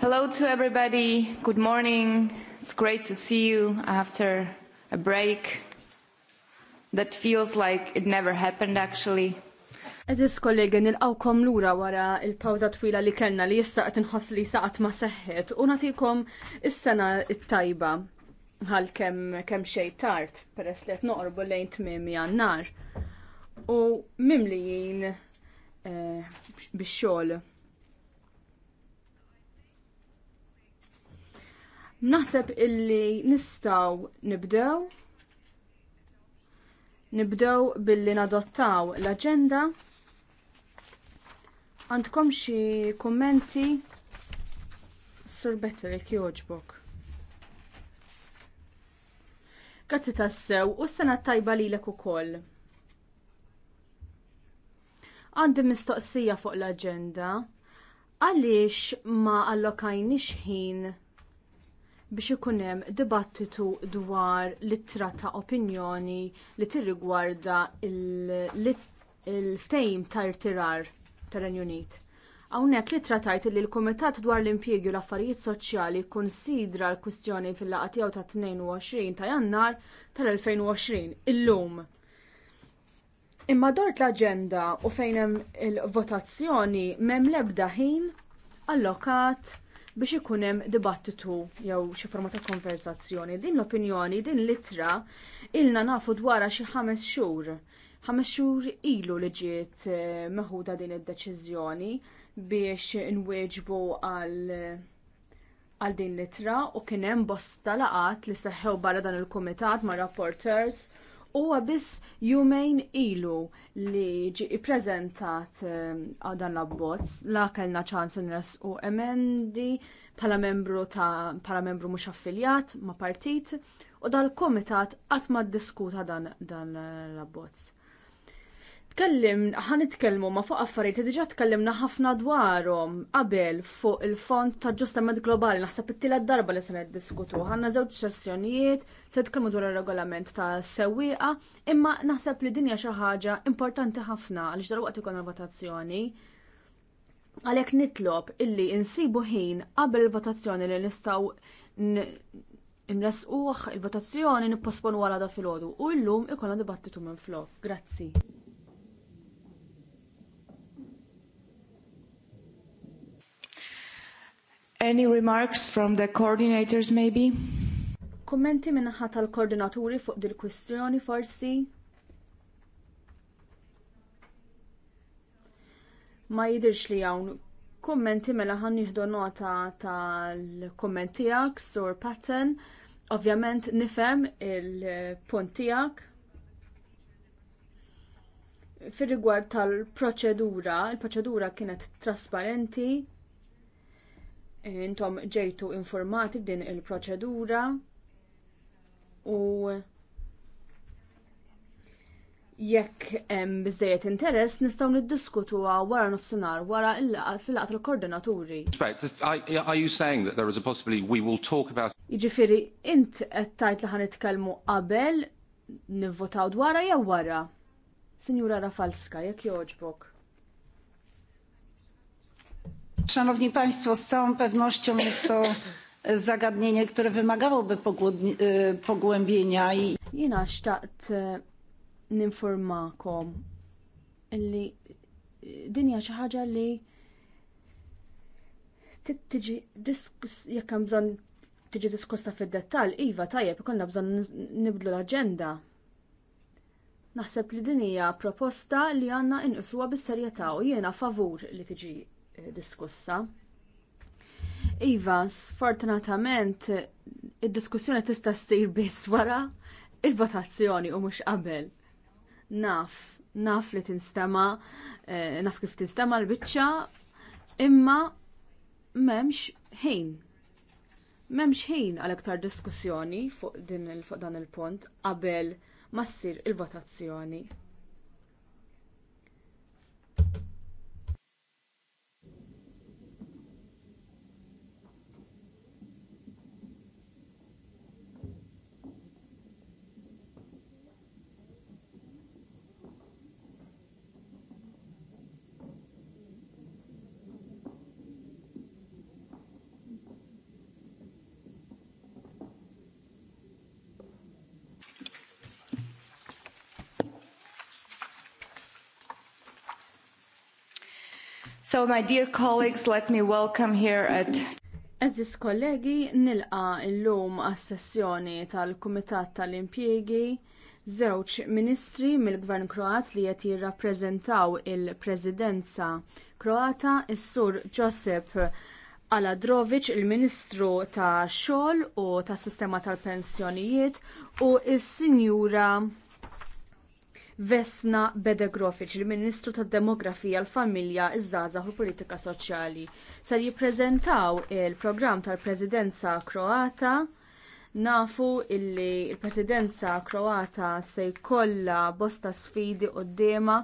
Hello to everybody. Good morning. It's great to see you after a break that feels like it never happened actually. Eżis kollegi nilqawkom lura wara il-pawza twila li kellna li issa qed inħoss li saqat ma seħħet u nagħtikom is-sena t-tajba għal kemm xejn tard peress li qed noqorbu lejn tmiemi għan-nar. U mimlijin eh, bix-xogħol Naħseb illi nistaw nibdew nibdew billi nadottaw l-agenda. Għandkom xi kummenti? Sur Betterik joġbok. Grazzi tassew u s-sena tajba lilek ukoll. Għandi mistoqsija fuq l-agenda. Għaliex ma allokajniex ħin biex ikun hemm dibattitu dwar l-ittra ta' opinjoni li tirrigwarda il-ftejm ta' irtirar tal-Renju Unit. Hawnhekk li trattajt li l-Kumitat dwar l impjiegi u l-affarijiet soċjali konsidra l-kwistjoni fil-laqgħa tiegħu ta' 22 ta' Jannar tal-2020 illum. Imma dort l-aġenda u fejn hemm il-votazzjoni m'hemm l-ebda ħin allokat biex ikun hemm dibattitu jew xi forma ta' konversazzjoni. Din l-opinjoni, din l-ittra ilna nafu dwar xi ħames xhur. Ħames xhur ilu li ġiet eh, meħuda din id-deċiżjoni biex inweġbu għal għal din l-itra u kien hemm bosta laqat li seħħew barra dan il-kumitat ma' rapporters huwa biss jumejn ilu li ġi ippreżentat għadan eh, dan l-abbozz la kellna ċans nres u emendi bħala membru ta' pala membru mhux affiljat ma' partit u dal-komitat qatt ma ddiskuta dan, dan l-abbozz. Tkellim, ħan nitkellmu ma fuq affarijiet li diġà tkellimna ħafna dwarhom qabel fuq il-fond ta' ġustament globali naħseb it-tielet darba li se niddiskutu. Ħanna żewġ sessjonijiet se tkellmu dwar ir-regolament ta' sewwieqa, imma naħseb li dinja xi ħaġa importanti ħafna għaliex darwaqt ikun votazzjoni. Għalhekk nitlob illi insibu ħin qabel il-votazzjoni li nistgħu nresquh il-votazzjoni nipposponu għal da filgħodu u llum ikollna dibattitu minn flok. Grazzi. Any remarks from the coordinators maybe? Kummenti minnaħa tal-koordinaturi fuq dil-kwistjoni forsi? Ma jidirx li jawn. kummenti mela ħan jihdu nota tal kommentijak tiegħek sur Patton. Ovvjament nifhem il-punt tiegħek. Fir-rigward tal-proċedura, il-proċedura kienet trasparenti, intom ġejtu informati b'din il-proċedura u jekk hemm biżejjed interess nistgħu niddiskutuha wara nofsinhar wara fil-laqgħa tal-koordinaturi. Are you saying that there is a possibility we will talk about Jiġifieri int qed tajt li ħanitkellmu qabel nivvotaw dwarha jew wara? Sinjura Rafalska, jekk jogħġbok. Szanowni Państwo, z całą pewnością jest to e, zagadnienie, które wymagałoby e, pogłębienia i... Jina xtaqt e, ninformakom li dinja xi ħaġa li tiġi diskus jekk hemm bżonn tiġi diskussa fid-dettall, iva tajjeb ikollna bżonn nibdlu l-aġenda. Naħseb li din hija proposta li għandna inqisuha bis-serjetà u jiena favur li tiġi diskussa. Iva, sfortunatament, id-diskussjoni tista' ssir biss wara il-votazzjoni u mhux qabel. Naf, naf li tinstema, eh, naf kif tinstema l-biċċa, imma m'hemmx ħin memx ħin għal aktar diskussjoni fuq din il fuq dan il-punt qabel ma ssir il-votazzjoni. So my dear colleagues, let me welcome here at Eżis kollegi nilqa l-lum għas-sessjoni tal-Kumitat tal-Impjegi żewġ ministri mill-Gvern Kroat li qed jirrappreżentaw il-Presidenza Kroata is-Sur Josep Aladrovic, il-Ministru ta' xogħol u tas sistema tal-Pensjonijiet u is-Sinjura Vesna Bedegrofiċ, il-Ministru tad-Demografija, l-Familja, iż-Żgħażagħ u politika Soċjali. Ser jippreżentaw il-programm tal-Presidenza Kroata nafu illi il-Presidenza Kroata se jkollha bosta sfidi qudiema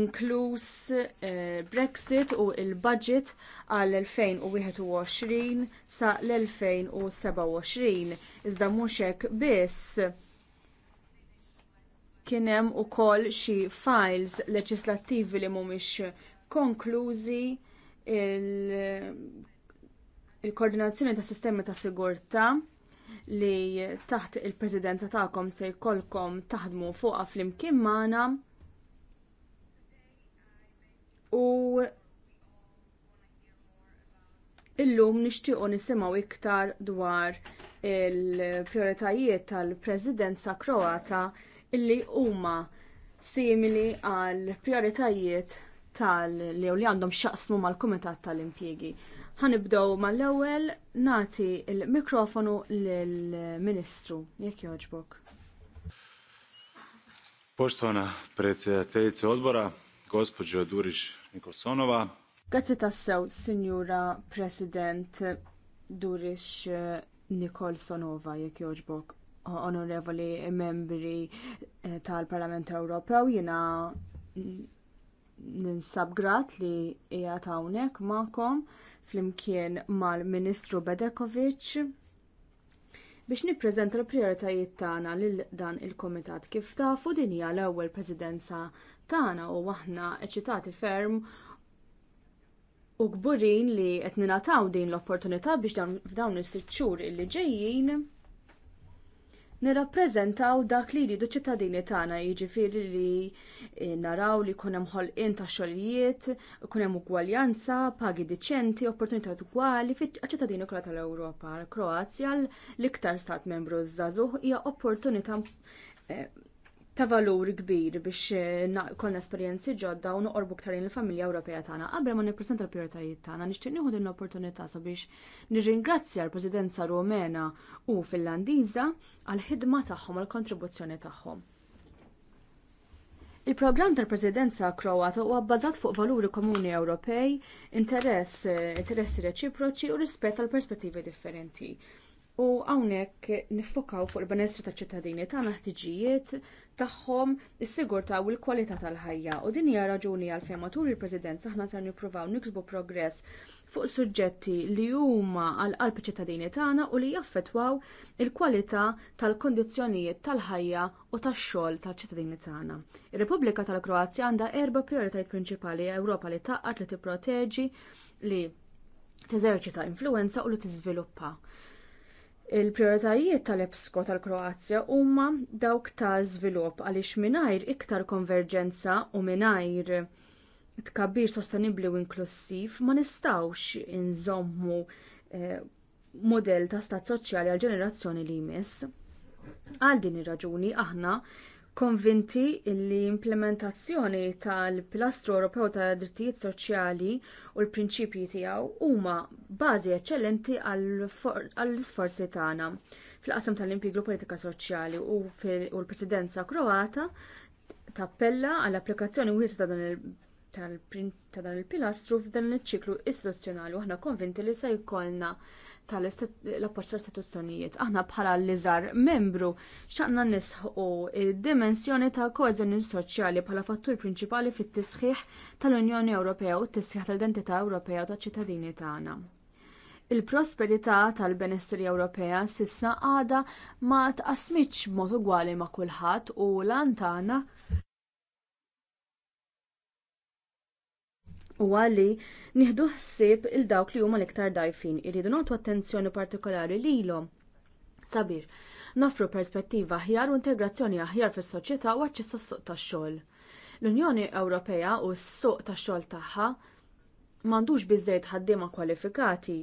inkluż eh, Brexit u l budget għal 2021 sa l-2027. Iżda mhux hekk biss Kien hemm ukoll xi files leġislattivi li mhumiex konklużi il-koordinazzjoni il ta' sistemi ta' sigurtà li taħt il-presidenza tagħkom se jkollkom taħdmu fuqha flimkien magħna u illum nixtiequ nisimgħu iktar dwar il-prioritajiet tal-Presidenza Kroata illi huma simili għal prioritajiet tal li għandhom xaqsmu mal-Kumitat tal-Impjegi. Ħanibdew mal-ewwel nati il-mikrofonu lill-Ministru jekk jogħġbok. Poštovana predsjedateljice odbora, Gospodġo Durix Nikolsonova. Grazie tassew, signora President Durix Nikolsonova, jekk jogħġbok onorevoli membri eh, tal-Parlament Ewropew, jiena ninsab grat li hija hawnhekk magħkom flimkien mal-Ministru Bedekovic biex nippreżenta l-prijoritajiet tagħna lil dan il-Komitat kif tafu din hija l-ewwel Presidenza tagħna u aħna eċitati ferm u kburin li qed ningħataw din l-opportunità biex f'dawn is-sitt xhur illi ġejjin nirrappreżentaw dak li jridu ċittadini tagħna, jiġifieri li eh, naraw li jkun hemm ħolqien ta' xogħlijiet, ikun hemm ugwaljanza, pagi diċenti, opportunità ugwali fiċ-ċittadini kollha tal-Ewropa. Kroazja l-iktar stat membru żagħżugħ hija opportunità eh, ta' valur kbir biex eh, konna esperjenzi ġodda u noqorbu ktar il-familja Ewropea tagħna. Qabel ma nippreżenta l-prijoritajiet tagħna nixtieq nieħu din l-opportunità sabiex nirringrazzja l-Presidenza Rumena u Finlandiża għall ħidma tagħhom għall kontribuzzjoni tagħhom. Il-programm tal-Presidenza Kroata huwa bbażat fuq valuri komuni Ewropej, interess, eh, interessi reċiproċi u rispett tal perspettivi differenti. U hawnhekk niffokaw fuq il-benessri taċ ċittadini tagħna ħtiġijiet tagħhom is-sigurtà u l-kwalità tal-ħajja. U din hija raġuni għalfejn matul il-President saħna ser nippruvaw niksbu progress fuq suġġetti li huma għal qalb ċittadini tagħna u li jaffettwaw il-kwalità tal-kondizzjonijiet tal-ħajja u tax-xogħol tal-ċittadini tagħna. Ir-Repubblika tal-Kroazja għandha erba' prijoritajiet prinċipali Ewropa li taqqat li tipproteġi li teżerċita influwenza u li tiżviluppa. Il-prioritajiet tal epsco tal-Kroazja huma dawk ta' żvilupp għaliex mingħajr iktar konverġenza u mingħajr tkabbir sostenibbli u inklusiv ma nistgħux inżommu eh, modell ta' stat soċjali għal ġenerazzjoni li jmiss. Għal din ir-raġuni aħna konvinti li implementazzjoni tal-Pilastru Ewropew tad drittijiet Soċjali u l-prinċipji tiegħu huma bażi eċċellenti għall-isforzi tagħna fil-qasam tal-impjegu politika soċjali u l-Presidenza Kroata tappella għall-applikazzjoni wiesa ta' dan il- ta' dan il-pilastru f'dan iċ-ċiklu istituzzjonali u aħna konvinti li se jkollna tal-appoċ tal-istituzzjonijiet. Aħna bħala l-iżar membru xaqna nisħu id-dimensjoni ta' koeżjoni soċjali bħala fattur prinċipali fit-tisħiħ tal-Unjoni Ewropea u t-tisħiħ tal-identità Ewropea u taċ-ċittadini tagħna. Il-prosperità tal-benessri Ewropea sissa għada ma tqasmitx mod ugwali ma' kulħadd u lantana huwa li nieħdu ħsieb il dawk li huma l-iktar dajfin, irridu nagħtu attenzjoni partikolari lilhom. Sabir, nofru perspettiva aħjar u integrazzjoni aħjar fis-soċjetà u aċċess għas-suq tax-xogħol. L-Unjoni Ewropea u s-suq tax-xogħol tagħha m'għandux biżżejjed ħaddiema kwalifikati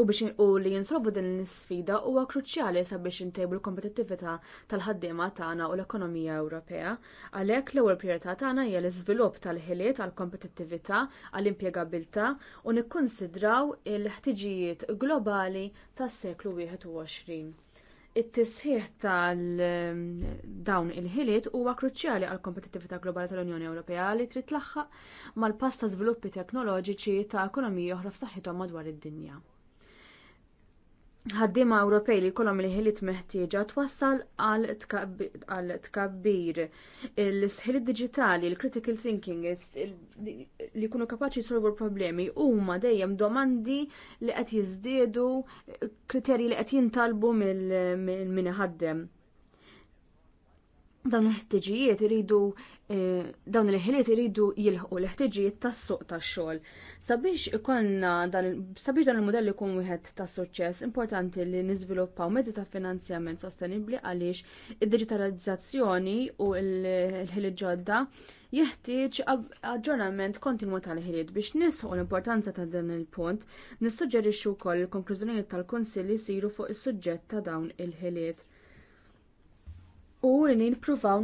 U biex u li jinsolvu din l-sfida huwa kruċjali sabiex intejbu l-kompetittività tal-ħaddiema tagħna u l-ekonomija Ewropea. Għalhekk l-ewwel prijorità tagħna hija l-iżvilupp tal-ħiliet għall-kompetittività għall-impjegabilità u nikkonsidraw il-ħtiġijiet globali tas-seklu 21. It-tisħiħ tal-dawn il-ħiliet huwa kruċjali għall kompetittività globali tal-Unjoni Ewropea li trid tlaħħaq mal-pass ta' żviluppi teknoloġiċi ta' ekonomija oħra f'saħħithom madwar id-dinja ħaddiema Ewropej li jkollhom il-ħiliet meħtieġa twassal għal tkabbir il-sħil diġitali, il-critical thinking, li jkunu kapaċi jsolvu problemi huma dejjem domandi li qed jiżdiedu, kriterji li qed jintalbu minn min dawn il-ħtiġijiet iridu eh, dawn il-ħiliet iridu jilħqu l-ħtiġijiet tas-suq tax-xogħol. Sabiex ikollna dan sabiex dan il-modell ikun wieħed ta' suċċess, importanti li niżviluppaw mezzi ta' finanzjament sostenibbli għaliex id-digitalizzazzjoni u l-ħiliet ġodda jeħtieġ aġġornament kontinwu tal-ħiliet biex nisħu l-importanza ta' dan il-punt, nissuġġerixxu wkoll il-konklużjonijiet tal-Kunsill jsiru fuq is-suġġett ta' dawn il-ħiliet u li nippruvaw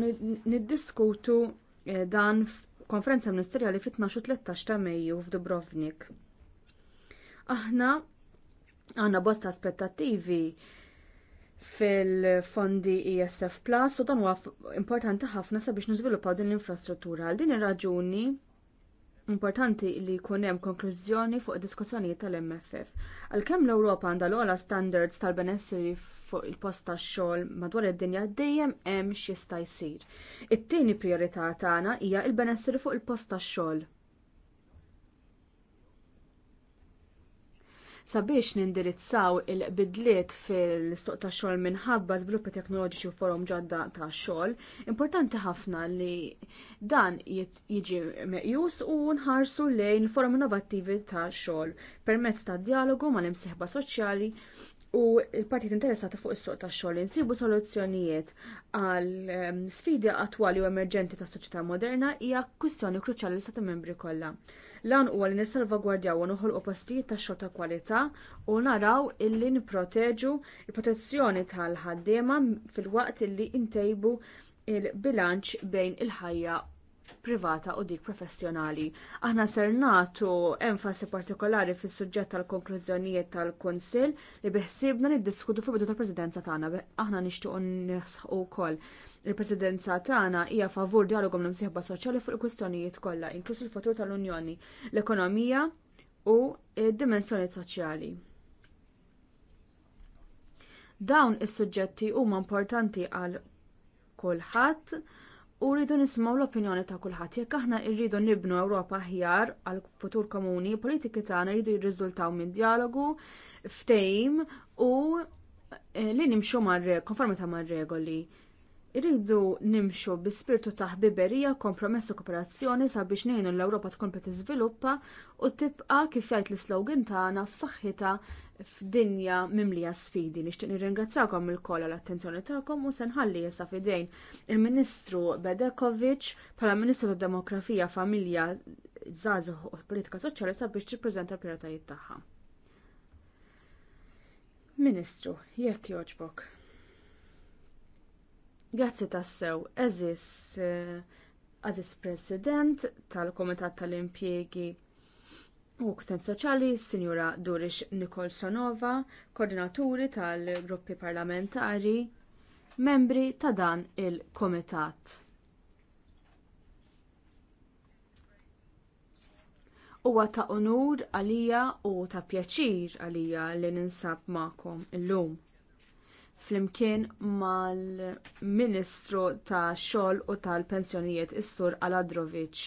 niddiskutu eh, dan f'konferenza ministerjali fit-12 13 ta' Mejju f'Dubrovnik. Aħna għandna bosta aspettattivi fil-fondi ESF Plus u dan huwa importanti ħafna sabiex niżviluppaw din l-infrastruttura. Għal din ir-raġuni Importanti li jkun hemm konklużjoni fuq diskussjonijiet tal-MFF. Għalkemm l-Ewropa għandha l-ogħla standards tal-benessri fuq il-post tax-xogħol madwar id-dinja dejjem hemm x'jista' jsir. It-tieni priorità tagħna hija l-benessri fuq il-post tax-xogħol. Sabiex nindirizzaw il-bidliet fil-stoq ta' xogħol minħabba żviluppi teknoloġiċi u forum ġodda ta' xogħol, importanti ħafna li dan jiġi meqjus u nħarsu lejn forum innovattivi ta' xogħol permezz ta' dialogu mal-imsieħba soċjali u l-partijiet interessati fuq is soq tax-xogħol insibu soluzzjonijiet għal ehm, sfidi attwali u emerġenti tas soċjetà moderna hija kwistjoni kruċjali l-Stati membri kollha. Lan huwa li nissalvagwardjaw u nħolqu postijiet ta' xogħol ta' kwalità u naraw illi nipproteġu il-protezzjoni tal-ħaddiema fil-waqt illi ntejbu il-bilanċ bejn il-ħajja privata u dik professjonali. Aħna ser nagħtu enfasi partikolari fis suġġett tal-konklużjonijiet tal-Kunsill li biħsibna niddiskutu fil-bidu tal-Presidenza tagħna. Aħna nixtiequ nisħu wkoll Il-Presidenza tagħna hija favur dialogu mill msieħba soċjali fuq il-kwistjonijiet kollha, inkluż il-futur tal-Unjoni, l-ekonomija u d-dimensjoni soċjali. Dawn is-suġġetti huma importanti għal kulħadd u rridu nisimgħu l-opinjoni ta' kulħadd. Jekk aħna rridu nibnu Ewropa aħjar għal futur komuni, politiki tagħna rridu jirriżultaw minn dialogu, ftehim u eh, li nimxu mar konformità mar regoli. Irridu nimxu bi spirtu ta' ħbiberija, kompromess u kooperazzjoni sabiex ngħinu l-Ewropa tkun qed tiżviluppa u tibqa' kif jgħid l-slogan tagħna f'saħħitha f'dinja mimlija sfidi. Nixtieq nirringrazzakom il għall attenzjoni tagħkom u se nħalli issa f'idejn il-Ministru Bedekovic bħala Ministru tad-Demografija, Familja, Żgħażagħ u Politika Soċjali sabiex tippreżenta l-prijoritajiet tagħha. Ministru, jekk jogħġbok. Grazzi tassew, eżis, eh, eżis president tal-Komitat tal-Impjegi u Ktent Soċali, Sinjura Durix Nikolsonova, koordinaturi tal-gruppi parlamentari, membri ta' dan il-Komitat. huwa ta' onur għalija u ta' pjaċir għalija li ninsab magħkom illum flimkien mal-Ministru tax xogħol u tal-Pensjonijiet is-Sur Aladrovic.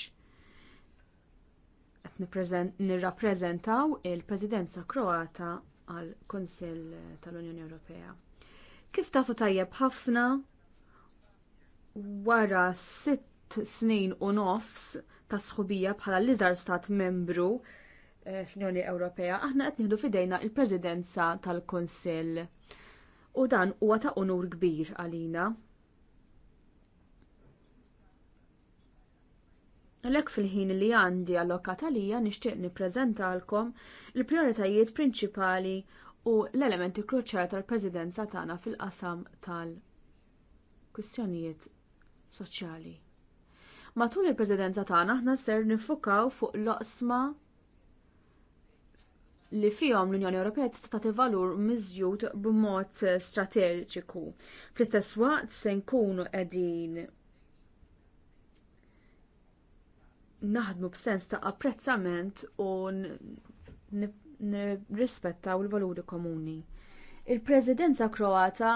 Qed nirrappreżentaw il-Presidenza Kroata għall kunsill tal-Unjoni Ewropea. Kif tafu tajjeb ħafna wara sitt snin u nofs ta' sħubija bħala l-iżgħar stat membru eh, fl-Unjoni Ewropea, aħna qed nieħdu fidejna l presidenza tal-Kunsill u dan huwa ta' onur kbir għalina. Lek fil-ħin li għandi allokat għalija nixtieq nippreżentalkom il-prioritajiet prinċipali u l-elementi kruċjali tal-Presidenza tagħna fil-qasam tal-kwistjonijiet soċjali. Matul il-Presidenza tagħna aħna ser nifukaw fuq l-oqsma li fihom l-Unjoni Ewropea tista' tagħti valur miżjud b'mod strateġiku. Fl-istess waqt se nkunu qegħdin naħdmu b'sens ta' apprezzament u nirrispettaw il-valuri komuni. Il-Presidenza Kroata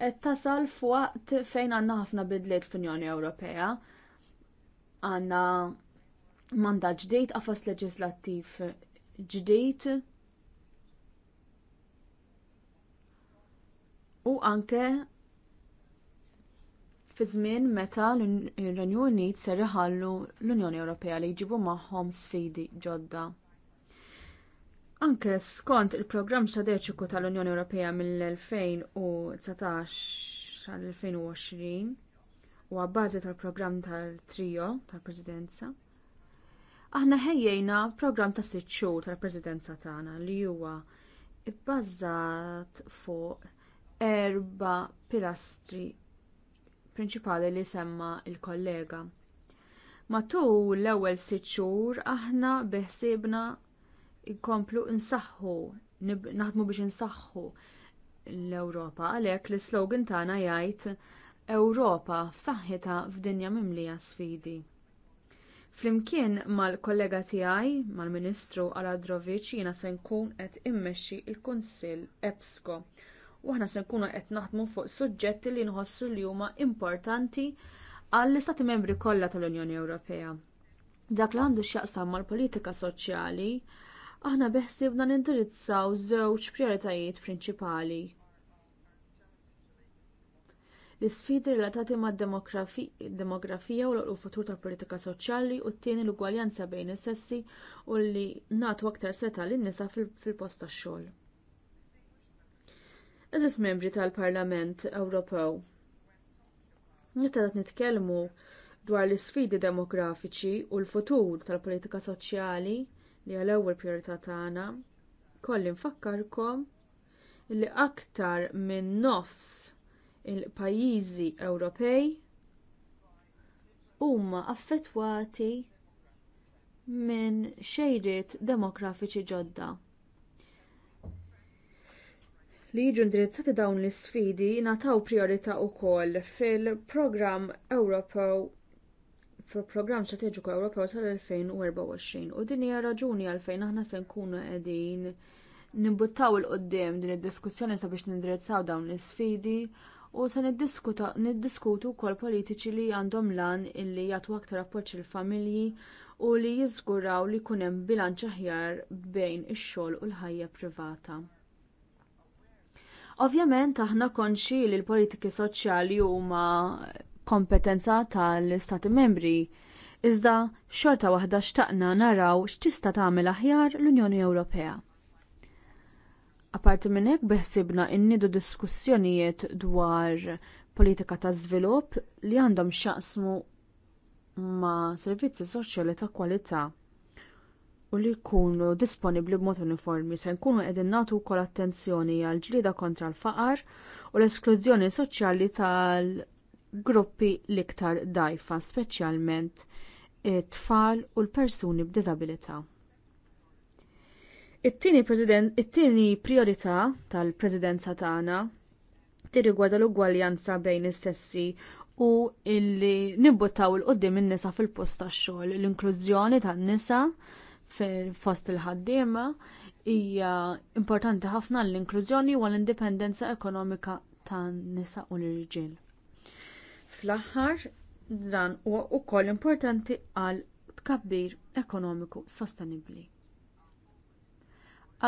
qed tasal f'waqt fejn għandna ħafna bidliet fl-Unjoni Ewropea. Għandna mandat ġdejt qafas leġislattiv ġdejt u anke fi żmien meta l-Renju Unit ser iħallu l-Unjoni Ewropea li jġibu magħhom sfidi ġodda. Anke skont il-programm strateġiku tal-Unjoni Ewropea mill-2019 sal-2020 u għabbażi tal-programm tal-trio tal-Presidenza, aħna ħejjejna programm ta' sitt xhur tal-Presidenza tagħna li huwa bbażat fuq erba pilastri prinċipali li semma l kollega Matul l-ewwel sitt xhur aħna beħsiebna jkomplu nsaħħu, naħdmu biex insaħħu l-Ewropa. Għalhekk l-slogan tagħna jgħid Ewropa f'saħħitha f'dinja mimlija sfidi. Flimkien mal-kollega tiegħi, mal-Ministru Aladrovic, jiena se nkun qed immexxi l kunsill EPSCO u aħna se nkunu qed naħdmu fuq suġġetti li nħossu li huma importanti għall-istati membri kollha tal-Unjoni Ewropea. Dak li għandu x'jaqsam mal-politika soċjali, aħna beħsibna nindirizzaw żewġ prioritajiet prinċipali l-isfidi relatati mad-demografija u l-futur tal-politika soċjali u t-tieni l-ugwaljanza bejn is-sessi u li nagħtu aktar seta' lin-nisa fil-post tax-xogħol eżis membri tal-Parlament Ewropew. Meta qed nitkellmu dwar l isfidi demografiċi u l-futur tal-politika soċjali li għal ewwel priorità tagħna, kolli nfakkarkom li aktar minn nofs il-pajjiżi Ewropej huma affettwati minn xejriet demografiċi ġodda li jiġu indirizzati dawn l isfidi nataw priorità wkoll fil-programm Ewropew fil-programm strateġiku Ewropew sal-2024 u din hija raġuni għalfejn aħna se nkunu qegħdin nimbuttaw il qudiem din id-diskussjoni sabiex nindirizzaw dawn l isfidi u se niddiskutu wkoll politiċi li għandhom lan illi jagħtu aktar appoġġ il-familji u li jiżguraw li jkun hemm bilanċ aħjar bejn ix-xogħol u l-ħajja privata. Ovvjament aħna konxi li l-politiki soċjali huma kompetenza tal-Istati membri, iżda xorta waħda xtaqna naraw x'tista tagħmel aħjar l-Unjoni Ewropea. Apparti minn hekk beħsibna innidu diskussjonijiet dwar politika ta' żvilupp li għandhom x'jaqsmu ma' servizzi soċjali ta' kwalità u li jkunu disponibbli b'mod uniformi se nkunu qegħdin nagħtu wkoll attenzjoni għal ġlieda kontra l-faqar u l-esklużjoni soċjali tal-gruppi l-iktar dgħajfa, speċjalment it-tfal u l-persuni b'diżabilità. It-tieni priorità tal-Presidenza tagħna tirrigwarda l-ugwaljanza bejn is-sessi u illi nibbuttaw il-qoddim in-nisa fil-post tax-xogħol, l-inklużjoni tan-nisa fost il-ħaddiema hija importanti ħafna l-inklużjoni u l-indipendenza ekonomika tan-nisa u l-irġiel. Fl-aħħar dan huwa wkoll importanti għal tkabbir ekonomiku sostenibbli.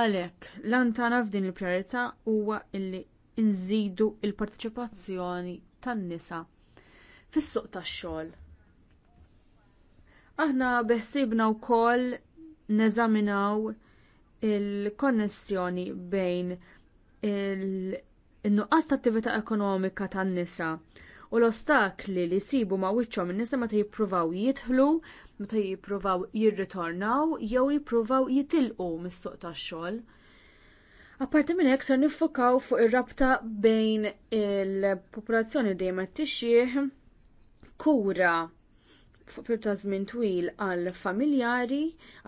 Għalhekk, lan tagħna f'din il-prijorità huwa illi nżidu l il parteċipazzjoni tan-nisa fis-suq tax-xogħol. Aħna beħsibna wkoll neżaminaw il-konnessjoni bejn il-nuqqas ta' attività ekonomika tan-nisa u l-ostakli li jsibu ma' wiċċhom in-nisa meta jippruvaw jidħlu, meta jippruvaw jirritornaw jew jippruvaw jitilqu mis-suq tax-xogħol. Apparti minn hekk ser niffokaw fuq ir-rabta bejn il-popolazzjoni dejjem tixjih kura fuq pjur ta' żmien twil għal familjari,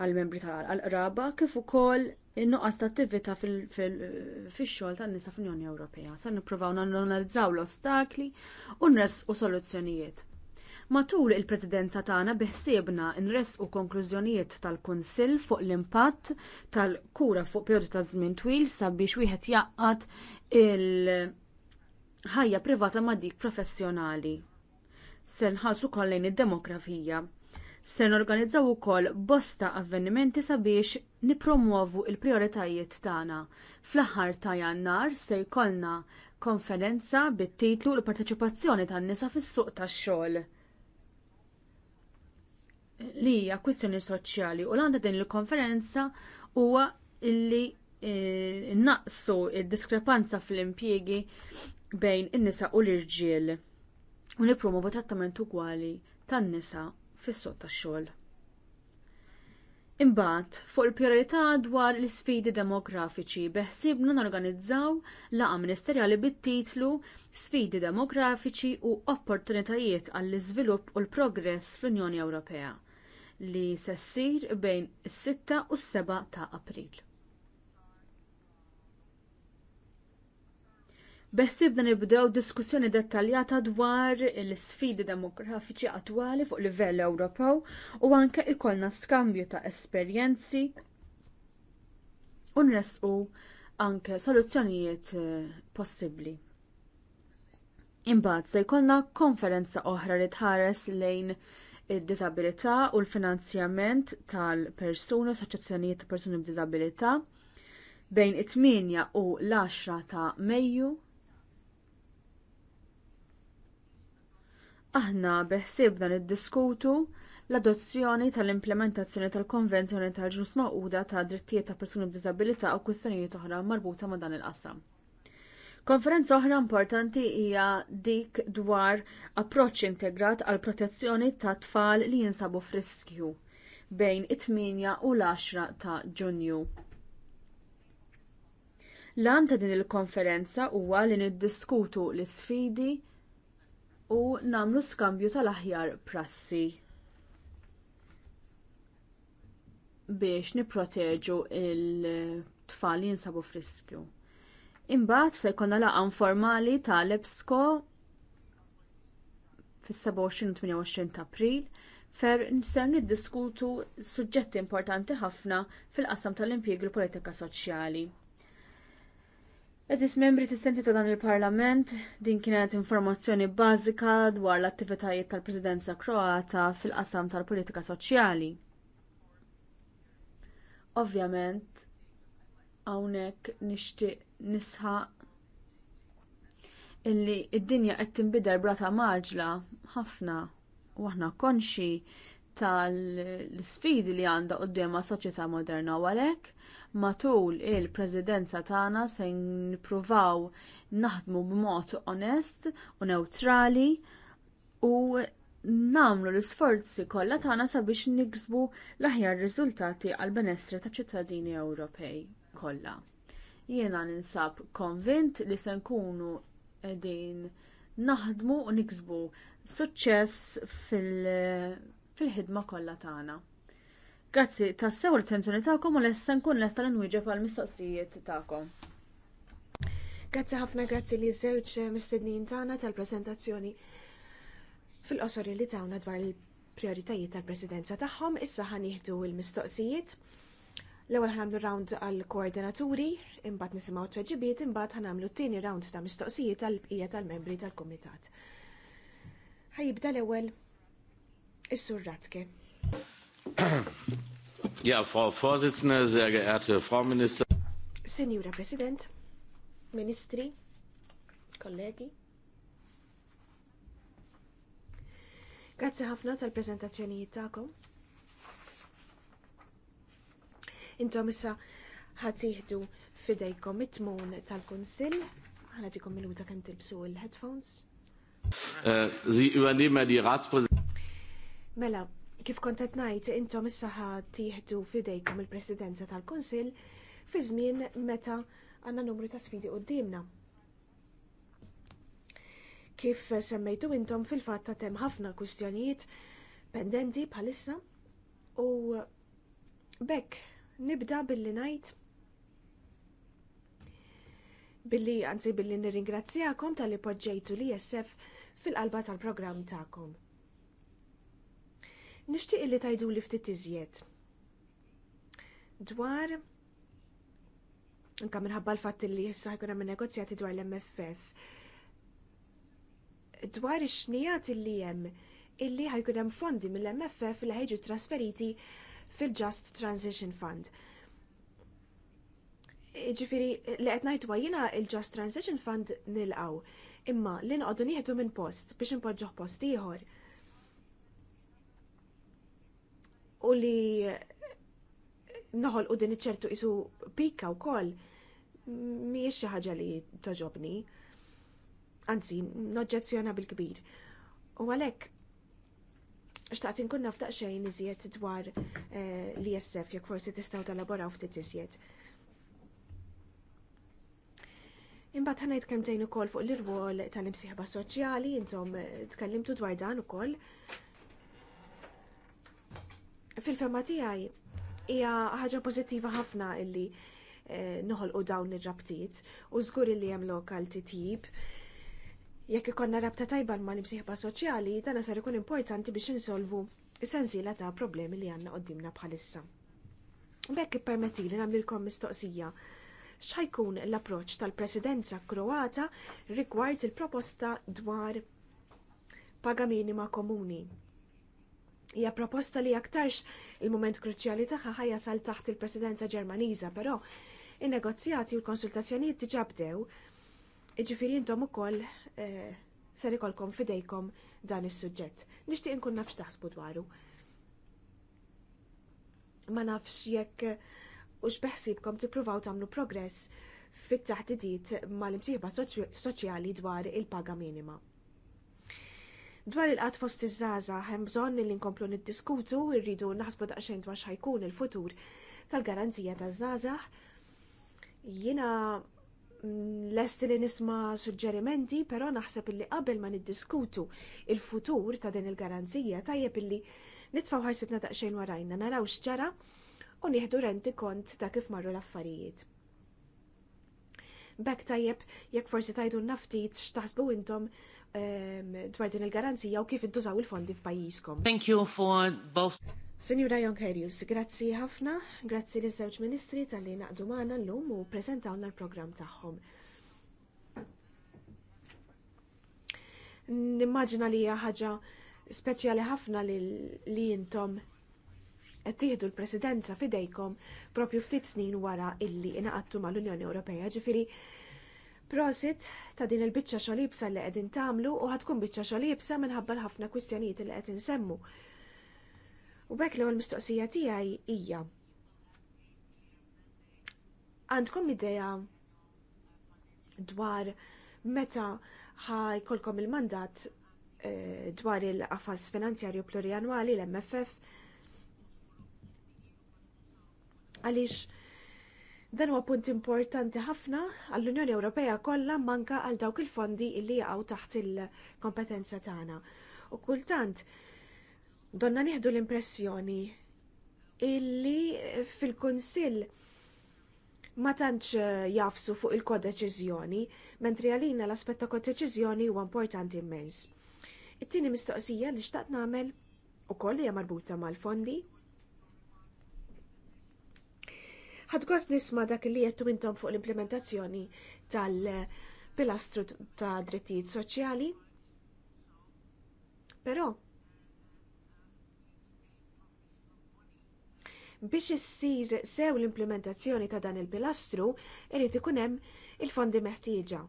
għal membri tal-qraba, kif ukoll in-nuqqas ta' attività fix-xogħol tan-nisa fl-Unjoni Ewropea. Sa nippruvaw nanalizzaw l-ostakli u nresqu soluzzjonijiet. Matul il-presidenza tagħna biħsiebna nresqu konklużjonijiet tal-Kunsill fuq l-impatt tal-kura fuq perjodu ta' żmien twil sabiex wieħed jaqqat il-ħajja privata ma' dik professjonali se nħallsu koll lejn id-demografija. Se norganizzaw ukoll bosta avvenimenti sabiex nipromuovu il-prioritajiet tagħna. Fl-aħħar ta' jannar se jkollna konferenza bit-titlu l-parteċipazzjoni tan-nisa fis-suq tax-xogħol li hija kwistjoni soċjali u l-għanda din il-konferenza huwa illi eh, naqsu id-diskrepanza fl-impjiegi bejn in-nisa u l-irġiel u nippromovu trattament ugwali tan-nisa fis-suq tax-xogħol. Imbagħad, fuq il-prijorità dwar l-isfidi demografiċi beħsiebna norganizzaw laqgħa ministerjali bit-titlu Sfidi demografiċi u opportunitajiet għall-iżvilupp u l-progress fl-Unjoni Ewropea li se ssir bejn is-6 u s-7 ta' April. Beħsibna nibdew diskussjoni dettaljata dwar l isfidi demografiċi attwali fuq livell Ewropew u anke ikolna skambju ta' esperjenzi u nresqu anke soluzzjonijiet eh, possibbli. Imbagħad se jkollna konferenza oħra li tħares lejn id-disabilità u l-finanzjament tal-persuni u soċjazzjonijiet ta' persuni b'Dizabilità bejn it-8 u l-10 ta' Mejju Aħna beħsibna niddiskutu l-adozzjoni tal-implementazzjoni tal-Konvenzjoni tal-Ġnus Maquda ta' Drittijiet ta' Persuni b'Diżabilità u kwistjonijiet oħra marbuta ma' dan il-qasam. Konferenza oħra importanti hija dik dwar approċċ integrat għal protezzjoni ta' tfal li jinsabu friskju bejn it-8 u l-10 ta' Ġunju. Lan ta' din il-konferenza huwa li niddiskutu l-isfidi u nagħmlu skambju tal-aħjar prassi biex nipproteġu il-tfal li jinsabu friskju. Imbagħad se jkollna laqgħa informali ta' ebsco fis fis-27-28 ta' April fer ser niddiskutu suġġetti importanti ħafna fil-qasam tal-impjegi l-politika soċjali. Eżis membri t-senti ta' dan il-Parlament, din kienet informazzjoni bażika dwar l-attivitajiet tal-Presidenza Kroata fil-qasam tal-politika soċjali. Ovvjament, hawnhekk nixtieq nisħaq illi id-dinja qed tinbidel brata maġla ħafna u aħna konxi tal-sfidi li għandha ma' soċjetà moderna u għalhekk matul il-Presidenza tagħna se nippruvaw naħdmu b'mod onest u neutrali u nagħmlu l-isforzi kollha tagħna sabiex niksbu l-aħjar riżultati għall benestri taċ ċittadini Ewropej kollha. Jiena ninsab konvint li se nkunu qegħdin naħdmu u niksbu suċċess fil-ħidma kollha tagħna. Grazzi, tassew l-attenzjoni tagħkom u lesta nkun lesta l-inwiġeb għal mistoqsijiet tagħkom. Grazzi ħafna grazzi li żewġ mistednin tagħna tal-preżentazzjoni fil-qosor li tawna dwar il-prioritajiet tal-presidenza tagħhom, issa ħanieħdu l-mistoqsijiet. L-ewwel ħanamlu round għall koordinaturi, imbagħad nisimgħu tweġibiet, imbagħad ħanamlu t-tieni round ta' mistoqsijiet għall bqija tal-membri tal-kumitat. Ħajibda l-ewwel is-sur Ratke ja, Frau Vorsitzende, sehr geehrte Frau Signora President, Ministri, kollegi. Grazie ħafna tal-prezentazzjonijiet tagħkom. Intom issa jieħdu fidejkom it-tmun tal-Kunsill. Ħanatikom minuta kemm tilbsu l headphones äh, Sie übernehmen die Mela, Kif kont qed ngħid, intom is-saħħa tieħdu f'idejkom il-Presidenza tal-Kunsill fi żmien meta għandna numru ta' sfidi qudiemna. Kif semmejtu intom fil-fatt ta' hemm ħafna kwistjonijiet pendenti bħalissa u bekk nibda billi ngħid billi anzi billi nirringrazzjakom tal-li poġġejtu li jessef fil-qalba tal-programm tagħkom. Nixtieq li tajdu li ftit iżjed. Dwar Nka minħabba l-fatt li jessa ħajkun hemm negozjati dwar l-MFF. Dwar ix-xnijat li hemm illi ħajkun hemm fondi mill-MFF li ħejġu trasferiti fil-Just Transition Fund. Ġifiri, li qed ngħidwa jiena il-Just Transition Fund nilqgħu imma li nqogħdu nieħdu minn post biex inpoġġoh post ieħor. u li noħol u din iċertu isu pika u kol mi xi ħaġa li toġobni. Anzi, noġġezzjona bil-kbir. U għalhekk xtaqt inkun naftaq xejn iżjed dwar eh, li jessef jekk forsi tistgħu talaboraw ftit iżjed. Imbagħad ħanajt kemm tgħin ukoll fuq l-irwol tal-imsieħba soċjali, intom eh, tkellimtu dwar dan ukoll. Fil-fema tiegħi hija ħaġa pożittiva ħafna illi eh, noħolqu dawn ir-rabtiet u żgur illi hemm lokal titjib. Jekk ikonna rabta tajba ma' l-imsieħba soċjali, dan sar ikun importanti biex insolvu sensiela ta' problemi li għandna qoddimna bħalissa. Bekk permetti li kom mistoqsija x'ħajkun l-approċċ tal-Presidenza Kroata rigward il-proposta dwar pagamini ma' komuni hija proposta li aktarx il-moment kruċjali tagħha ħajja sal taħt il-Presidenza Ġermaniża, però in-negozjati u l-konsultazzjonijiet diġà bdew. Iġifieri intom ukoll eh, ser ikolkom fidejkom dan is-suġġett. Nixtieq inkun nafx taħsbu dwaru. Ma nafx jekk eh, u x'beħsibkom tippruvaw tagħmlu progress fit-taħdidiet mal-imsieħba soċjali dwar il-paga minima. Dwar il-qat fost iż-żaza, hemm bżonn li nkomplu niddiskutu rridu naħsbu daqsxejn dwar jkun il-futur tal-garanzija taż żaza Jiena mm, lest li nisma suġġerimenti, però naħseb illi qabel ma niddiskutu il-futur ta' din il-garanzija tajjeb illi nitfaw ħarsibna daqsxejn warajna, naraw x'ġara u nieħdu renti kont ta' kif marru l-affarijiet. Bek tajjeb jekk forsi tajdu naftit x'taħsbu intom dwar din il-garanzija u kif intużaw il-fondi f'pajjiżkom. Thank you for both. Sinjura Jonkerius, grazzi ħafna, grazzi li żewġ ministri tal-li naqdu maħna l-lum u prezentawna l-program tagħhom. Nimmaġina li hija ħaġa speċjali ħafna li intom qed l-presidenza fidejkom propju ftit snin wara illi inaqattu mal-Unjoni Ewropea, ġifiri. Prosit ta' din il-bicċa xolibsa li qegħdin tagħmlu u ħatkun bicċa xolibsa minħabba l-ħafna kwistjonijiet li qed insemmu. U bekk l mistoqsija tiegħi hija. Għandkom idea dwar meta ħajkolkom il-mandat eh, dwar il-qafas finanzjarju plurianwali l-MFF għaliex Dan huwa punt importanti ħafna għall-Unjoni Ewropea kollha manka għal dawk il-fondi li jaqgħu taħt il-kompetenza tagħna. U kultant donna nieħdu l-impressjoni illi fil-Kunsill ma tantx jafsu fuq il-kodeċiżjoni, mentri għalina l-aspett ta' kodeċiżjoni huwa importanti immens. It-tieni mistoqsija li xtaqt nagħmel ukoll hija marbuta mal-fondi ħad gost nisma dak li jettu intom fuq l-implementazzjoni tal-pilastru ta' drittijiet soċjali. Però, biex issir sew l-implementazzjoni ta' dan il-pilastru, irrid ikun hemm il-fondi meħtieġa.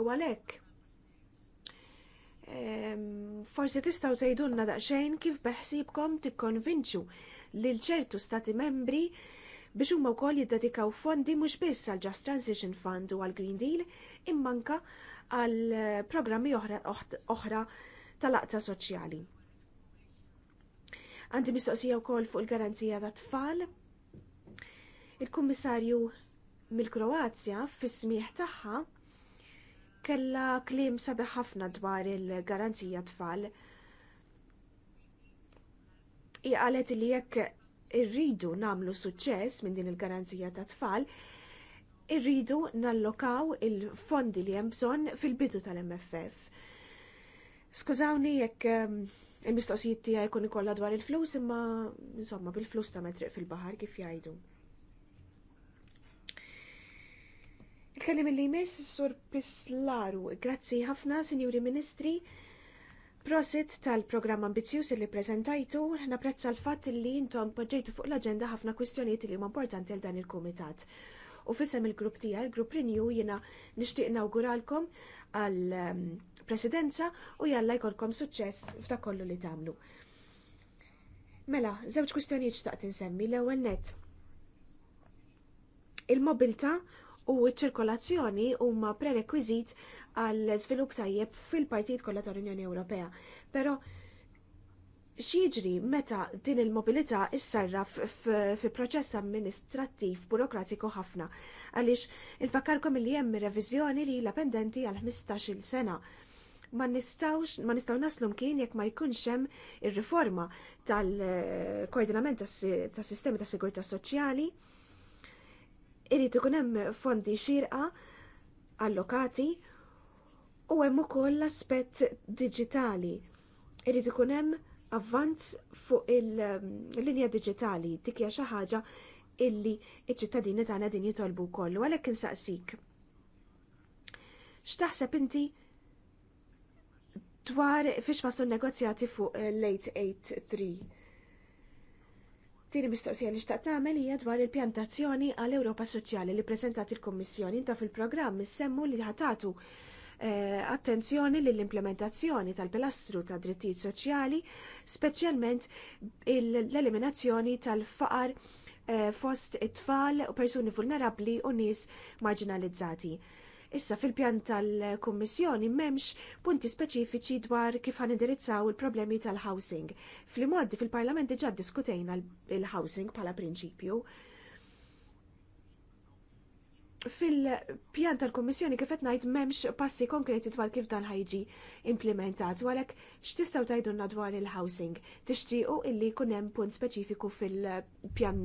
U għalhekk, ehm, forsi tistgħu tgħidulna daqsxejn kif beħsibkom tikkonvinċu lil ċertu stati membri biex huma wkoll jiddedikaw fondi mhux biss għal Just Transition Fund u għal Green Deal imma anke għal programmi oħra tal-aqta soċjali. Għandi mistoqsija wkoll fuq il-garanzija ta' tfal. Il-Kummissarju mill-Kroazja fis-smieħ tagħha kellha kliem sabiħ ħafna dwar il-garanzija tfal qalet li jekk irridu namlu suċċess minn din il-garanzija ta' tfal, irridu nallokaw il-fondi li hemm bżonn fil-bidu tal-MFF. Skużawni jekk ehm, il-mistoqsijiet tiegħi jkun ikollha dwar il-flus imma insomma bil-flus ta' metriq fil-baħar kif jgħidu. Il-kellim li jmiss sur Pislaru, grazzi ħafna, Sinjuri Ministri, Prosit tal-programm ambizzjuż li prezentajtu, napprezza l-fatt li intom poġġejtu fuq l-agenda ħafna kwistjonijiet li huma importanti għal dan il-kumitat. U fissem il-grupp tiegħi, il-grupp Renew, jiena nixtieq inawguralkom għal ehm, presidenza u jalla jkollkom suċċess f'dak kollu li tagħmlu. Mela, żewġ kwistjonijiet xtaqt insemmi l-ewwel net. Il-mobilta u ċ-ċirkolazzjoni huma prerekwiżit għal żvilupp tajjeb fil-partijiet kollha tal-Unjoni Ewropea. Però xieġri meta din il-mobilità issarraf fi proċess amministrattiv burokratiku ħafna għaliex infakkarkom li hemm reviżjoni li la pendenti għal 15-il sena. Ma nistawx ma nistgħu naslu mkien jekk ma jkunx hemm ir-riforma tal-koordinament tas-sistemi ta' sigurtà soċjali. Irid ikun hemm fondi xirqa allokati U hemm ukoll l-aspett diġitali. Irid ikun hemm avvanz fuq il-linja ehm, diġitali dik hija xi ħaġa illi iċ-ċittadini tagħna din jitolbu wkoll u għalhekk insaqsik. X'taħseb inti dwar fiex passu negozjati fuq eh, late 83? Tieni mistoqsija li xtaqt nagħmel hija dwar il-pjantazzjoni għal Ewropa Soċjali li preżentat il-Kummissjoni inta fil-programm issemmu li ħatatu Eh, attenzjoni lill implementazzjoni tal-pilastru ta' drittijiet soċjali, speċjalment l-eliminazzjoni tal-faqar eh, fost it-tfal u persuni vulnerabbli u nies marginalizzati. Issa fil-pjan tal-Kummissjoni m'hemmx punti speċifiċi dwar kif għan indirizzaw il-problemi tal-housing. fli modi fil-Parlament diġà ddiskutejna l-housing bħala prinċipju fil-pjan tal-Kommissjoni kif qed ngħid m'hemmx passi konkreti dwar kif dan ħajġi implementat u għalhekk x'tistgħu tajdunna dwar il-housing. Tixtiequ illi jkun hemm punt speċifiku fil-pjan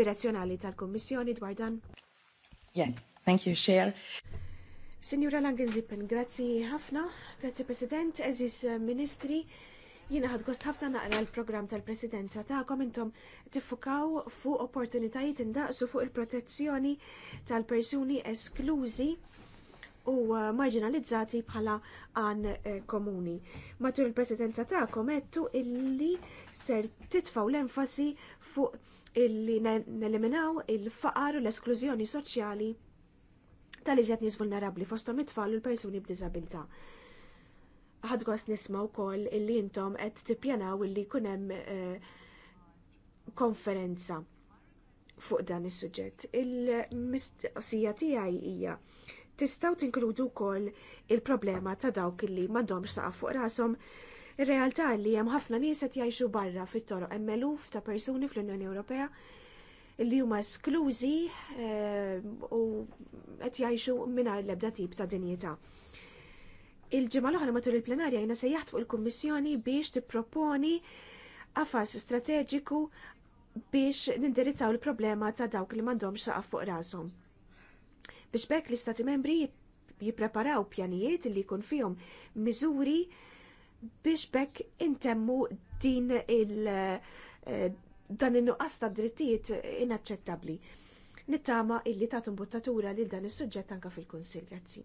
direzzjonali tal-Kommissjoni dwar dan? Yeah, thank you, Chair. Signora Langenzippen, grazzi ħafna, grazzi President, eżis Ministri jina ħad gost ħafna naqra l-programm tal-presidenza tagħkom intom tiffukaw fuq opportunitajiet indaqsu fuq il-protezzjoni tal-persuni esklużi u eh, marginalizzati bħala għan eh, komuni. Matul il-presidenza tagħkom għedtu illi ser titfaw l-enfasi fuq illi neliminaw il-faqar u l-esklużjoni soċjali tal-iżjat nis vulnerabli fostom it-tfal u l-persuni b'dizabilta' ħadgos nisma wkoll illi intom qed tippjanaw illi jkun hemm eh, konferenza fuq dan is-suġġett. Il-mistoqsija tiegħi hija tistgħu tinkludu wkoll il-problema ta' dawk illi m'għandhomx saqa fuq rashom Ir-realtà li hemm ħafna nies qed jgħixu barra fit-toroq hemm eluf ta' persuni fl-Unjoni Ewropea li huma esklużi eh, u qed jgħixu mingħajr l-ebda tip ta' dinjità. Il-ġimgħa l-oħra matul il-plenarja jiena sejjaħt fuq il-Kummissjoni biex tipproponi qafas strateġiku biex nindirizzaw il-problema ta' dawk li m'għandhomx saqaf fuq rashom. Biex bekk l-Istati membri jippreparaw pjanijiet li jkun fihom miżuri biex bekk intemmu din il- eh, dan in nuqqas ta' drittijiet inaċċettabbli. Nittama illi ta' tumbuttatura lil dan is-suġġett anke fil-Kunsill. Grazzi.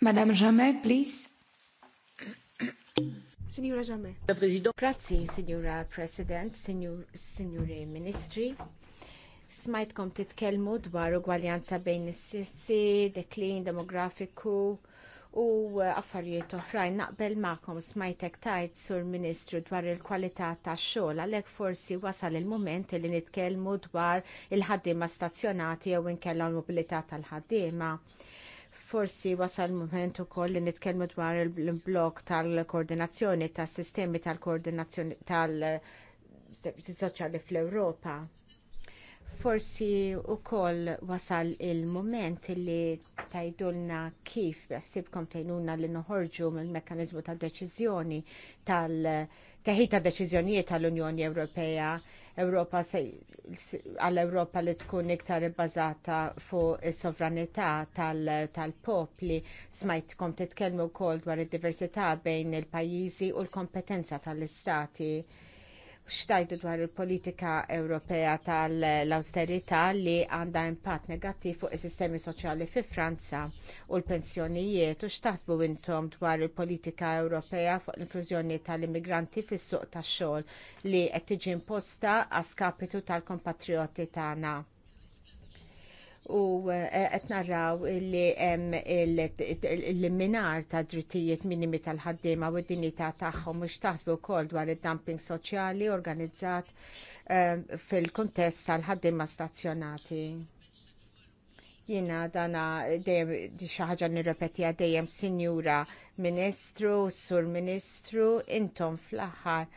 Madam Jamais, please. Signora Jamais. Grazzi, Signora President, Signor, Signori Ministri. Smajtkom titkellmu dwar ugwaljanza bejn is-sissi, deklin demografiku u uh, affarijiet oħrajn naqbel ma'kom smajtek tajt sur Ministru dwar il-kwalità tax-xogħol għalhekk forsi wasal il-mument li nitkellmu dwar il-ħaddiema stazzjonati jew inkella l-mobilità tal-ħaddiema forsi wasal moment ukoll li nitkellmu dwar il-blok tal-koordinazzjoni tas sistemi tal-koordinazzjoni tal-soċjali fl-Ewropa. Forsi wkoll wasal il-moment li tajdulna kif beħsibkom tgħinuna li noħorġu mill mekkaniżmu ta' deċiżjoni tal-teħita deċiżjonijiet tal-Unjoni Ewropea Ewropa għall-Ewropa li tkun iktar bazata fuq is-sovranità tal-popli smajtkom titkellmu wkoll dwar id-diversità bejn il-pajjiżi u l-kompetenza tal-istati xtajdu dwar il-politika Ewropea tal awsterità li għandha impatt negattiv fuq is-sistemi soċjali fi Franza u l-pensjonijiet u x'taħsbu intom dwar il-politika Ewropea fuq l-inklużjoni tal-immigranti fis-suq tax-xogħol li qed tiġi imposta għas kapitu tal-kompatrioti tagħna u eh, qed narraw li hemm il minar ta' drittijiet minimi tal-ħaddiema u d-dinjità tagħhom mhux taħsbu wkoll dwar id-dumping soċjali organizzat eh, fil-kuntest tal-ħaddiema stazzjonati. Jiena dana xi ħaġa nirrepetiha dejjem Sinjura Ministru, Sur Ministru, intom fl-aħħar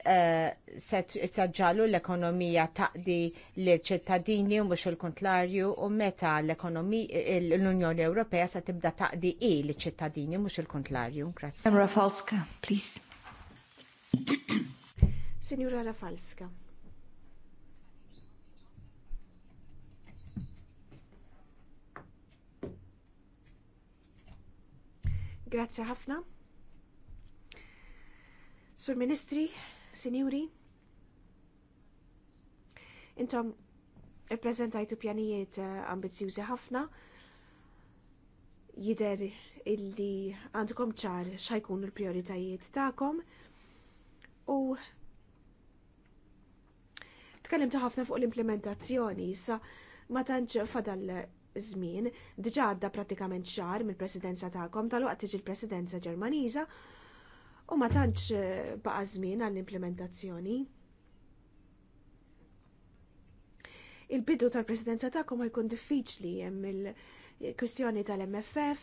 se taġġalu l-ekonomija taqdi li ċittadini u mhux il-kontlarju u meta l-Unjoni Ewropea se tibda taqdi i l-ċittadini mhux il-kontlarju. Grazie. Signora Falska, please. Signora Rafalska. Grazie ħafna. Sur Ministri, Sinjuri, intom ippreżentajtu pjanijiet eh, ambizjużi ħafna, jider illi għandkom ċar xajkun l prioritajiet ta'kom u tkellimtu ħafna fuq l-implementazzjoni sa ma tantx fadal żmien diġà għadda pratikament ċar mill-presidenza tagħkom tal-waqt tiġi l-presidenza Ġermaniża u ma tantx eh, baqa' żmien għall-implementazzjoni. Il-bidu tal-presidenza tagħkom ma jkun diffiċli hemm il-kwistjoni tal-MFF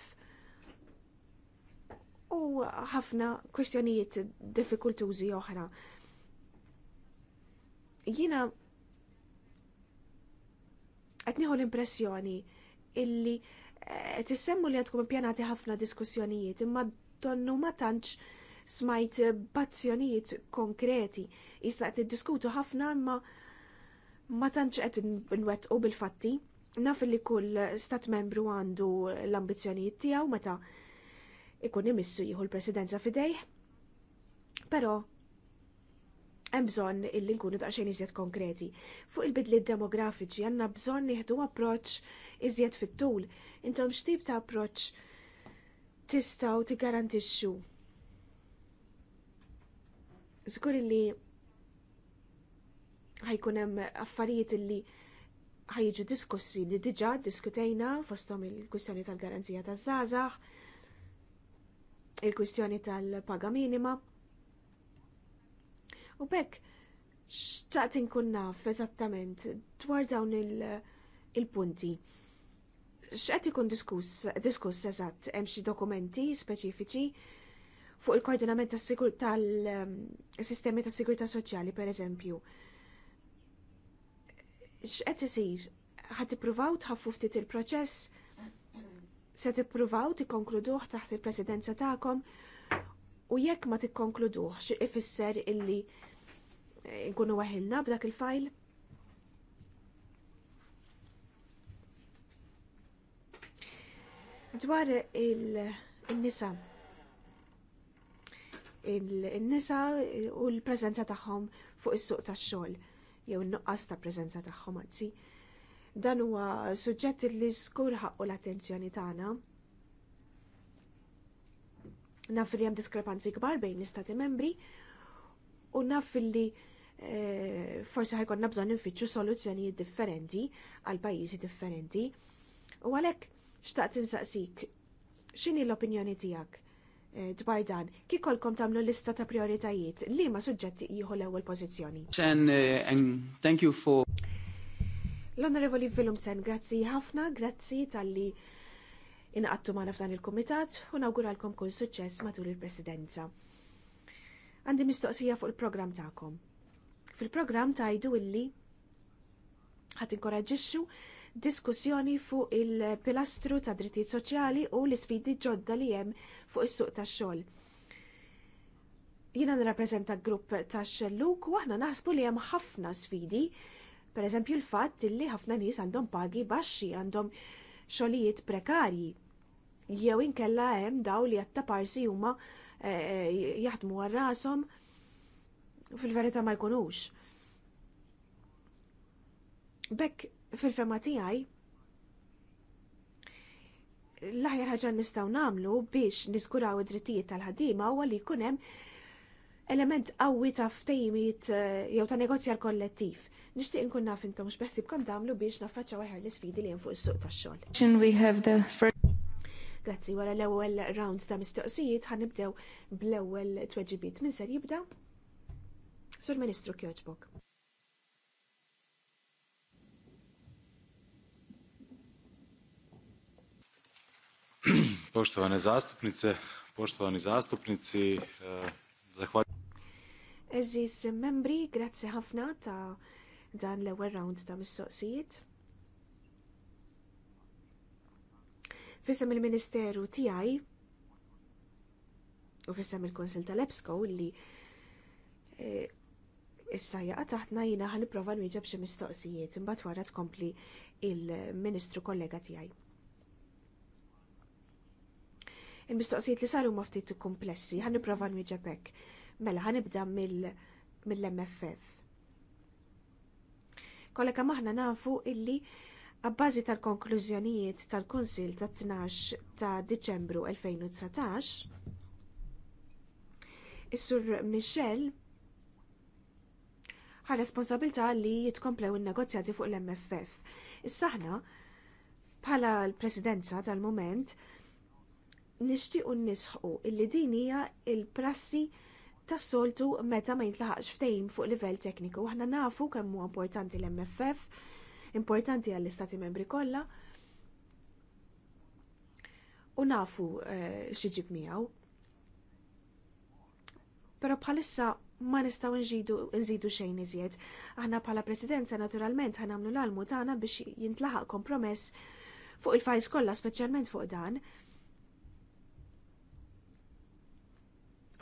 u ħafna kwistjonijiet diffikultużi oħra. Jiena qed nieħu l-impressjoni illi eh, tissemmu li għandkom ppjanati ħafna diskussjonijiet imma donnu ma tantx smajt bazzjonijiet konkreti. Issa qed diskutu ħafna ma ma tantx qed nwettqu bil-fatti. Naf li kull stat membru għandu l-ambizzjonijiet tiegħu meta ikun imissu jieħu l-presidenza fidejh. Però hemm bżonn illi nkunu daqsxejn iżjed konkreti. Fuq il-bidliet demografiċi għandna bżonn nieħdu approċċ iżjed fit-tul. Intom x'tip ta' approċċ tistgħu tigarantixxu Żgur li ħajkun hemm affarijiet li ħajġu diskussi li diġà diskutejna fosthom il-kwistjoni tal-garanzija taż-żgħażagħ, il-kwistjoni tal-paga minima. U bekk xtaqt inkun naf eżattament dwar dawn il-punti. Il x'qed ikun diskuss eżatt hemm xi dokumenti speċifiċi fuq il-koordinament tal-sistemi ta' sigurtà soċjali, per eżempju. X'qed isir? Ħad ippruvaw tħaffu ftit il-proċess, se tippruvaw tikkonkluduh taħt il-presidenza tagħkom u jekk ma tikkonkluduhx ifisser illi eh, nkunu waħilna b'dak il-fajl. Dwar il-nisa. il nisa il-nisa eh, u l-preżenza tagħhom fuq is-suq tax-xogħol jew in-nuqqas ta' preżenza tagħhom anzi. Dan huwa suġġett li skur ħaqqu l-attenzjoni tagħna. Naf li hemm diskrepanzi kbar bejn l-istati membri u naf li eh, forsi ħajkonna bżonn infittxu soluzzjonijiet differenti għal pajjiżi differenti. U għalhekk xtaqt insaqsik x'inhi l-opinjoni tiegħek? Eh, dwar dan. Kikolkom tagħmlu lista ta' prioritajiet, li ma' suġġetti jieħu l-ewwel pożizzjoni. Eh, and, thank you for L-Onorevoli Vilumsen, grazzi ħafna, grazzi tal-li inqattu ma' f'dan il-Kumitat u nawguralkom kull suċċess matul il-Presidenza. Għandi mistoqsija fuq il-programm tagħkom. Fil-programm tajdu illi ħat inkoraġixxu diskussjoni fuq il-pilastru ta' drittijiet soċjali u l-isfidi ġodda li hemm fuq is-suq tax-xogħol. Jiena nirrappreżenta grupp ta' xelluk u aħna naħsbu li hemm ħafna sfidi, pereżempju l-fatt li ħafna nies għandhom pagi baxxi, għandhom xogħlijiet prekarji. Jew inkella hemm daw li qed parsi huma eh, eh, jaħdmu għal fil-verità ma jkunux. Bekk fil-fema tiegħi l-aħjar ħaġa nistgħu nagħmlu biex niskuraw id-drittijiet tal ħadima huwa li jkun hemm element qawwi ta' ftejmiet eh, jew ta' negozjar kollettiv. Nixtieq inkun naf intom x'beħsib kom tagħmlu biex naffaċċaw aħjar l-isfidi li hemm fuq is-suq tax-xogħol. Grazzi wara l-ewwel round ta' mistoqsijiet ħanibdew bl-ewwel tweġibiet. Min ser jibda? Sur Ministru Kjoġbok. Poštovane zastupnice, poštovani zastupnici, eh, zahvaljujem. Eżis membri, grazzi ħafna ta' dan l-ewwel round ta' mistoqsijiet. Fisem il-Ministeru tiegħi u fisem il-Konsil tal-EBSCO li eh, issa jaqa taħtna jina ħan prova nwieġeb xi mistoqsijiet imbagħad wara tkompli il-Ministru kollega tiegħi. Il-mistoqsijiet li saru ma ftit komplessi, ħan niprofa hekk. Mela, ħan nibda mill-MFF. Kollega aħna nafu illi għabbażi tal-konklużjonijiet tal-Kunsil ta' 12 ta' Diċembru 2019, is-Sur Michel ħa responsabilta li jitkomplew il negozjati fuq l-MFF. Issa aħna bħala l-presidenza tal mument nixtiequ nisħu illi din hija il-prassi tas-soltu meta ma jintlaħaqx ftehim fuq livell tekniku. Aħna nafu kemm huwa importanti l-MFF, importanti għall-istati membri kollha, u nafu eh, xiġib miegħu. Però bħalissa ma nistgħu nżidu xejn iżjed. Aħna bħala presidenza naturalment ħanamlu l-almu tagħna biex jintlaħaq kompromess fuq il-fajs kollha speċjalment fuq dan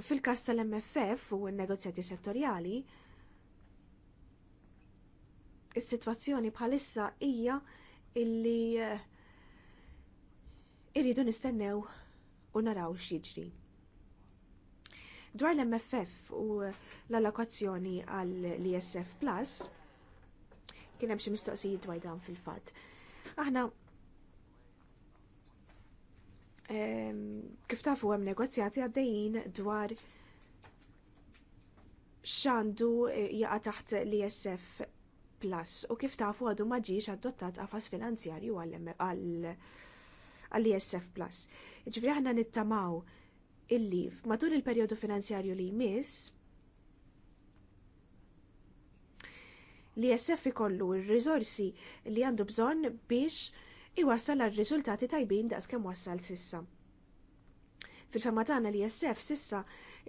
Fil-kas tal-MFF u n-negozjati settorjali, is-sitwazzjoni bħalissa hija illi eh, irridu nistennew u naraw x'jiġri. Dwar l-MFF u l-allokazzjoni għall-ISF Plus, kien hemm xi mistoqsijiet dwar dan fil-fatt. Aħna kif tafu hemm negozjati għaddejjin dwar x'għandu e, jaqa' taħt l-ISF Plus u kif tafu għadu ma ġiex adottat għafas finanzjarju għall-ISF Plus. Ġifri aħna nittamaw illi matul il-periodu finanzjarju li jmiss l-ISF ikollu r-rizorsi li għandu bżonn biex iwassal għal riżultati tajbin daqs kemm wassal sissa. Fil-fema tagħna li jessef sissa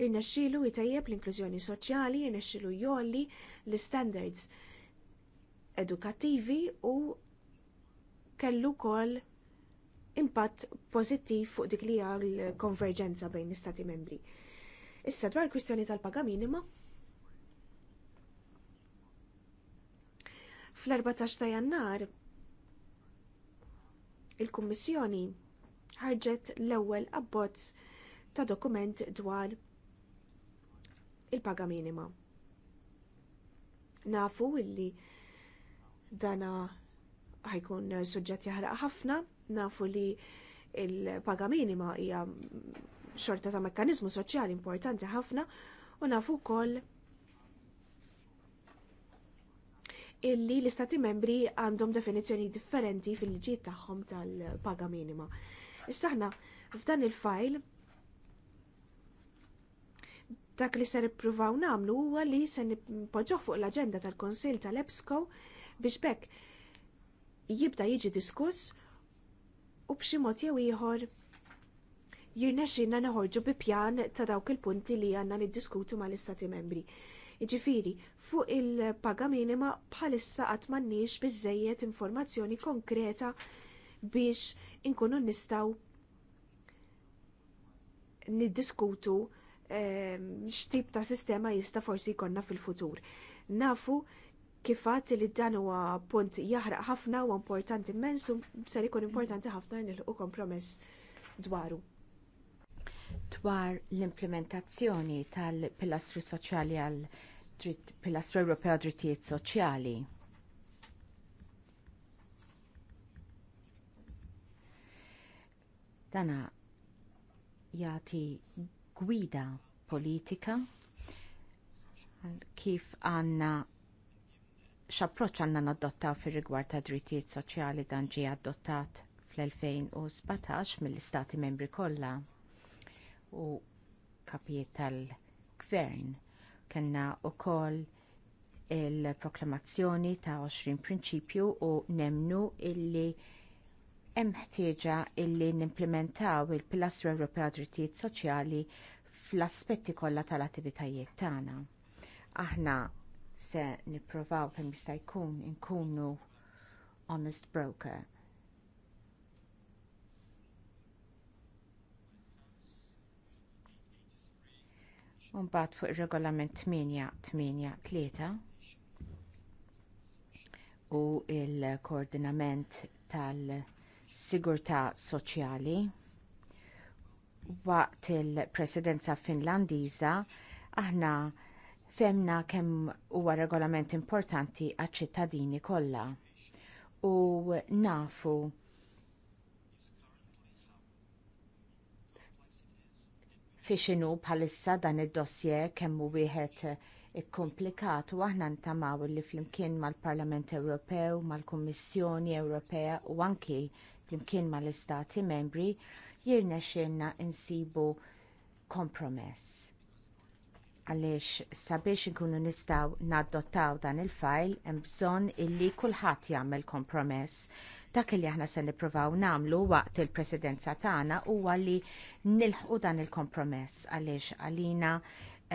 irnexxielu jtejjeb l-inklużjoni soċjali, irnexxielu jolli l-standards edukattivi u kellu kol impatt pożittiv fuq dik li l konverġenza bejn l-istati membri. Issa dwar kwistjoni tal-paga minima, fl-14 ta' jannar il-Kummissjoni ħarġet l-ewwel abbozz ta' dokument dwar il-paga minima. Nafu illi dana ħajkun suġġett jaħraq ħafna, nafu li il-paga minima hija xorta ta' mekkaniżmu soċjali importanti ħafna u nafu wkoll illi l-istati membri għandhom definizzjoni differenti fil-liġijiet tagħhom tal-paga minima. Issa aħna f'dan il-fajl dak li ser ippruvaw nagħmlu huwa li se nippoġġoh fuq l-aġenda tal-Konsil tal-EBSCO biex bekk jibda jiġi diskuss u b'xi mod jew ieħor jirnexxinna neħorġu bi pjan ta' dawk il-punti li għandna niddiskutu mal-Istati Membri. Jiġifieri, fuq il-paga minima bħalissa qatt m'għandniex biżżejjed informazzjoni konkreta biex inkunu nistgħu niddiskutu ehm, x'tip ta' sistema jista' forsi jkollna fil-futur. Nafu kifat li dan huwa punt jaħraq ħafna u importanti immens u ser ikun importanti ħafna nilħu kompromess dwaru dwar l-implementazzjoni tal-pilastru soċjali għal pilastru Ewropew drittijiet soċjali. Dana jagħti gwida politika kif għandna x'approċċ għandna nadottaw fir-rigward ta' drittijiet soċjali dan ġie adottat fl-2017 mill-istati membri kollha u kapijiet tal-gvern. Kellna wkoll il-proklamazzjoni ta' 20 prinċipju u nemnu illi hemm ħtieġa illi nimplementaw il-Pilastru Ewropea Drittijiet Soċjali fl-aspetti kollha tal-attivitajiet tagħna. Aħna se nippruvaw kemm jista' jkun inkunu honest broker Unbat fuq regolament 8 u l koordinament tal-sigurtà soċjali waqt il-presidenza Finlandiża aħna femna kemm huwa regolament importanti għaċ-ċittadini kollha u nafu fi xinu bħalissa dan id-dossier kemm hu wieħed ikkomplikat u aħna ntamaw li flimkien mal-Parlament Ewropew, mal-Kummissjoni Ewropea u anki flimkien mal-Istati membri jirnexxinna insibu kompromess għaliex sabiex inkunu nistgħu naddottaw dan il-fajl hemm bżonn illi kulħadd jagħmel kompromess Dak li aħna se nippruvaw nagħmlu waqt il-presidenza tagħna huwa li nilħqu dan il-kompromess għaliex għalina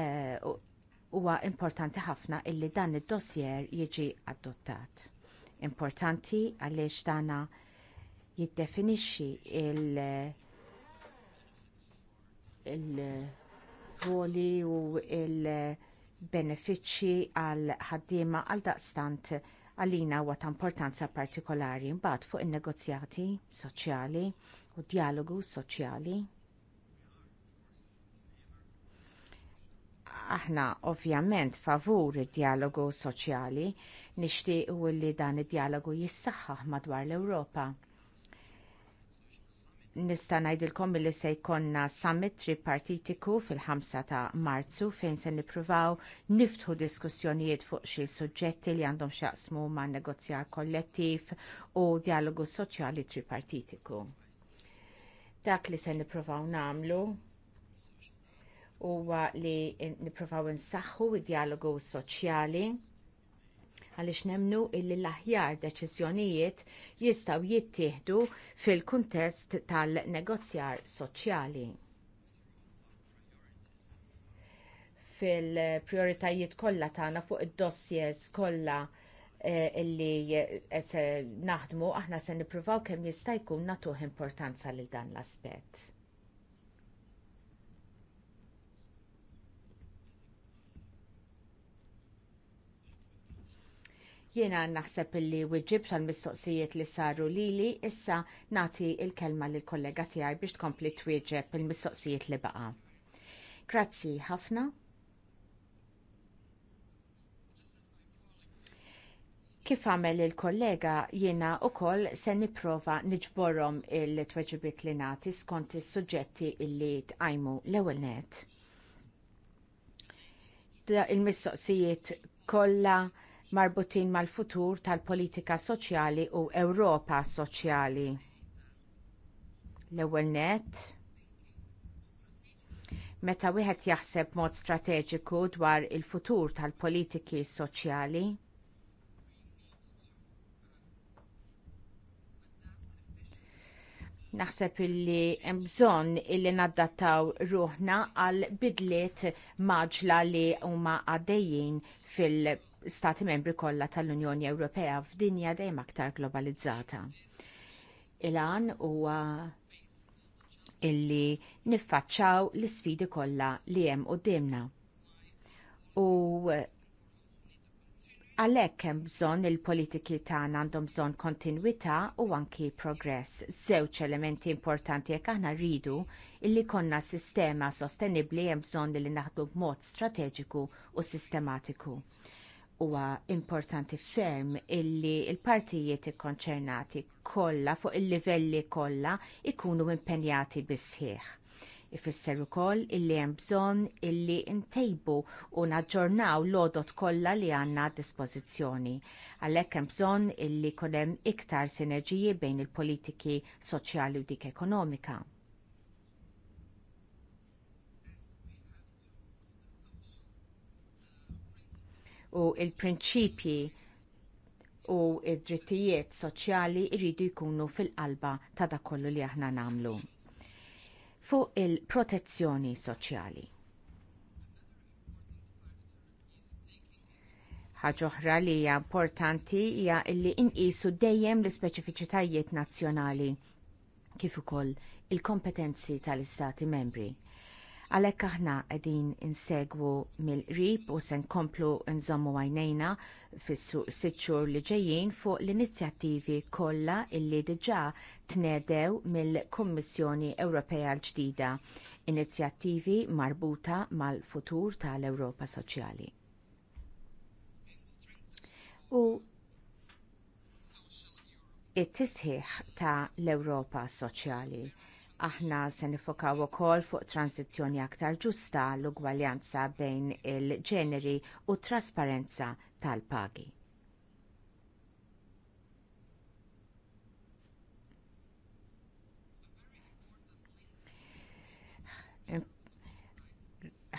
eh, huwa uh, importanti ħafna illi dan id-dossier jiġi adottat. Importanti għaliex dana jiddefinixxi il- il-ruoli u il-benefiċċji għal ħaddiema għal daqstant għalina huwa ta' importanza partikolari mbagħad fuq in-negozjati soċjali u d dialogu soċjali. Aħna ovvjament favur id-dialogu soċjali nixtiequ li dan id-dialogu jissaħħaħ madwar l-Ewropa nista' ngħidilkom li se jkollna summit tripartitiku fil-5 ta' Marzu fejn se nippruvaw niftħu diskussjonijiet fuq xi suġġetti li għandhom x'jaqsmu man negozjar kollettiv u dijalogu soċjali tripartitiku. Dak li se nippruvaw nagħmlu huwa li nippruvaw insaħħu d-dijalogu soċjali għaliex nemnu illi l-aħjar deċiżjonijiet jistgħu jittieħdu fil-kuntest tal-negozjar soċjali. Fil-prioritajiet kollha tagħna fuq id-dossiers kollha eh, illi eh, naħdmu aħna se nippruvaw kemm jista' jkun nagħtuh importanza lil dan l-aspett. Jiena naħseb illi wieġib tal-mistoqsijiet li saru lili issa nagħti l kelma lill kollega tiegħi biex tkompli twieġeb il-mistoqsijiet li baqa. Grazzi ħafna. Kif għamel il-kollega jiena wkoll se nipprova niġborhom il-tweġibiet li nagħti skont is-suġġetti illi tqajmu l-ewwel net. il-mistoqsijiet kollha marbutin mal-futur tal-politika soċjali u Ewropa soċjali. L-ewwel net. meta wieħed jaħseb mod strateġiku dwar il-futur tal-politiki soċjali, naħseb illi hemm bżonn illi nadattaw ruħna għal bidliet maġla li huma għaddejjin fil- stati membri kollha tal-Unjoni Ewropea f'dinja dejjem aktar globalizzata. Ilan huwa illi niffaċċaw l isfidi kollha li hemm qudiemna. U għalhekk hemm bżonn il-politiki tagħna għandhom bżonn kontinwità u anki progress. Żewġ elementi importanti jekk aħna rridu illi konna sistema sostenibbli hemm bżonn li naħdu b'mod strateġiku u sistematiku huwa importanti ferm illi l il partijiet ikkonċernati kollha fuq il-livelli kollha ikunu impenjati bisħieħ. Ifisser ukoll illi hemm bżonn illi ntejbu u naġġornaw l għodot kollha li għandna d dispożizzjoni. Għalhekk hemm bżonn illi jkun hemm iktar sinerġiji bejn il-politiki soċjali u dik ekonomika u l prinċipji u d drittijiet soċjali jridu jkunu fil-qalba ta' dak kollu li aħna nagħmlu. Fuq il-protezzjoni soċjali. Ħaġa oħra li hija importanti hija li nqisu dejjem l-ispeċifiċitajiet nazzjonali kif ukoll il-kompetenzi tal-istati membri. Għalhekk aħna qegħdin insegwu mill-qrib u se nkomplu nżommu għajnejna fis-suq sitt xhur li ġejjin fuq l-inizjattivi kollha illi diġà tnedew mill-Kummissjoni Ewropea l-ġdida, inizjattivi marbuta mal-futur tal-Ewropa Soċjali. U it-tisħiħ ta' l-Ewropa Soċjali Aħna se nifokaw ukoll fuq transizzjoni aktar ġusta l-ugwaljanza bejn il-ġeneri u t trasparenza tal-pagi.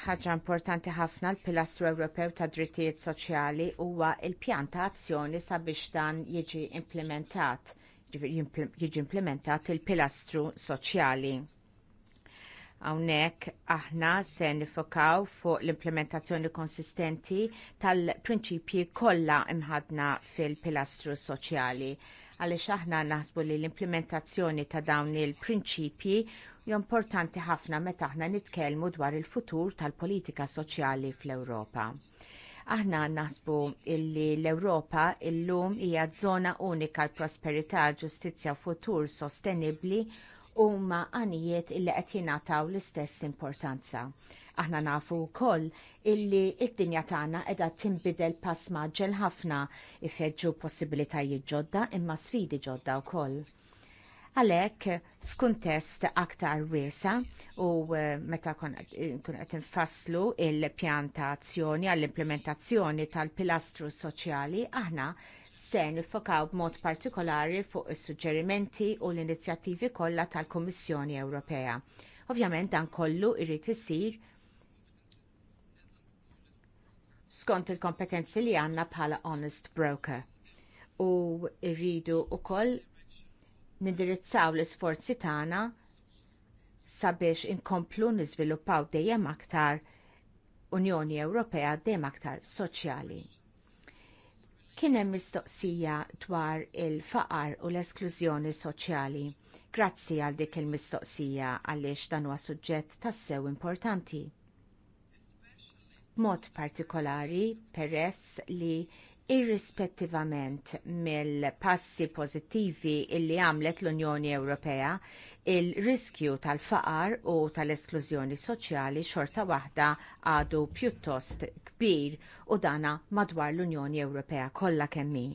ħaġa importanti ħafna l-pilastru Ewropew ta' drittijiet soċjali huwa l pjan ta' azzjoni sabiex dan jiġi implementat jiġi implementat il-pilastru soċjali. Hawnhekk aħna se nifokaw fuq l-implementazzjoni konsistenti tal-prinċipji kollha imħadna fil-pilastru soċjali għaliex aħna naħsbu li l-implementazzjoni ta' dawn il-prinċipji importanti ħafna meta aħna nitkellmu dwar il-futur tal-politika soċjali fl-Ewropa. Aħna naħsbu illi l-Ewropa illum hija żona unika l-prosperità, ġustizzja u futur sostenibbli huma għanijiet illi qed jingħataw l-istess importanza. Aħna nafu wkoll illi d dinja tagħna qiegħda tinbidel pass maġġel ħafna ifeġġu possibilitajiet ġodda imma sfidi ġodda wkoll Għalhekk f'kuntest aktar wiesa u eh, meta eh, kun qed infasslu il-pjanta azzjoni għall-implementazzjoni tal-pilastru soċjali aħna se nifokaw b'mod partikolari fuq is-suġġerimenti u l-inizjattivi kollha tal-Kummissjoni Ewropea. Ovvjament dan kollu jrid isir skont il-kompetenzi li għandna bħala honest broker. U rridu wkoll nindirizzaw l-isforzi tagħna sabiex inkomplu niżviluppaw dejjem aktar Unjoni Ewropea dejjem aktar soċjali. Kien hemm mistoqsija dwar il-faqar u l-esklużjoni soċjali. Grazzi għal dik il-mistoqsija għaliex dan huwa suġġett tassew importanti. Mod partikolari peress li irrispettivament mill-passi pożittivi illi għamlet l-Unjoni Ewropea, il-riskju tal-faqar u tal-esklużjoni soċjali xorta waħda għadu pjuttost kbir u dana madwar l-Unjoni Ewropea kollha kemm hi.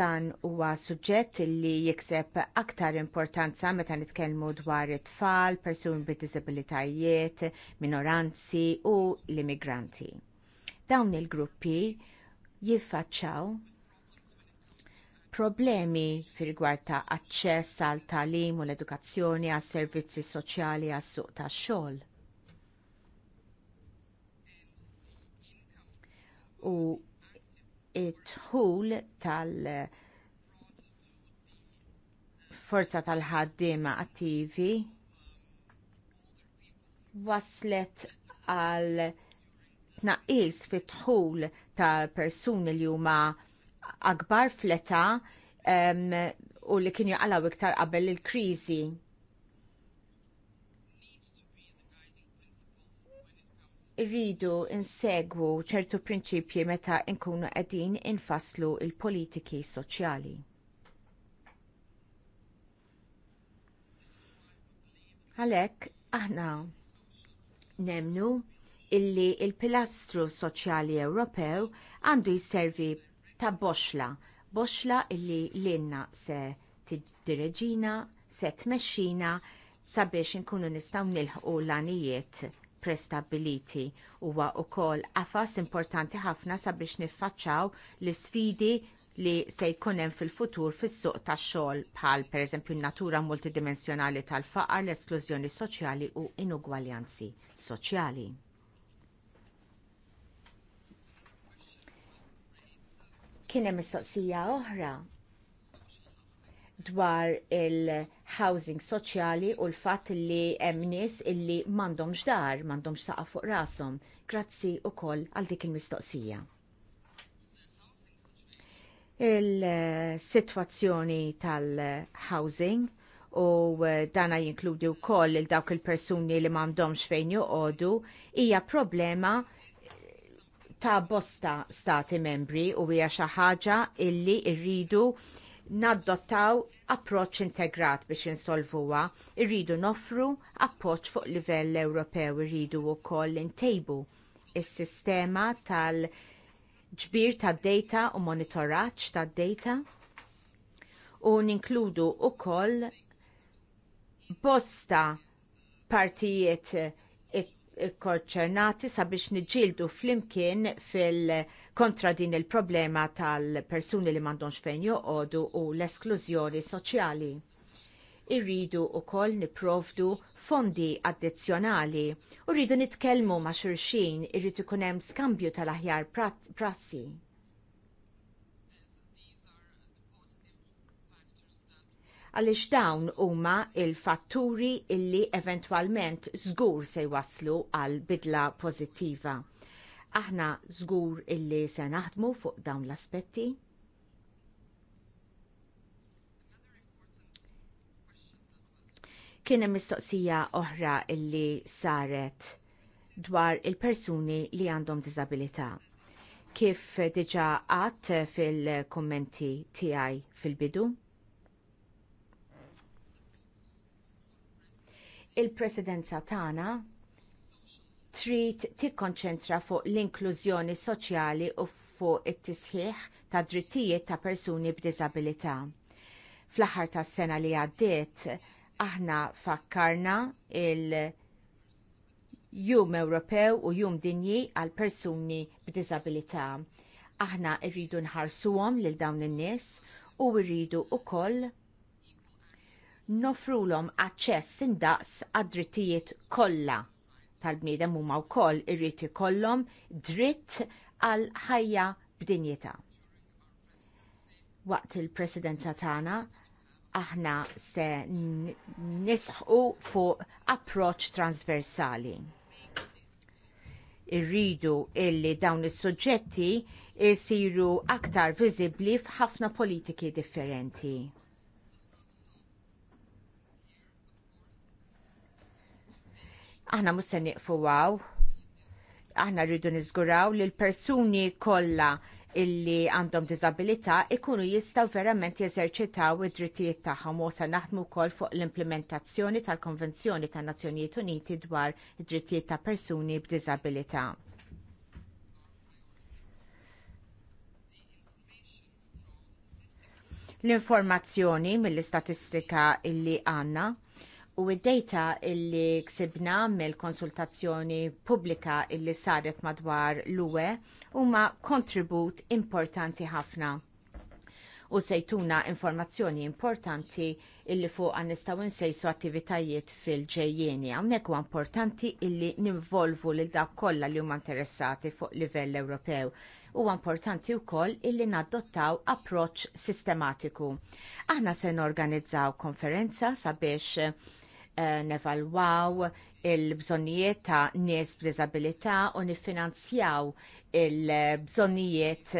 Dan huwa suġġett li jikseb aktar importanza meta nitkellmu dwar it-tfal, persuni bid-diżabilitajiet, minoranzi u l-immigranti dawn il-gruppi jiffaċċaw problemi fir-rigward ta' aċċess għal tagħlim u l-edukazzjoni għas servizzi soċjali għas suq tax-xogħol. U it-tħul tal- forza tal-ħaddiema attivi waslet għal tnaqqis fit-tħul ta' persuni li huma akbar fleta um, u li kienu jaqalaw iktar qabel il-kriżi. irridu insegwu ċertu prinċipji meta nkunu qegħdin infasslu l politiki soċjali. Għalhekk aħna nemnu illi l il pilastru Soċjali Ewropew għandu jservi ta' boxla, boxla illi l-inna se tiddireġina, se tmexxina sabiex inkunu nistgħu nilħqu l-għanijiet prestabiliti huwa wkoll għafas importanti ħafna sabiex niffaċċaw l-isfidi li se jkun hemm fil-futur fis-suq tax-xogħol bħal pereżempju n-natura multidimensjonali tal-faqar, l-esklużjoni soċjali u inugwaljanzi soċjali. Kien hemm mistoqsija oħra dwar il-housing soċjali u l-fatt li hemm nies illi m'għandhomx dar, m'għandhomx saqa fuq rashom. Grazzi wkoll għal dik il-mistoqsija. Il-sitwazzjoni tal-housing u dana jinkludi wkoll il dawk il-persuni li m'għandhomx fejn joqogħdu hija problema ta' bosta stati membri u hija xi ħaġa illi rridu nadottaw approċċ integrat biex insolvuha, irridu noffru appoġġ fuq livell Ewropew irridu wkoll intejbu is-sistema tal- ġbir tad data u monitoraġġ tad data u ninkludu wkoll bosta partijiet korċernati sabiex niġġieldu flimkien fil-kontra din il-problema tal-persuni li m'għandhomx fejn joqogħdu u l-esklużjoni soċjali. Irridu wkoll nipprovdu fondi addizzjonali u rridu nitkellmu ma' xulxin irridu kunem hemm skambju tal-aħjar prassi. għaliex dawn huma il-fatturi illi eventwalment żgur se jwaslu għal bidla pożittiva. Aħna żgur illi se naħdmu fuq dawn l-aspetti. Kien hemm mistoqsija oħra illi saret dwar il-persuni li għandhom diżabilità kif diġa għat fil-kommenti tiegħi fil-bidu. il-presidenza tagħna trid tikkonċentra fuq l-inklużjoni soċjali u fuq it-tisħiħ ta' drittijiet ta' persuni b'diżabilità. Fl-aħħar tas sena li għaddiet, aħna fakkarna il-Jum Ewropew u Jum Dinji għal persuni b'diżabilità. Aħna rridu nħarsuhom lil dawn in-nies u rridu wkoll nofrulhom aċċess indaqs għad-drittijiet kollha tal-bniedem huma wkoll irrid ikollhom dritt għal ħajja b'dinjità. Waqt il-presidenza tagħna aħna se nisħu fuq approċċ transversali. Irridu illi dawn is-suġġetti jsiru aktar viżibbli f'ħafna politiki differenti Aħna mhux se nieqfu Aħna rridu niżguraw li l-persuni kollha illi għandhom diżabilità ikunu jistgħu verament jeżerċitaw id-drittijiet tagħhom u se naħdmu wkoll fuq l-implementazzjoni tal-Konvenzjoni tan Nazzjonijiet Uniti dwar id-drittijiet ta' persuni b'diżabilità. L-informazzjoni mill-istatistika illi għandna u id-data illi ksibna mill-konsultazzjoni pubblika illi saret madwar l-UE huma kontribut importanti ħafna u sejtuna informazzjoni importanti illi fuq nistgħu nsejsu attivitajiet fil-ġejjeni. Hawnhekk huwa importanti illi ninvolvu lil dawk kollha li huma interessati fuq livell Ewropew huwa importanti wkoll illi nadottaw approċċ sistematiku. Aħna se norganizzaw konferenza sabiex Eh, nevalwaw il-bżonnijiet ta' nies b'diżabilità u niffinanzjaw il-bżonnijiet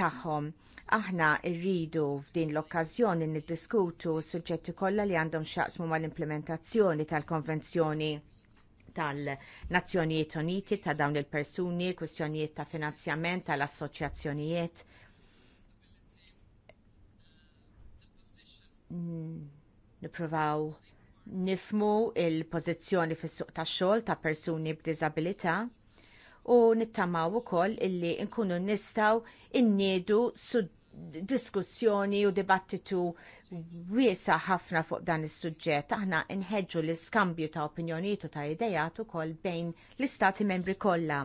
tagħhom. Aħna rridu f'din l-okkażjoni niddiskutu suġġetti kollha li għandhom x'jaqsmu mal-implementazzjoni tal-Konvenzjoni tal-Nazzjonijiet Uniti ta' dawn il-persuni, kwistjonijiet ta' finanzjament tal-assoċjazzjonijiet. Nippruvaw nifmu il-pożizzjoni fis-suq tax-xogħol ta' persuni b'diżabilità u nittamaw ukoll illi nkunu nistgħu inniedu diskussjoni u dibattitu wiesa ħafna fuq dan is-suġġett. Aħna nħeġġu l-iskambju ta' opinjonijiet u ta' idejat ukoll bejn l-istati membri kollha.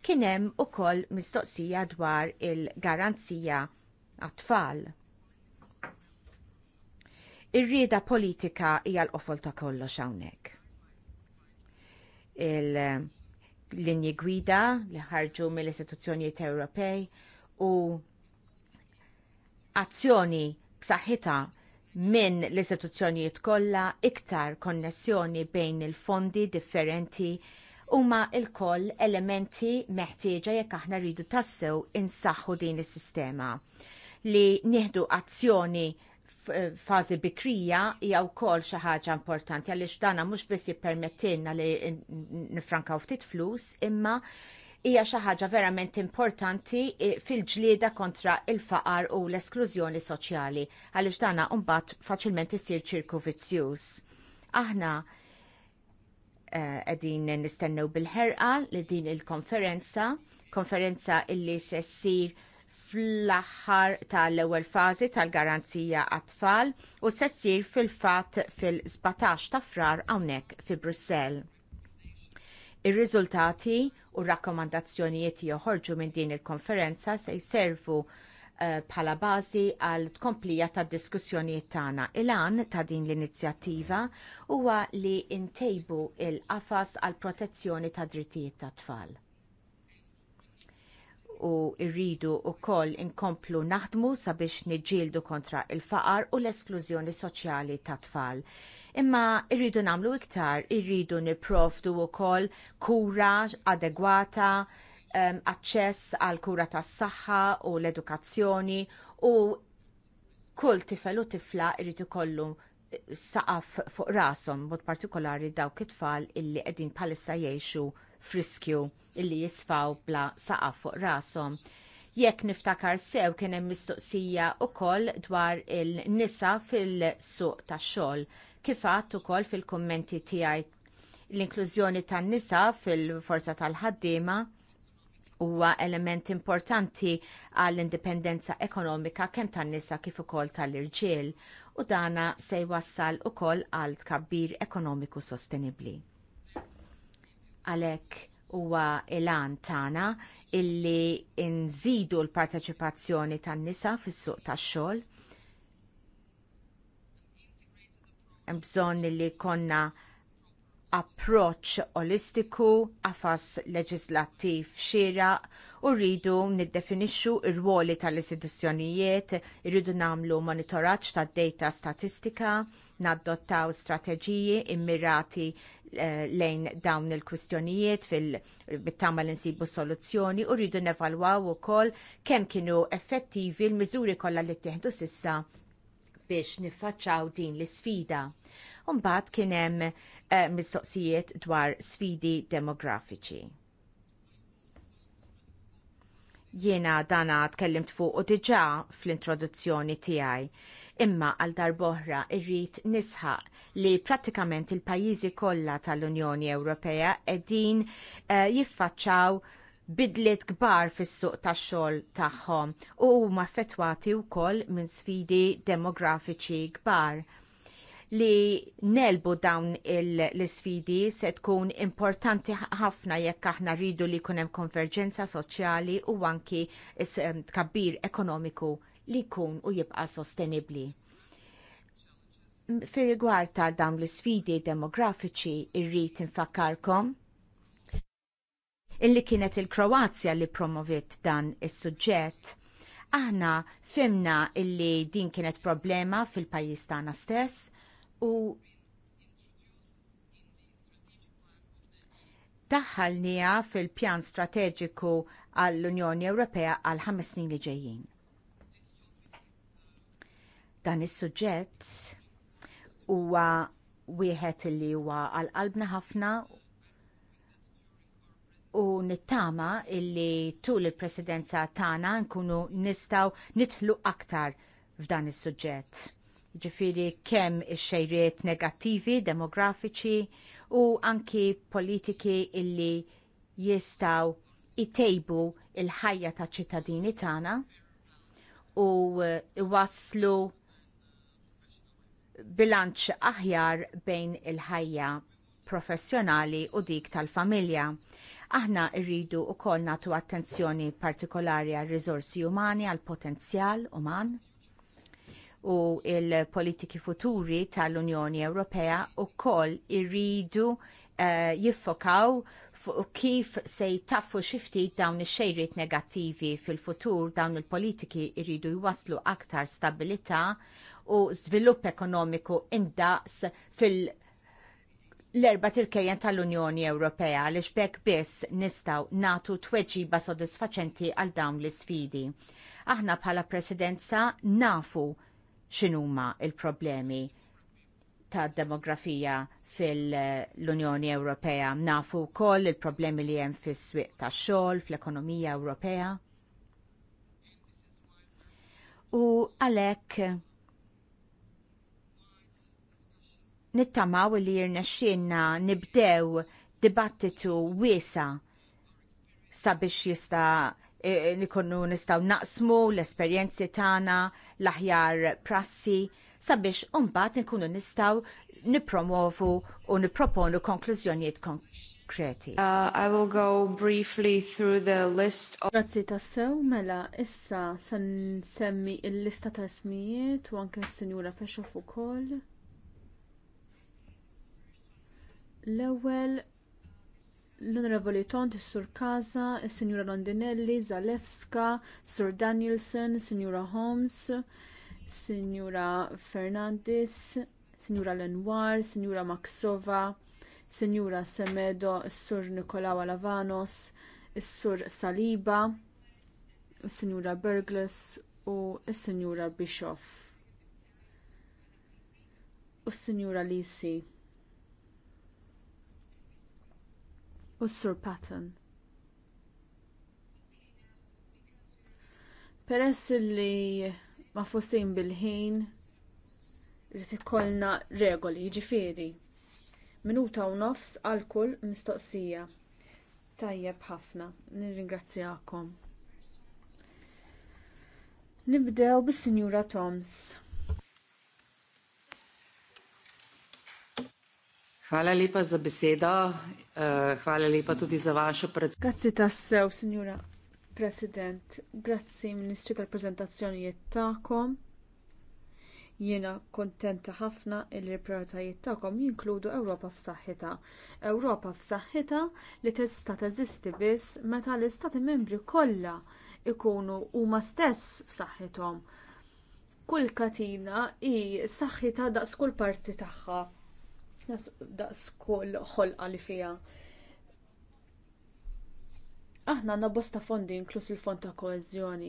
Kien hemm ukoll mistoqsija dwar il-garanzija għat-tfal. Ir-rieda politika hija l-qofol ta' kollox hawnhekk. Il-linji gwida li ħarġu mill-istituzzjonijiet Ewropej u azzjoni b'saħħitha minn l-istituzzjonijiet kollha iktar konnessjoni bejn il-fondi differenti huma lkoll elementi meħtieġa jekk aħna rridu tassew insaħħu din is-sistema li nieħdu azzjoni fażi bikrija hija wkoll xi ħaġa importanti għaliex dana mhux biss jippermettilna li nifrankaw ftit flus imma hija xi ħaġa verament importanti eh, fil-ġlieda kontra il-faqar u l-esklużjoni soċjali għaliex dana mbagħad faċilment isir ċirku vizzjuż. Aħna eh, qegħdin nistennew bil-ħerqa li din il-konferenza, konferenza illi se ssir fl-aħħar tal-ewwel fażi tal-garanzija għat-tfal u se ssir fil-fatt fil-17 ta' frar hawnhekk fi Brussell. Ir-riżultati u r rakkomandazzjonijiet joħorġu minn din il-konferenza se jservu eh, bħala bażi għal tkomplija tad diskussjonijiet tagħna. Il-għan ta' din l-inizjattiva huwa li ntejbu l qafas għal protezzjoni tad drittijiet tat-tfal u rridu wkoll inkomplu naħdmu sabiex niġġieldu kontra il-faqar u l-esklużjoni soċjali tat tfal. Imma rridu nagħmlu iktar, irridu niprofdu wkoll kura adegwata, um, aċċess għal kura tas-saħħa u l-edukazzjoni u kull tifel u tifla irridu kollu eh, saqaf fuq rashom, mod partikolari dawk it-tfal illi qegħdin bħalissa jgħixu friskju illi jisfaw bla saqa fuq rashom. Jekk niftakar sew kien hemm mistoqsija wkoll dwar il-nisa fil-suq tax-xogħol kif għadt ukoll fil-kummenti tiegħi l-inklużjoni tan-nisa fil-forza tal-ħaddiema huwa element importanti għall-indipendenza ekonomika kemm tan-nisa kif ukoll tal-irġiel u dana se jwassal ukoll għal tkabbir ekonomiku sostenibbli. Għalhekk huwa il-għan tagħna illi nżidu l-parteċipazzjoni tan-nisa fis-suq tax-xogħol. Hemm bżonn li konna approċċ olistiku, għafas leġislattiv xieraq u rridu niddefinixxu r ruoli tal-istituzzjonijiet, irridu nagħmlu monitoraġġ tad-data statistika, nadottaw strateġiji immirati Eh, lejn dawn il-kwistjonijiet fil-bittama l-insibu soluzzjoni u rridu nevalwaw ukoll kemm kienu effettivi l miżuri kollha li ttieħdu sissa biex niffaċċaw din l isfida Umbat kien hemm eh, mistoqsijiet dwar sfidi demografiċi. Jiena dana tkellimt fuq u diġà fl-introduzzjoni tiegħi Imma għal darboħra irrit nisħa li pratikament il-pajjiżi kollha tal-Unjoni Ewropea qegħdin uh, jiffaċċaw bidliet kbar fis-suq tax-xogħol tagħhom u huma affettwati wkoll minn sfidi demografiċi kbar li nelbu dawn l-isfidi se tkun importanti ħafna jekk aħna rridu li jkun hemm konverġenza soċjali u anki tkabbir ekonomiku li jkun u jibqa' sostenibbli. Fir rigward tal dawn l-sfidi demografiċi irrit infakkarkom illi kienet il-Kroazja li promovit dan is-suġġett. Aħna femna illi din kienet problema fil-pajjiż tagħna stess u daħħalnija fil-pjan strateġiku għall-Unjoni Ewropea għal ħames snin li ġejjin. Dan is-suġġett huwa wieħed li huwa għal qalbna ħafna u nittama illi tul il-presidenza tagħna nkunu nistgħu nidħlu aktar f'dan is-suġġett. Ġifiri kemm ix-xejriet negattivi, demografiċi u anki politiki illi jistgħu itejbu il-ħajja taċ ċittadini tagħna u iwasslu bilanċ aħjar bejn il-ħajja professjonali u dik tal-familja. Aħna rridu wkoll nagħtu attenzjoni partikolari għal riżorsi umani, għal potenzjal uman u l politiki futuri tal-Unjoni Ewropea wkoll irridu uh, jiffokaw fuq kif se jtaffu xi ftit dawn ix-xejriet negattivi fil-futur dawn il-politiki jridu jwasslu aktar stabilità u żvilupp ekonomiku indaqs fil- l-erba tirkejjen tal-Unjoni Ewropea li xbek biss nistaw natu tweġiba sodisfaċenti għal dawn l isfidi Aħna bħala presidenza nafu x'inhuma il-problemi ta' demografija fil-Unjoni Ewropea. Nafu wkoll il-problemi li hemm fis-swieq tax-xogħol, fl-ekonomija Ewropea. U għalhekk nittamaw li jirnexxinna nibdew dibattitu wiesa sabiex jista nikonnu e, nistaw naqsmu l-esperjenzi tagħna, l-aħjar prassi, sabiex umbat nkunu nistaw nipromovu u niproponu konklużjonijiet konkreti. Uh, I will go briefly through the list of... Grazzi tassew, mela, issa san semmi il-lista ta' ismijiet u anke s-senjura Peshov u koll. L-ewwel l-Onorevoli Tont, Sur Kaza, Signora Londinelli, Zalewska, Sur Danielson, Signora Holmes, Signora Fernandez, Signora Lenoir, Signora Maxova, Signora Semedo, Sur Alavanos, Lavanos, Sur Saliba, Signora Burgles u Signora Bischoff u Signora Lisi. u Sur Patton. Peress li ma fossin bil-ħin, rrit ikollna regoli, ġifiri. Minuta u nofs għal kull mistoqsija. Tajjeb ħafna, nirringrazzjakom. Nibdew bis-Sinjura Toms. Hvala lepa za besedo. Eh, hvala lepa tudi za vašo predstavitev. Grazzi tassew, signora President. Grazzi, Ministri, tal-prezentazzjonijiet tagħkom. Jiena kontenta ħafna li l-prioritajiet tagħkom jinkludu Ewropa f'saħħitha. Ewropa f'saħħitha li tista' teżisti biss meta l-istati membri kollha ikunu huma stess f'saħħithom. Kull katina hi saħħitha daqs kull parti tagħha nas daqs kull ħolqa fija. Aħna għanna bosta fondi inkluż il-fond ta' koezjoni,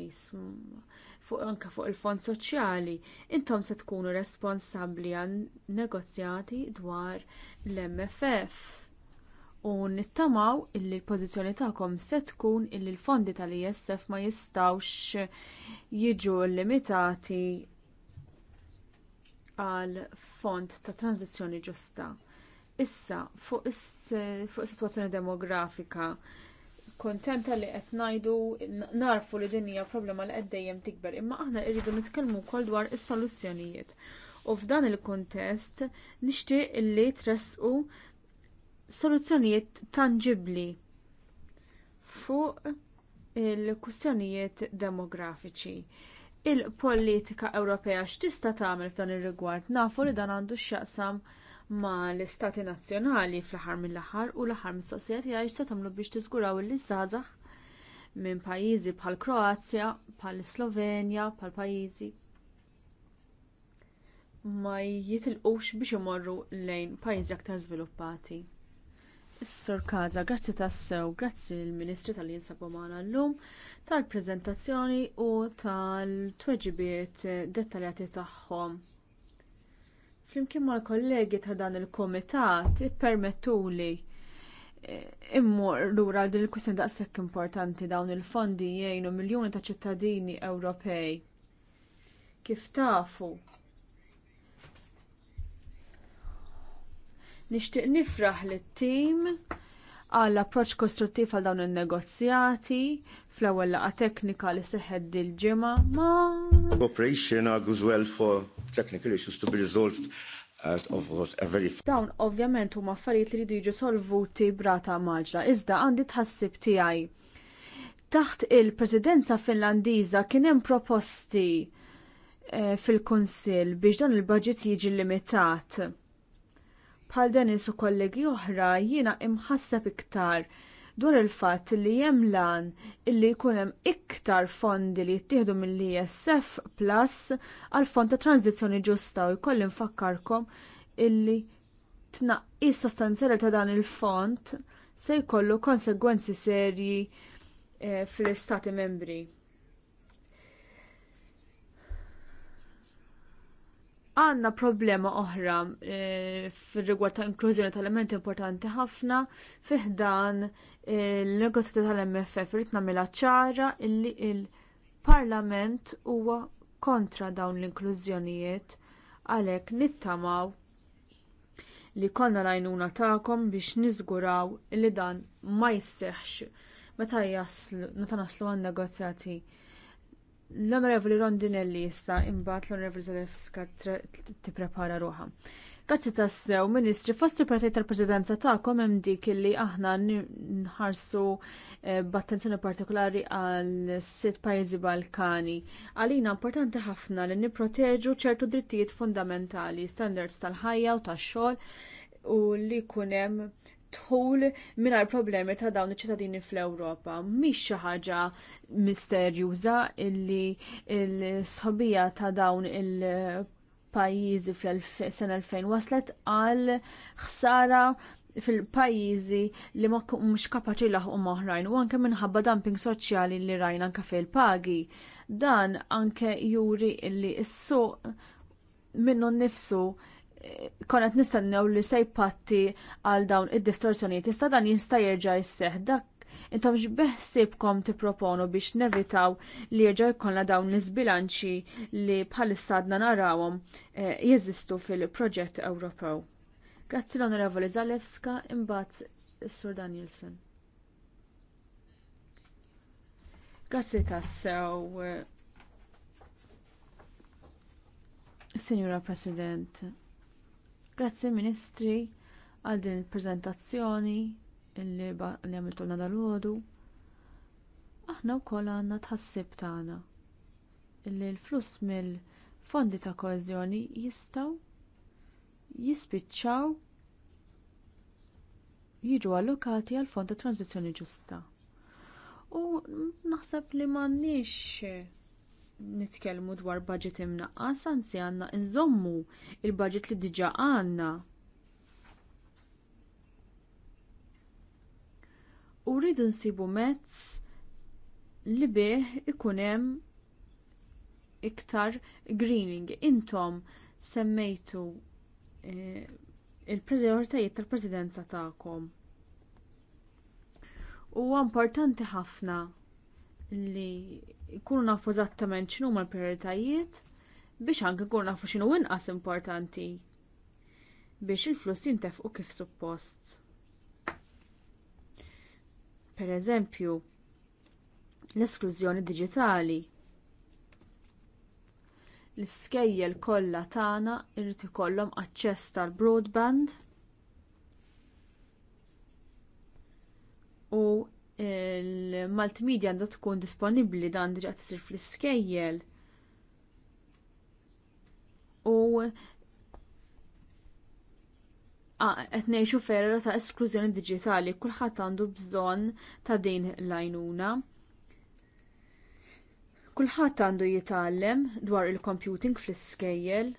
fuq anke fuq il-fond soċjali, intom se tkunu responsabbli għan negozjati dwar l-MFF u nittamaw illi l-pożizzjoni tagħkom se tkun illi l-fondi tal-ISF ma jistawx jiġu limitati għal fond ta' tranzizzjoni ġusta. Issa, fuq is-sitwazzjoni demografika, kontenta li qed ngħidu narfu li din hija problema li qed dejjem tikber, imma aħna rridu nitkellmu wkoll dwar is-soluzzjonijiet. U f'dan il-kuntest nixtieq li tresqu soluzzjonijiet tangibbli fuq il-kwistjonijiet demografiċi il-politika Ewropea x'tista' tagħmel f'dan ir-rigward nafu li dan għandu x'jaqsam ma l-istati nazzjonali fl-aħħar mill-aħħar u l-aħħar mistoqsija tiegħi se tagħmlu biex tiżguraw li żgħażagħ minn pajjiżi bħal Kroazja, bħal Slovenja, bħal pajjiżi ma jitilqux biex imorru lejn pajjiżi aktar żviluppati. Is-Sur Kaza, grazzi tassew, grazzi l-Ministri tal jinsab maħna l-lum, tal-prezentazzjoni u tal-tweġibiet dettaljati tagħhom. Flimkien mal kollegi ta' dan il-komitat ippermettuli e, immur lura din il-kwistjoni daqshekk importanti dawn il-fondi jgħinu miljuni ta' ċittadini Ewropej. Kif tafu, Nixtieq nifraħ lit tim għall approċċ kostruttiv għal dawn in-negozjati fl-ewwel laqgħa teknika li seħħed dil-ġimgħa ma Cooperation goes well for technical issues to be resolved Dawn ovvjament huma affarijiet li jridu jiġu solvuti brata maġra, iżda għandi tħassib tiegħi. Taħt il-Presidenza Finlandiża kien hemm proposti eh, fil-Kunsill biex dan il-budget jiġi limitat Bħal Denis u kollegi oħra jiena imħasseb iktar dwar il-fatt li hemm lan illi jkun hemm iktar fondi li jittieħdu mill-ISF Plus għal fond ta' tranzizzjoni ġusta u jkolli nfakkarkom illi tnaqqis sostanzjali ta' dan il-fond se jkollu konsegwenzi serji eh, fl-istati membri. Għanna problema oħra e, eh, fil-rigward ta' inklużjoni ta' elementi importanti ħafna fiħdan il-negozjati eh, tal-MFF rrit nagħmilha ċara illi il-Parlament huwa kontra dawn l-inklużjonijiet għalhekk nittamaw li konna lajnuna tagħkom biex niżguraw li dan ma jisseħx meta jaslu, meta naslu għan negozjati L-Onorevoli Rondinelli issa imbagħad l-Onorevoli Zalewska tipprepara ruħa. Grazzi tassew, Ministri, fost il-partit tal-Presidenza tagħkom hemm dik li aħna nħarsu eh, b'attenzjoni partikolari għal sitt pajjiżi Balkani. Għalina importanti ħafna li nipproteġu ċertu drittijiet fundamentali, standards tal-ħajja u tax-xogħol u li jkun hemm tħul mingħajr problemi ta' dawn iċ-ċittadini fl-Ewropa. Mhix xi ħaġa misterjuża illi l-sħobija ta' dawn il- pajjiżi fl-sena 2000 waslet għal ħsara fil-pajjiżi li ma mhux kapaċi laħqu moħrajn. u anke minħabba dumping soċjali li rajna anke fil-pagi. Dan anke juri li s-suq minnu nnifsu konet nistennew li se jpatti għal dawn id-distorsjonijiet. Iżda dan jista' jerġa' jisseħ dak intom x'beħsibkom tipproponu biex nevitaw li jerġa' jkollna dawn l iżbilanċi li bħalissa għadna narawhom eh, jeżistu fil-proġett Ewropew. Grazzi l-Onorevoli Zalewska, imbagħad is-Sur Danielson. Grazzi tassew, eh, Signora President. Grazzi Ministri għal din il-preżentazzjoni li għamiltulna dal-ħodu. Aħna wkoll għandna tħassib tagħna li l-fluss mill-fondi ta' koeżjoni jistgħu jispiċċaw jiġu allokati għal fond ta' tranzizzjoni ġusta. U naħseb li m'għandniex nitkellmu dwar budget imnaqqas, anzi għandna nżommu il-budget li diġà għandna. U rridu nsibu mezz li bih ikun hemm iktar greening. Intom semmejtu eh, il-prioritajiet tal-presidenza tagħkom. Huwa importanti ħafna li Ikunu nafu zattament xinu ma l-prioritajiet biex anke ikunu nafu x'inhu inqas importanti biex il-flus jintefqu kif suppost. Pereżempju, l-esklużjoni diġitali. L-iskejjel kollha tagħna irid ikollhom aċċess tal-broadband u il-multimedia għandha tkun disponibbli dan diġa tisir fl-iskejjel. U qed ngħixu ferra ta' esklużjoni diġitali, kulħadd għandu bżonn ta' din l-għajnuna. Kulħadd għandu jitgħallem dwar il-computing fl-iskejjel,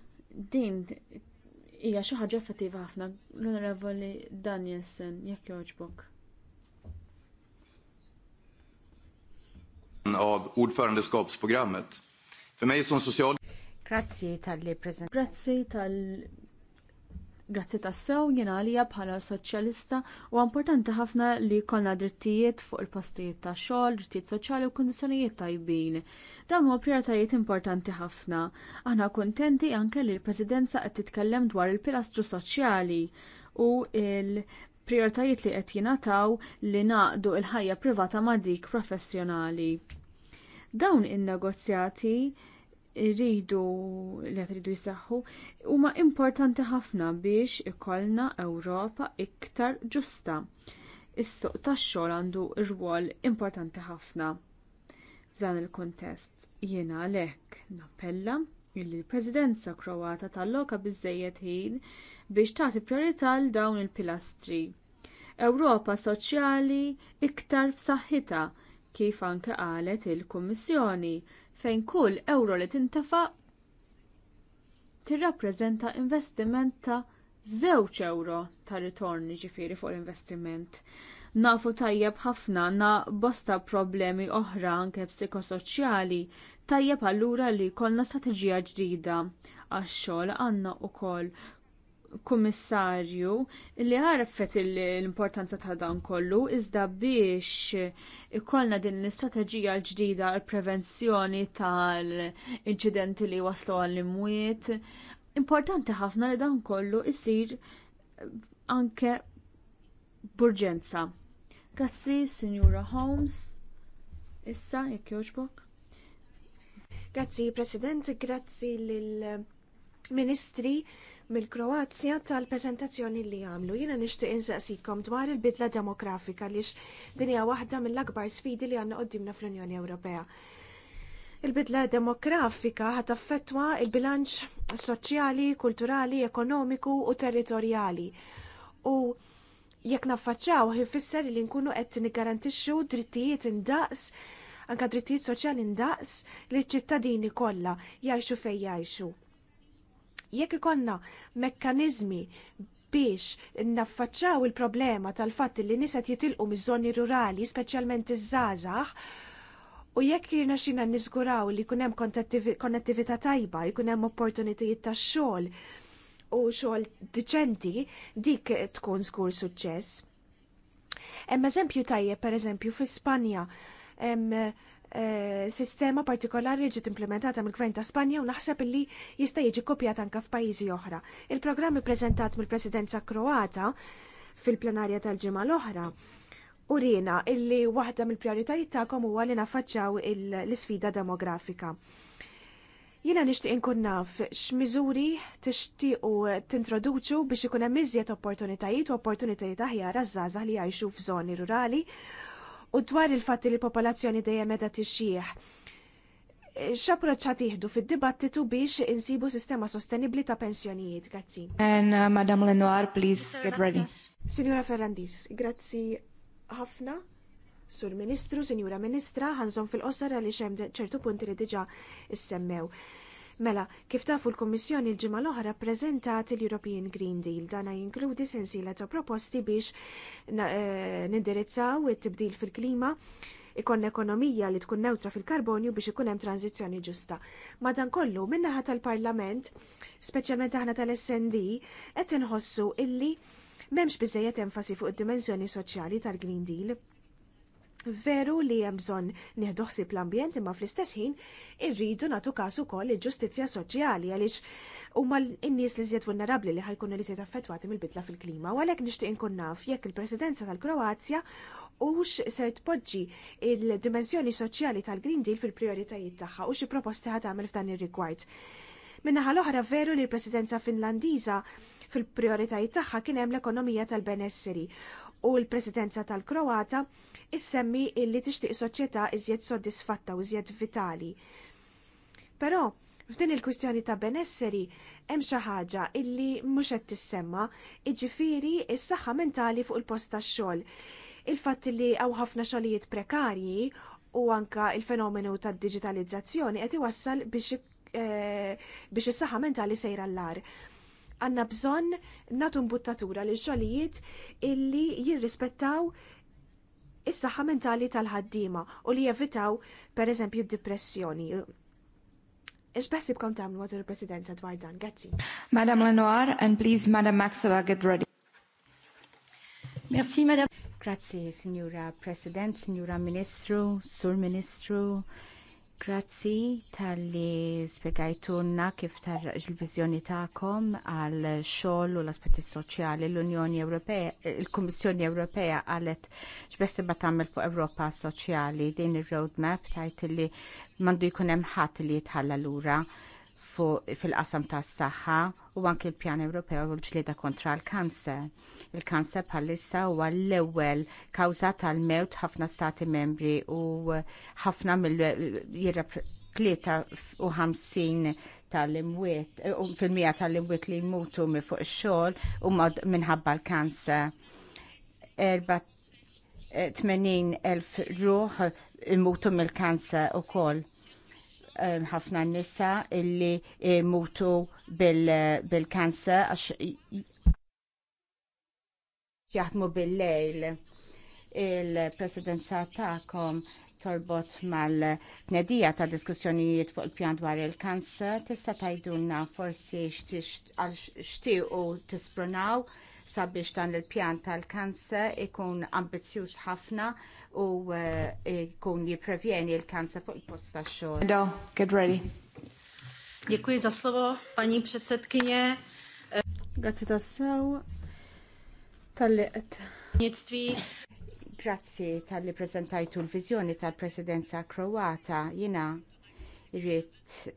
din hija xi ħaġa effettiva ħafna l-Onorevoli Danielsen, jekk jogħġbok. av ordförandeskapsprogrammet. För mig som social... Grazzi tal-li prezent. Grazzi tal- Grazzi tassew jien għalija bħala soċjalista u importanti ħafna li jkollna drittijiet fuq il-postijiet ta' xogħol, drittijiet soċjali u kundizzjonijiet tajbin. Dawn huwa prijoritajiet importanti ħafna. Aħna kuntenti anke li l-Presidenza qed titkellem dwar il-pilastru soċjali u il prijoritajiet li qed jingħataw li naqdu l ħajja privata ma' dik professjonali. Dawn in-negozjati rridu li rridu jisaxħu huma importanti ħafna biex ikollna Ewropa iktar ġusta. Is-suq tax-xogħol għandu rwol importanti ħafna. F'dan il-kuntest jiena għalhekk nappella illi l-Presidenza Kroata tal-loka biżżejjed ħin biex tagħti priorità għal dawn il-pilastri. Ewropa soċjali iktar f'saħħitha kif anke qalet il-Kummissjoni fejn kull euro li tintafa tirrappreżenta investiment ta' żewġ euro ta' ritorn ġifieri fuq l-investiment nafu tajjeb ħafna na bosta problemi oħra anke psikosoċjali, tajjeb allura li jkollna strateġija ġdida għax-xogħol għandna wkoll kummissarju li għarfet l-importanza ta' dan kollu iżda biex ikollna din l-istrateġija l-ġdida għall prevenzjoni tal-inċidenti li waslu għall-imwiet. Importanti ħafna li dan kollu isir anke burġenza. Grazzi, Signora Holmes. Issa, jekk joġbok. Grazzi, President, grazzi lill-Ministri mill-Kroazja tal-prezentazzjoni li għamlu. Jiena nixtieq insaqsikom dwar il-bidla demografika li din hija waħda mill-akbar sfidi li għandna qoddimna fl-Unjoni Ewropea. Il-bidla demografika ħat affettwa il-bilanċ soċjali, kulturali, ekonomiku u territorjali. U jekk naffaċċaw ħifisser li nkunu qed nigarantixxu drittijiet indaqs anka drittijiet soċjali indaqs li ċ-ċittadini kollha jgħixu fejn jgħixu. Jekk ikonna mekkaniżmi biex naffaċċaw il-problema tal-fatt li niset jitilqu miż-żoni rurali, speċjalment iż-żgħażagħ, u jekk jirna xina niżguraw li jkun hemm konnettività tajba, jkun hemm opportunitajiet tax-xogħol u xogħol diċenti, dik tkun skur suċċess. Hemm eżempju tajjeb pereżempju fi Spanja hemm Eh, sistema partikolari li ġiet implementata mill-Gvern ta' Spanja u naħseb li jista' jiġi kopjata anke f'pajjiżi oħra. Il-programm ippreżentat mill-Presidenza Kroata fil-plenarja tal-ġimgħa l-oħra urina illi waħda mill-prijoritajiet tagħkom huwa li naffaċċjaw l-isfida demografika. Jiena nixtieq inkun naf x'miżuri tixtiequ tintroduċu biex ikun hemm iżjed opportunitajiet u opportunitajiet aħjar għaż-żgħażagħ li jgħixu f'żoni rurali u dwar il-fatt li l-popolazzjoni dejjem meta tixjieħ. X'approċċ ħad jieħdu fid-dibattitu biex insibu sistema sostenibbli ta' pensjonijiet. Grazzi. And uh, Madam Lenoir, please get ready. Signora Ferrandis, grazzi ħafna. Sur Ministru, Sinjura Ministra, ħanżon fil-qosar għaliex hemm ċertu punti li diġa' issemmew. Mela, kif tafu l-Kommissjoni l-ġimgħa l-oħra preżentat l-European Green Deal. Dana jinkludi sensiela ta' proposti biex eh, nindirizzaw it-tibdil fil-klima ikon ekonomija li tkun neutra fil-karbonju biex ikun hemm tranzizzjoni ġusta. Madankollu, min-naħa tal-Parlament, speċjalment aħna tal-SND, qed inħossu illi m'hemmx biżejjed enfasi fuq id-dimensjoni soċjali tal-Green Deal Veru li hemm bżonn nieħdu ħsieb l-ambjent imma fl-istess ħin irridu nagħtu każ ukoll il-ġustizzja soċjali għaliex huma n-nies li żjed vulnerabbli li ħajkunu li żjed affettwati mill-bidla fil-klima u għalhekk nixtieq inkun naf jekk il-Presidenza tal-Kroazja hux se tpoġġi il-dimensjoni soċjali tal-Green Deal fil-prijoritajiet tagħha u xi proposti ħad tagħmel f'dan ir-rigward. Minnaħa l-oħra veru li l-presidenza finlandiża fil prijoritajiet tagħha kien hemm l-ekonomija tal-benesseri u l-presidenza tal-Kroata issemmi illi tixtieq soċjetà iżjed soddisfatta u iżjed vitali. Però, f'din il-kwistjoni ta' benesseri hemm xi ħaġa illi mhux qed tissemma, jiġifieri s-saħħa mentali fuq il-post tax-xogħol. Il-fatt li hawn ħafna xogħlijiet prekarji u anka il-fenomenu tad-diġitalizzazzjoni qed iwassal biex eh, biex is-saħħa mentali sejra l-lar għanna bżon natu mbuttatura li xolijiet illi jirrispettaw is-saħħa mentali tal-ħaddima u li jevitaw per eżempju d-depressjoni. Ixbessib kom tamlu għadu l-presidenza dwar dan, grazzi. Madam Lenoir, and please, Madam Maxova, get ready. Merci, Madam. Grazie, Signora President, Signora Ministru, Sur Ministru Grazzi tal-li spiegajtunna kif tar il-vizjoni ta'kom għal xogħol u l-aspetti soċjali l-Unjoni Ewropea, il-Kummissjoni Ewropea għalet x'beħsibha tagħmel fuq Ewropa Soċjali din il roadmap tajt li mandu jkun hemm ħadd li jitħalla lura fil-qasam tas saħħa u anki l-pjan Ewropew u l-ġlieda kontra l-kanser. Il-kanser bħalissa huwa l-ewwel kawża tal-mewt ħafna stati membri u ħafna mill-53 tal-imwiet, fil-mija tal-imwiet li jmutu minn fuq ix-xogħol huma minħabba l-kanser. 80,000 ruħ imutu mill-kanser ukoll Um, ħafna nisa illi mutu bil-kanser għax jaħdmu bil-lejl. Il-presidenza ta'kom torbot mal-nedija ta' diskussjonijiet fuq il-pjan dwar il-kanser, tista' tajdunna forsi xtiq u tispronaw sabiex dan il-pjan tal-kanser ikun ambizzjuż ħafna u eh, ikun jipprevjeni l-kanser fuq il-post tax-xogħol. Do, get ready. Dziękuję za słowo, pani przedsedkynie. Grazie sew. Tal-li Grazzi tal-li prezentajtu l-vizjoni tal-presidenza Kroata. Jina irrit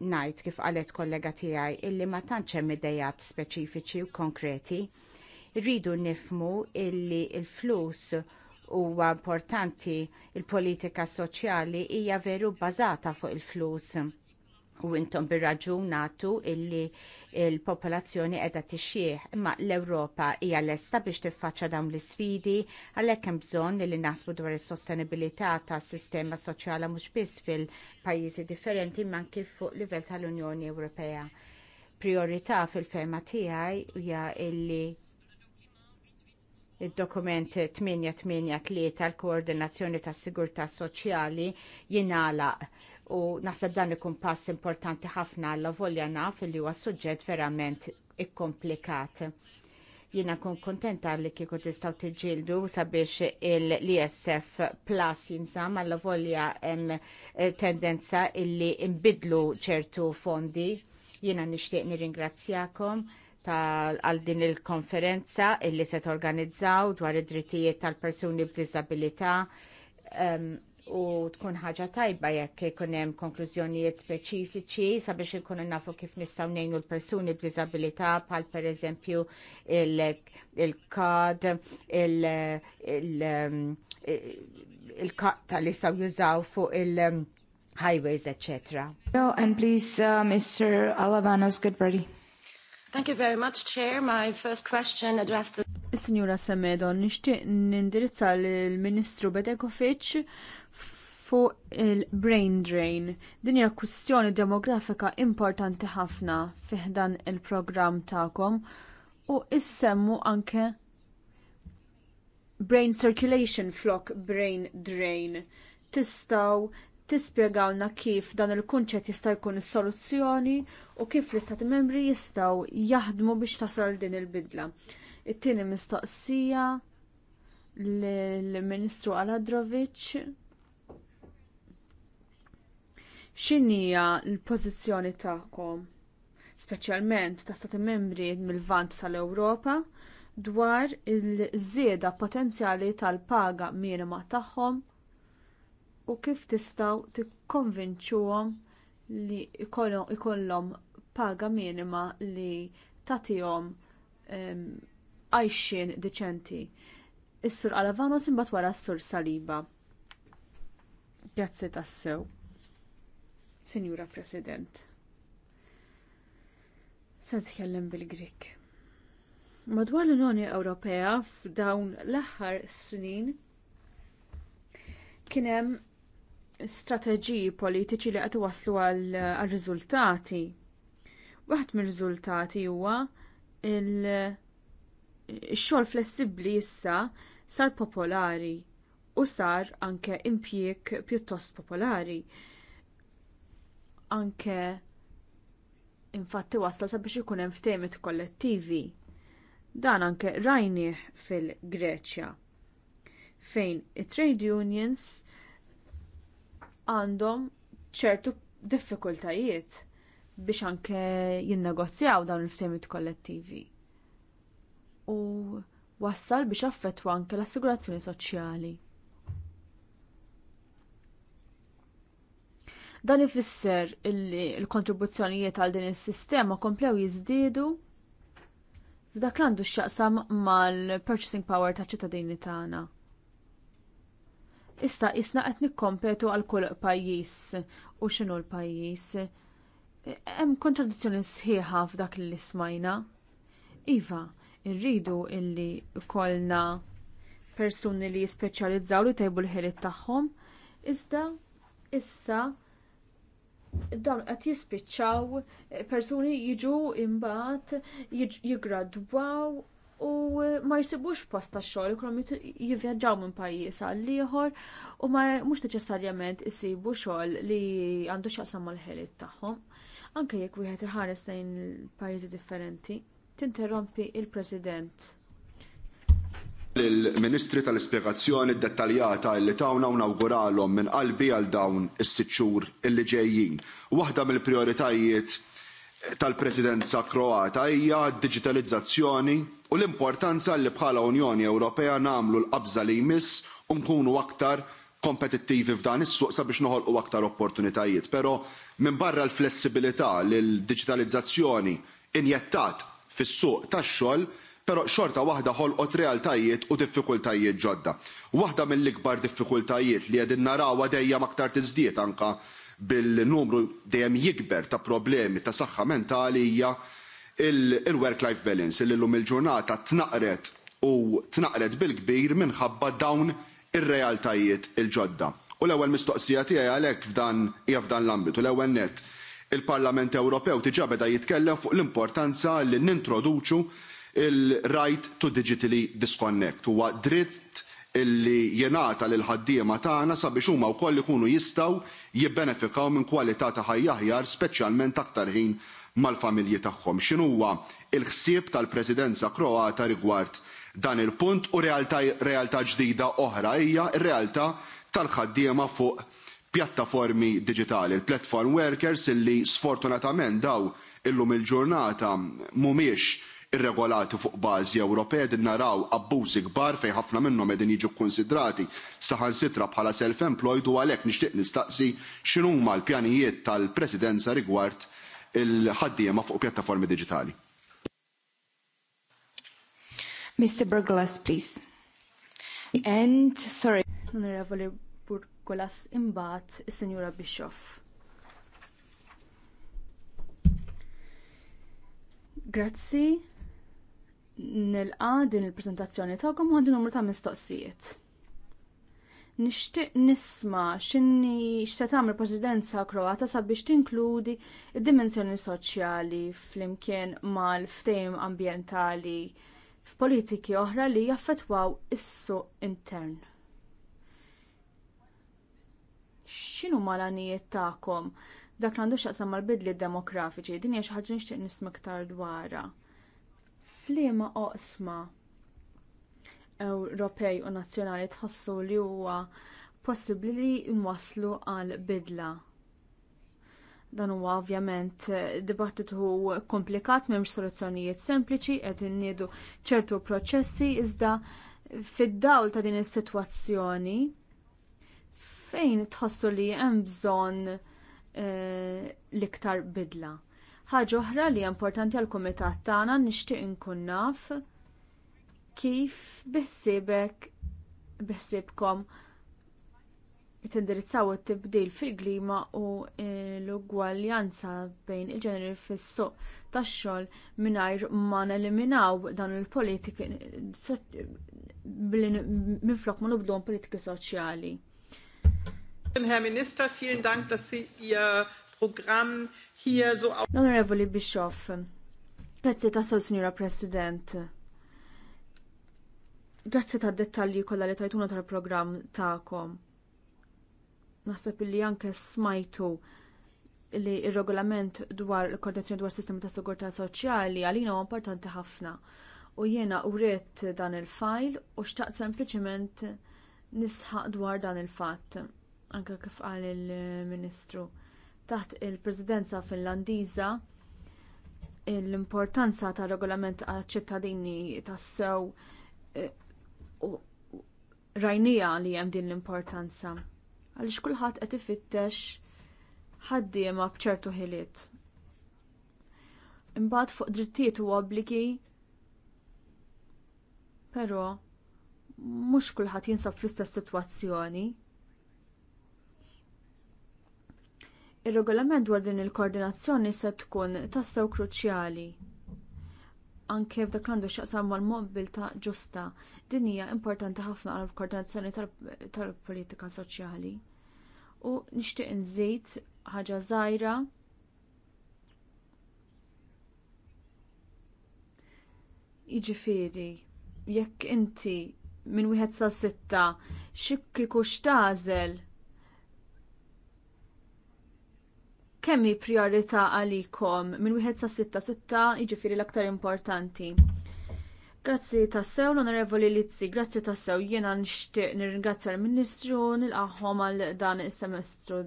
najt kif qalet kollega tiegħi illi ma tantx hemm idejat speċifiċi u konkreti Rridu nifmu illi l il flus huwa importanti il-politika soċjali hija veru bbażata fuq il-flus. U intom bir-raġun nagħtu illi l popolazzjoni qiegħda tixjieħ, imma l-Ewropa hija lesta biex tiffaċċja dawn l-isfidi għalhekk hemm bżonn li naħsbu dwar is-sostenibilità tas-sistema soċjali mhux biss fil-pajjiżi differenti ma anke fuq livell tal-Unjoni Ewropea. Priorità fil-ferma tiegħi hija illi id dokument 883 tal-koordinazzjoni tas sigurtà soċjali jingħalaq u naħseb dan ikun pass importanti ħafna għall volja naf li huwa suġġett verament ikkomplikat. Jiena kun kontenta li kieku tistgħu tiġġieldu sabiex l-ISF Plus jinsam għall volja hemm eh, tendenza illi imbidlu ċertu fondi. Jiena nixtieq nirringrazzjakom għal din il-konferenza illi se torganizzaw dwar id-drittijiet tal-persuni b'disabilità um, u tkun ħaġa tajba jekk ikun hemm konklużjonijiet speċifiċi sabiex ikunu nafu kif nistgħu ngħinu l-persuni b'diżabilità bħal pereżempju il-kad il il-kad tal jistgħu jużaw fuq il-, highways, etc. No and please, uh, Mr. Alavanos Goodberry. Thank you very much, Chair. My first question addressed to... Is-Sinjura Semedo, nixtieq nindirizza l-Ministru Bedekovic fuq il-brain drain. Din hija kwistjoni demografika importanti ħafna fih dan il-programm tagħkom u issemmu anke brain circulation flok brain drain. Tistgħu tispjegawna kif dan il-kunċett jista' jkun is-soluzzjoni u kif l-istati membri jistgħu jaħdmu biex tasal din il-bidla. It-tieni mistoqsija lill-Ministru Aladrovic. X'inhija l-pożizzjoni tagħkom, speċjalment ta' stati membri mill-vant tal-Ewropa, dwar il-żieda potenzjali tal-paga minima tagħhom u kif tistgħu tikkonvinċuhom li ikollhom paga minima li tagħtihom ehm, għajxin diċenti. Is-sur Alavanos imbagħad wara s-sur Saliba. Grazzi tassew. Sinjura President. Se nitkellem bil-Grik. Madwar l-Unjoni Ewropea f'dawn l-aħħar snin kien hemm strateġiji politiċi li qed waslu għal riżultati. Waħed mir-riżultati huwa il-xogħol flessibbli issa sar popolari u sar anke impjieg pjuttost popolari. Anke infatti wasal sabiex ikun hemm ftehimiet kollettivi. Dan anke rajnieh fil-Greċja fejn it-trade unions għandhom ċertu diffikultajiet biex anke jinnegozjaw dawn il-ftehimiet kollettivi. U wassal biex affettwa anke l-assigurazzjoni soċjali. Dan ifisser il-kontribuzzjonijiet għal din is-sistema komplew jiżdiedu f'dak l-għandu x-xaqsam mal-purchasing power taċ ċittadini tagħna. Issa isna qed nikkompetu għal kull pajjiż u x'inhu l-pajjiż. Hemm kontradizzjoni sħiħa f'dak li smajna. Iva, irridu illi kollna persuni li jispeċjalizzaw li tajbu l-ħiliet tagħhom, iżda issa dawn qed jispiċċaw eh, persuni jiġu imbagħad jiggradwaw u ma jsibux posta xogħol kolom jivvjaġġaw minn pajjiż għal ieħor u ma mhux neċessarjament jisibu xogħol li għandu xaqsam l ħelit tagħhom. Anke jekk wieħed iħares lejn pajjiżi differenti, tinterrompi il-President. Il-Ministri tal-Ispjegazzjoni dettaljata li tawna unawguralhom minn qalbi għal dawn is sitxur xhur illi ġejjin. Waħda mill-prioritajiet tal-presidenza kroata hija d-diġitalizzazzjoni u l-importanza li bħala Unjoni Ewropea nagħmlu l-qabża li jmiss u nkunu aktar kompetittivi f'dan is-suq sabiex noħolqu aktar opportunitajiet. Però minn barra l-flessibilità li l-diġitalizzazzjoni injettat fis-suq tax-xogħol però xorta waħda ħolqot realtajiet u diffikultajiet ġodda. Waħda mill-ikbar diffikultajiet li qegħdin narawha dejjem aktar tiżdied anka bil-numru dejjem jikber ta' problemi ta' saħħa mentali hija il-work-life balance il lum il-ġurnata tnaqret u tnaqret bil-kbir minħabba dawn ir-realtajiet il-ġodda. U l-ewwel mistoqsija tiegħi għalhekk f'dan hija f'dan l-ambitu l-ewwel nett il-Parlament Ewropew diġà beda jitkellem fuq l-importanza li nintroduċu il-right to digitally disconnect huwa dritt illi jenata lil ħaddiema tagħna sabiex huma wkoll ikunu jistgħu jibbenefikaw minn kwalità ta' ħajja aħjar speċjalment aktar ħin mal-familji tagħhom. X'inhuwa l-ħsieb tal-Presidenza Kroata rigward dan il-punt u realtà ġdida oħra hija r-realtà tal-ħaddiema fuq pjattaformi diġitali, il-platform workers illi sfortunatament daw illum il-ġurnata mhumiex irregolati fuq bażi Ewropea din naraw abbużi kbar fejn ħafna minnhom qegħdin jiġu kkunsidrati saħansitra bħala self-employed u għalhekk nixtieq nistaqsi x'inhuma l-pjanijiet tal-Presidenza rigward il-ħaddiema fuq pjattaformi diġitali. Mr. Burglas, please. And sorry. Honorable Burgolas imbagħad is Bischoff. Grazzi, nilqa din il-prezentazzjoni tagħkom għandu numru ta' mistoqsijiet. Nixtieq nisma x'inhi x'se tagħmel Presidenza Kroata sabiex tinkludi id-dimensjoni soċjali flimkien mal-ftehim ambjentali f'politiki oħra li jaffettwaw is-suq intern. X'inhu malanijiet tagħkom dak l-għandu xaqsam mal-bidli demografiċi, din hija xi ħaġa nixtieq nisma' dwarha Fliema oqsma Ewropej u nazzjonali tħossu li huwa possibbli li jwasslu għal bidla. Dan huwa ovvjament eh, dibattitu komplikat m'hemmx soluzzjonijiet sempliċi qed inniedu ċertu proċessi iżda fid-dawl ta' din is-sitwazzjoni fejn tħossu li hemm bżonn eh, l-iktar bidla Ħaġa oħra li importanti għal kumitat tagħna nixtieq inkun naf kif biħsibek biħsibkom tindirizzaw it-tibdil fil-klima u l-ugwaljanza bejn il-ġeneri fis-suq tax-xogħol mingħajr ma neliminaw dan il-politik minflok ma nubduhom politiki soċjali. Herr Minister, vielen Dank, dass Sie Ihr Programm hier L-Onorevoli Bischoff, grazzi ta' sew, Signora President. Grazzi ta' dettalji kollha li tajtuna tal-programm tagħkom. Naħseb li anke smajtu li il regolament dwar il-koordinazzjoni dwar sistema ta' sigurtà soċjali għalina huwa importanti ħafna. U jiena uriet dan il-fajl u xtaqt sempliciment nisħaq dwar dan il-fatt, anke kif qal il-Ministru taħt il-Presidenza Finlandiża l-importanza ta' regolament għal ċittadini tas eh, u rajnija li hemm din l-importanza. Għaliex kulħadd qed ifittex ħaddiema b'ċertu ħiliet. Imbagħad fuq drittijiet u obbligi però mhux kulħadd jinsab fl-istess sitwazzjoni. Ir-regolament dwar din il-koordinazzjoni se tkun tassew kruċjali. Anke f'dak għandu x'aqsam mal-mobilta ġusta, din hija importanti ħafna għal koordinazzjoni tal-politika soċjali. U nixtieq nżid ħaġa żgħira jiġifieri jekk inti minn wieħed sa sitta xi kieku x'tażel kemm hi priorità għalikom minn wieħed sa sitta sitta jiġifieri l-aktar importanti. Grazzi tassew l-Onorevoli Lizzi, grazzi tassew jiena nixtieq nirringrazzja l-Ministru nilqaħħom għal dan is-semestru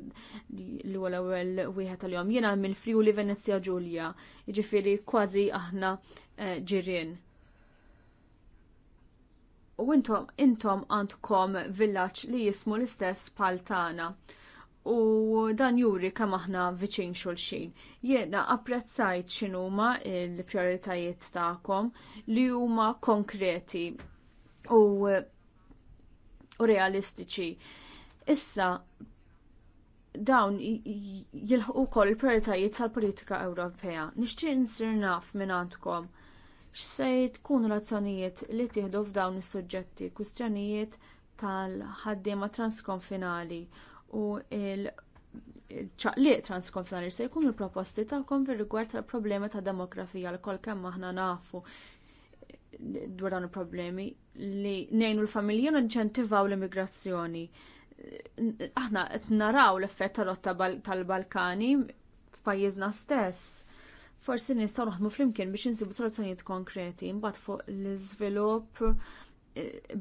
li l-ewwel wieħed tal jom Jiena minn Friuli Venezia Ġulja, jiġifieri kważi aħna eh, ġirien. U intom intom għandkom villaġġ li jismu l-istess bħal tagħna u dan juri kemm aħna viċin xulxin. Jena apprezzajt x'inhuma l-prijoritajiet tagħkom li huma konkreti u, u realistiċi. Issa dawn jilħu kol il-prijoritajiet tal-politika Ewropea. Nixtieq nsir naf minn għandkom x'se tkun razzjonijiet li tieħdu f'dawn is-suġġetti, kwistjonijiet tal-ħaddiema transkonfinali u il ċaqliq transkonflarir se jkunu il proposti tagħkom fir rigward tal-problema ta' demografija l-kol kemm aħna nafu dwar dawn il-problemi li ngħinu l-familja nċentivaw l-immigrazzjoni. Aħna qed naraw l-effett tal rotta tal-Balkani f'pajjiżna stess. Forsi nistgħu naħdmu flimkien biex insibu soluzzjonijiet konkreti mbagħad fuq l-iżvilupp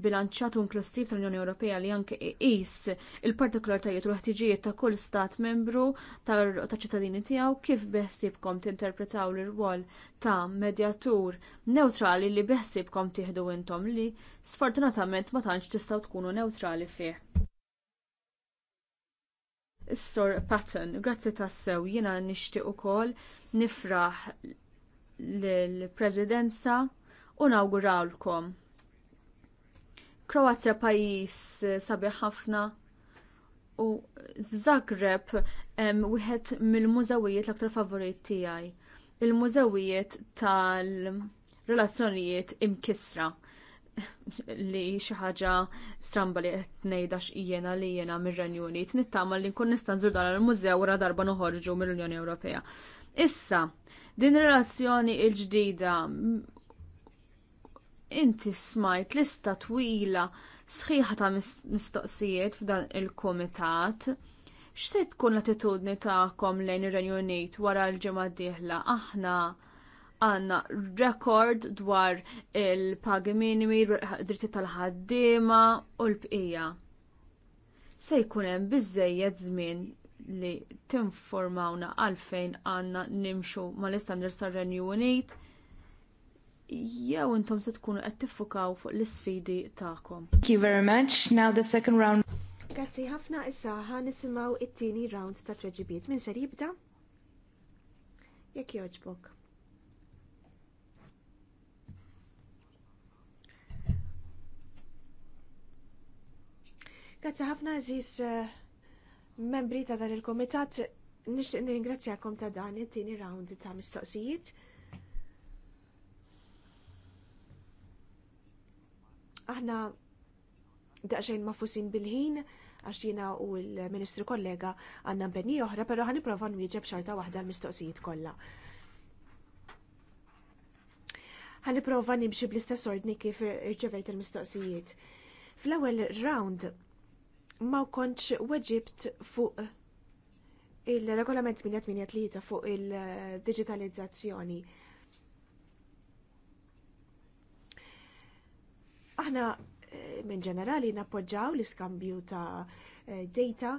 bilanċat inklusiv tal-Unjoni Ewropea li anke qis il-partikolaritajiet u l-ħtiġijiet ta' kull stat membru ta' ċittadini tiegħu kif beħsibkom tinterpretaw l irwol ta' medjatur neutrali li beħsibkom tieħdu intom li sfortunatament ma tantx tistgħu tkunu neutrali fih. Is-Sor Patton, grazzi tassew jiena nixtieq ukoll nifraħ l-Presidenza u nawgurawlkom Kroazja pajjiż eh, sabiħ ħafna u f'Zagreb hemm wieħed mill-mużewijiet l-aktar favorit tiegħi. Il-mużewijiet tal-relazzjonijiet imkisra li xi ħaġa stramba li qed ngħidha x'jiena li jiena mir-Renju Unit nittama li nkun nista' nżur dan il-mużew wara darba noħorġu mill-Unjoni Ewropea. Issa, din ir relazzjoni l ġdida inti smajt lista twila sħiħa ta' mistoqsijiet f'dan il-komitat. X'se tkun l-attitudni tagħkom lejn ir-Renju Unit wara l-ġimgħa d-dieħla aħna għanna rekord dwar il-pagi minimi, dritti tal-ħaddima u l-bqija. Se jkun hemm biżejjed żmien li tinformawna għalfejn għanna nimxu mal-istandards tar-Renju Unit jew intom se tkunu qed tiffukaw fuq l-isfidi tagħkom. Thank you very much. Now the second round. Grazzi ħafna issa ħa nisimgħu it-tieni round ta' tweġibiet. Min ser jibda? Jekk jogħġbok. Grazzi ħafna eżis eh, membri ta' dan il-komitat nixtieq ningrazzjakom ta' dan it-tieni round ta' mistoqsijiet. Aħna daqsxejn mafusin bil-ħin għax jiena u l-Ministru kollega għandna benni oħra, però ħaniprofa nwieġeb xarta waħda l-mistoqsijiet kollha. Ħaniprofa nimxi bl-istess ordni kif irċevejt l mistoqsijiet Fl-ewwel round ma konċ weġibt fuq il-regolament 883 fuq il-digitalizzazzjoni. il digitalizzazzjoni Aħna eh, minn ġenerali nappoġġaw l-iskambju ta' eh, data,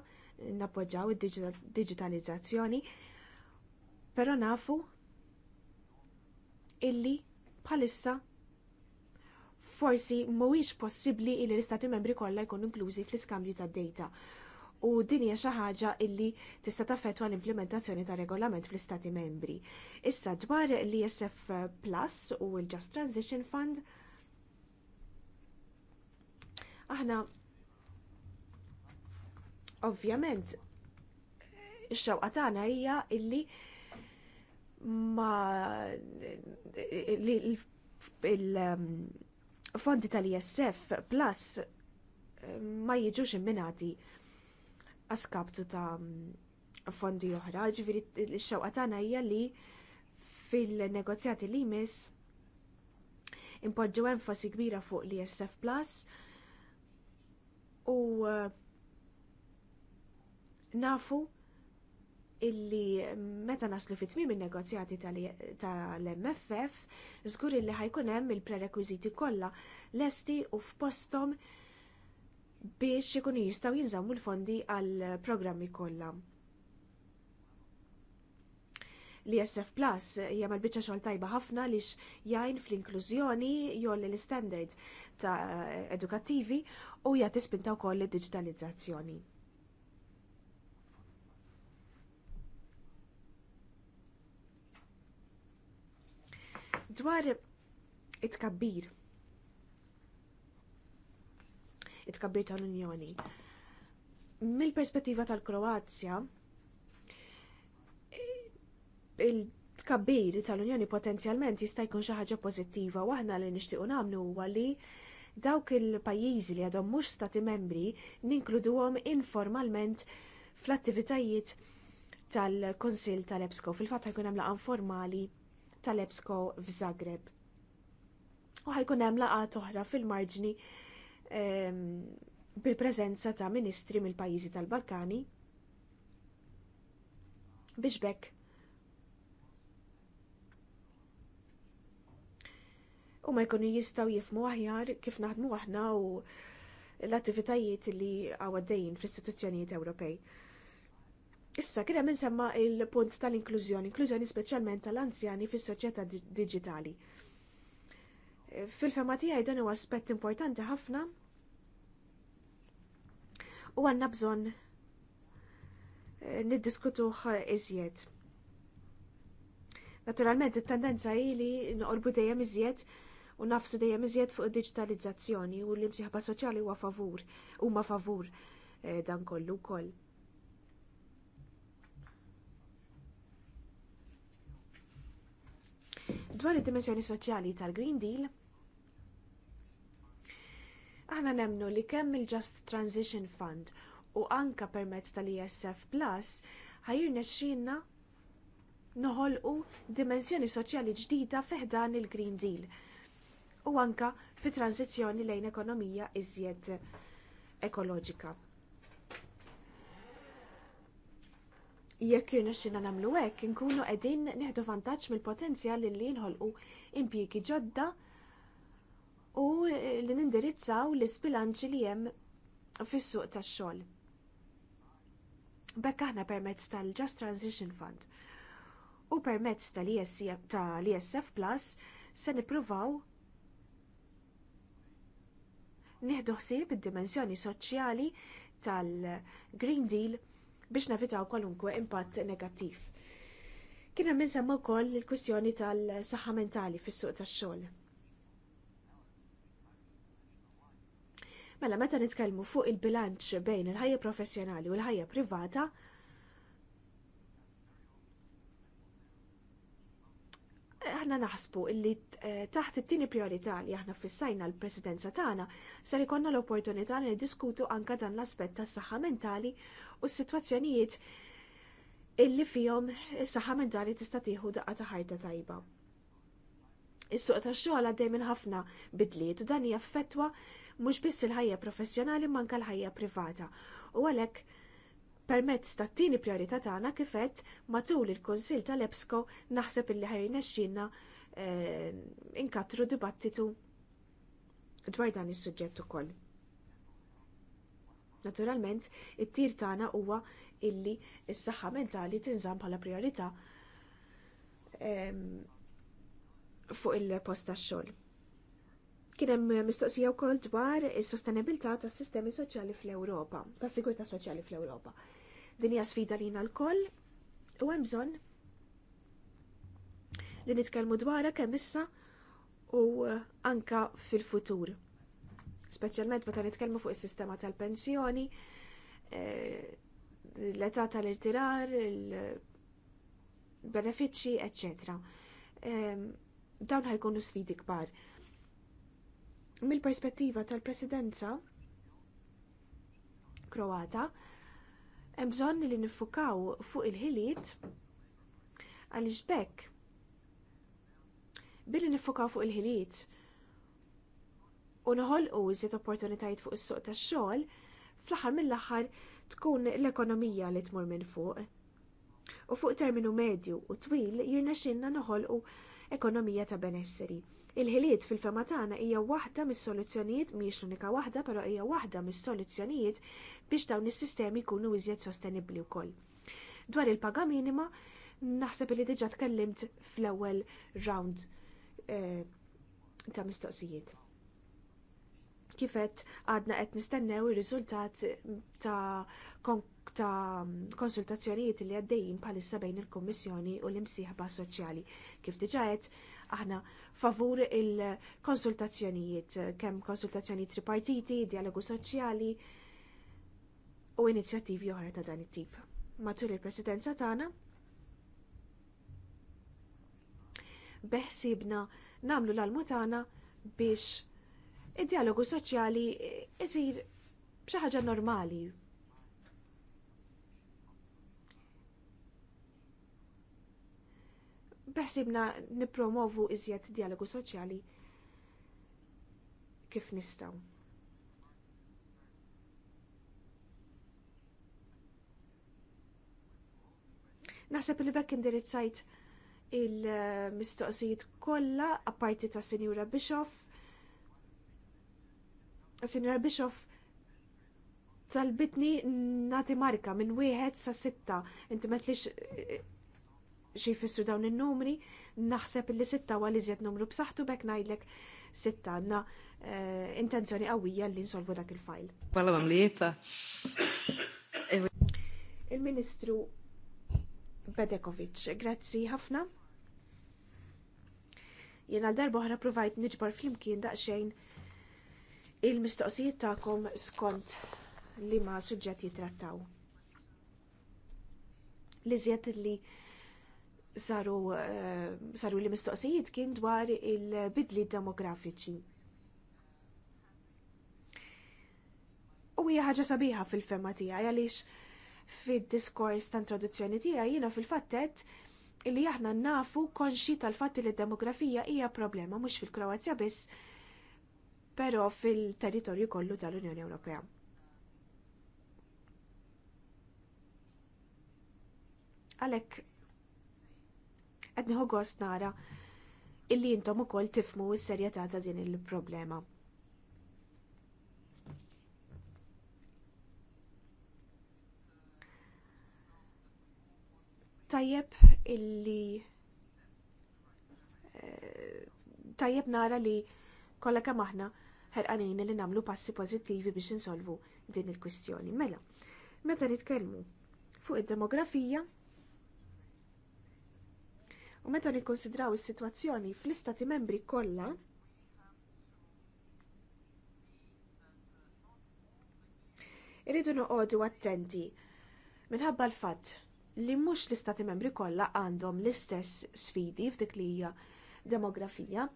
nappoġġaw id-digitalizzazzjoni, pero nafu illi bħalissa forsi mhuwiex possibbli li l-istati membri kollha jkunu inklużi fl-iskambju ta' data. U din hija xi ħaġa illi tista' taffettwa l-implementazzjoni ta' regolament fl-istati membri. Issa dwar l-ESF Plus u l-Just Transition Fund Aħna ovvjament ix-xewqa tagħna hija illi ma il-fondi tal-ISF plus ma jiġux imminati askabtu ta' fondi oħra, ġifiri il-xewqa tagħna hija li fil-negozjati li jmiss impoġġu enfasi kbira fuq l-ISF plus u uh, nafu illi meta naslu fit tmiem il-negozjati tal-MFF, żgur illi ħajkun hemm il-prerekwiżiti kollha lesti u f'posthom biex ikunu jistgħu jinżammu l-fondi għall programmi kollha. L-ISF Plus hija mal-biċċa xogħol tajba ħafna lix jgħin fl-inklużjoni jolli l-standards ta' edukattivi u ja tispinta wkoll id-diġitalizzazzjoni. Dwar it-kabbir. It-kabbir tal-Unjoni. Mill-perspettiva tal-Kroazja, il-tkabbir tal-Unjoni potenzjalment jista' jkun xi ħaġa pożittiva u aħna li nixtiequ nagħmlu huwa li dawk il-pajjiżi li għadhom mhux stati membri ninkluduhom informalment fl-attivitajiet tal-Konsil tal-EBSCO. Fil-fatt ħajkun hemm laqgħa informali tal-EBSCO f'Zagreb. U ħajkun hemm laqgħa toħra fil-marġni ehm, bil-preżenza ta' ministri mill-pajjiżi tal-Balkani biex bekk u ma jkunu jistaw jifmu aħjar kif naħdmu aħna u l-attivitajiet li għawaddejn fl-istituzzjonijiet Ewropej. Issa kien hemm insemma il-punt tal-inklużjoni, inklużjoni speċjalment tal-anzjani fis-soċjetà digitali. Fil-fema tiegħi dan huwa aspett importanti ħafna u għandna bżonn eh, niddiskutuh iżjed. Naturalment, il tendenza jili li noqorbu dejjem iżjed u nafsu dejjem iżjed fuq id-diġitalizzazzjoni u l-imsieħba soċjali huwa favur huma favur eh, dan kollu wkoll. Dwar id-dimensjoni soċjali tal-Green Deal, aħna nemnu li kemm il-Just Transition Fund u anka permezz tal-ISF Plus ħajjir noħolqu dimensjoni soċjali ġdida fiħdan il-Green Deal u anke fit tranzizzjoni lejn ekonomija iżjed ekoloġika. Jekk irnexxina nagħmlu hekk, inkunu qegħdin neħdu vantaġġ mill-potenzjal li jinħolqu impjiegi ġodda u li nindirizzaw l-isbilanċi li hemm fis-suq tax-xogħol. Bekk aħna permezz tal-Just Transition Fund u permezz tal-ISF Plus se nippruvaw nieħdu ħsieb id-dimensjoni soċjali tal-Green Deal biex navitaw kwalunkwe impatt negattiv. Kien hemm insemma wkoll il-kwistjoni tal-saħħa mentali fis-suq tax-xogħol. Mela meta nitkellmu fuq il-bilanċ bejn il-ħajja professjonali u l-ħajja privata, Aħna naħsbu illi eh, taħt it-tieni priorità li aħna fissajna l-presidenza tagħna ser ikonna l-opportunità li diskutu anka dan l-aspett tas-saħħa mentali u s-sitwazzjonijiet illi fihom is-saħħa mentali tista' tieħu daqqa ta' ħarta tajba. Is-suq tax-xogħol għaddej minn ħafna bidliet u dan jaffettwa mhux biss il-ħajja professjonali manka l-ħajja privata u għalhekk permezz tat tieni priorità tagħna kif għedt matul il-Kunsill tal-EBSCO naħseb illi ħajnexxinna eh, inkatru dibattitu dwar dan is-suġġett ukoll. Naturalment, it-tir tagħna huwa illi s-saħħa mentali tinżamm bħala priorità ehm, fuq il-post tax-xogħol. Kien hemm mistoqsija wkoll dwar is-sostenibilità tas-sistemi soċjali fl-Ewropa, tas-sigurtà soċjali fl-Ewropa. Din hija sfida lina l-koll u hemm bżonn li nitkellmu dwarha kemm issa u eh, anka fil-futur. Speċjalment meta nitkellmu fuq is-sistema tal-pensjoni, eh, l-età tal-irtirar, il-benefiċċji, eccetera. Ehm, dawn ħajkunu sfidi kbar. Mill-perspettiva tal-presidenza Kroata, Hemm bżonn li nifukaw fuq il-ħiliet għaliex bekk billi nifukaw fuq il-ħiliet u noħolqu iżjed opportunitajiet fuq is-suq tax-xogħol, fl-aħħar mill-aħħar tkun l-ekonomija li tmur minn fuq. U fuq terminu medju u twil jirnexxinna noħolqu ekonomija ta' benesseri. Il-ħiliet fil-fema tagħna hija waħda mis-soluzzjonijiet mhijiex l-unika waħda, però hija waħda mis-soluzzjonijiet biex dawn is-sistemi jkunu iżjed sostenibbli wkoll. Dwar il-paga minima, naħseb li diġà tkellimt fl-ewwel round eh, ta' mistoqsijiet. Kifet għadna qed nistennew ir-riżultat ta' ta' konsultazzjonijiet li għaddejjin bħalissa bejn il-Kommissjoni u l-imsieħba soċjali. Kif diġa qed aħna favur il-konsultazzjonijiet, kemm konsultazzjoni tripartiti, dialogu soċjali u inizjattivi oħra ta' dan it-tip. Matul il-presidenza tagħna beħsibna namlu l-almutana biex id-dialogu soċjali isir b'xi ħaġa normali beħsibna nipromovu iżjed dialogu soċjali kif nistaw. Naħseb li bekk indirizzajt il-mistoqsijiet kollha apparti ta' Sinjura Bishop. Sinjura Bishop talbitni nati marka minn wieħed sa' sitta. Inti metlix xi jfissru dawn in-numri, naħseb li sitta għal li iżjed numru b'saħħtu bekk ngħidlek sitta għandna eh, intenzjoni qawwija li nsolvu dak il-fajl. Palla mlieta. Il-Ministru Bedekovic, grazzi ħafna. Jena l-darba oħra provajt niġbor flimkien daqsxejn il-mistoqsijiet tagħkom skont li ma suġġett jitrattaw. Li li saru, eh, saru li mistoqsijiet kien dwar il-bidli demografiċi. U hija ħaġa sabiħa fil-fema tiegħi għaliex fid-diskors ta' introduzzjoni tiegħi jiena fil-fattet li aħna nafu konxi tal-fatti li d-demografija hija problema mhux fil-Kroazja biss, però fil-territorju kollu tal-Unjoni Ewropea. Għalhekk qed nieħu gost nara illi intom ukoll tifmu s-serjetà ta' din il-problema. Tajjeb illi eh, tajjeb nara li kolla kemm aħna ħerqanin li nagħmlu passi pożittivi biex insolvu din il-kwistjoni. Mela, meta nitkellmu fuq id-demografija, U meta nikkonsidraw is-sitwazzjoni fl-istati membri kollha, irridu noqogħdu attenti minħabba l-fatt li mhux l-istati membri kollha għandhom l-istess sfidi f'dik li hija demografija.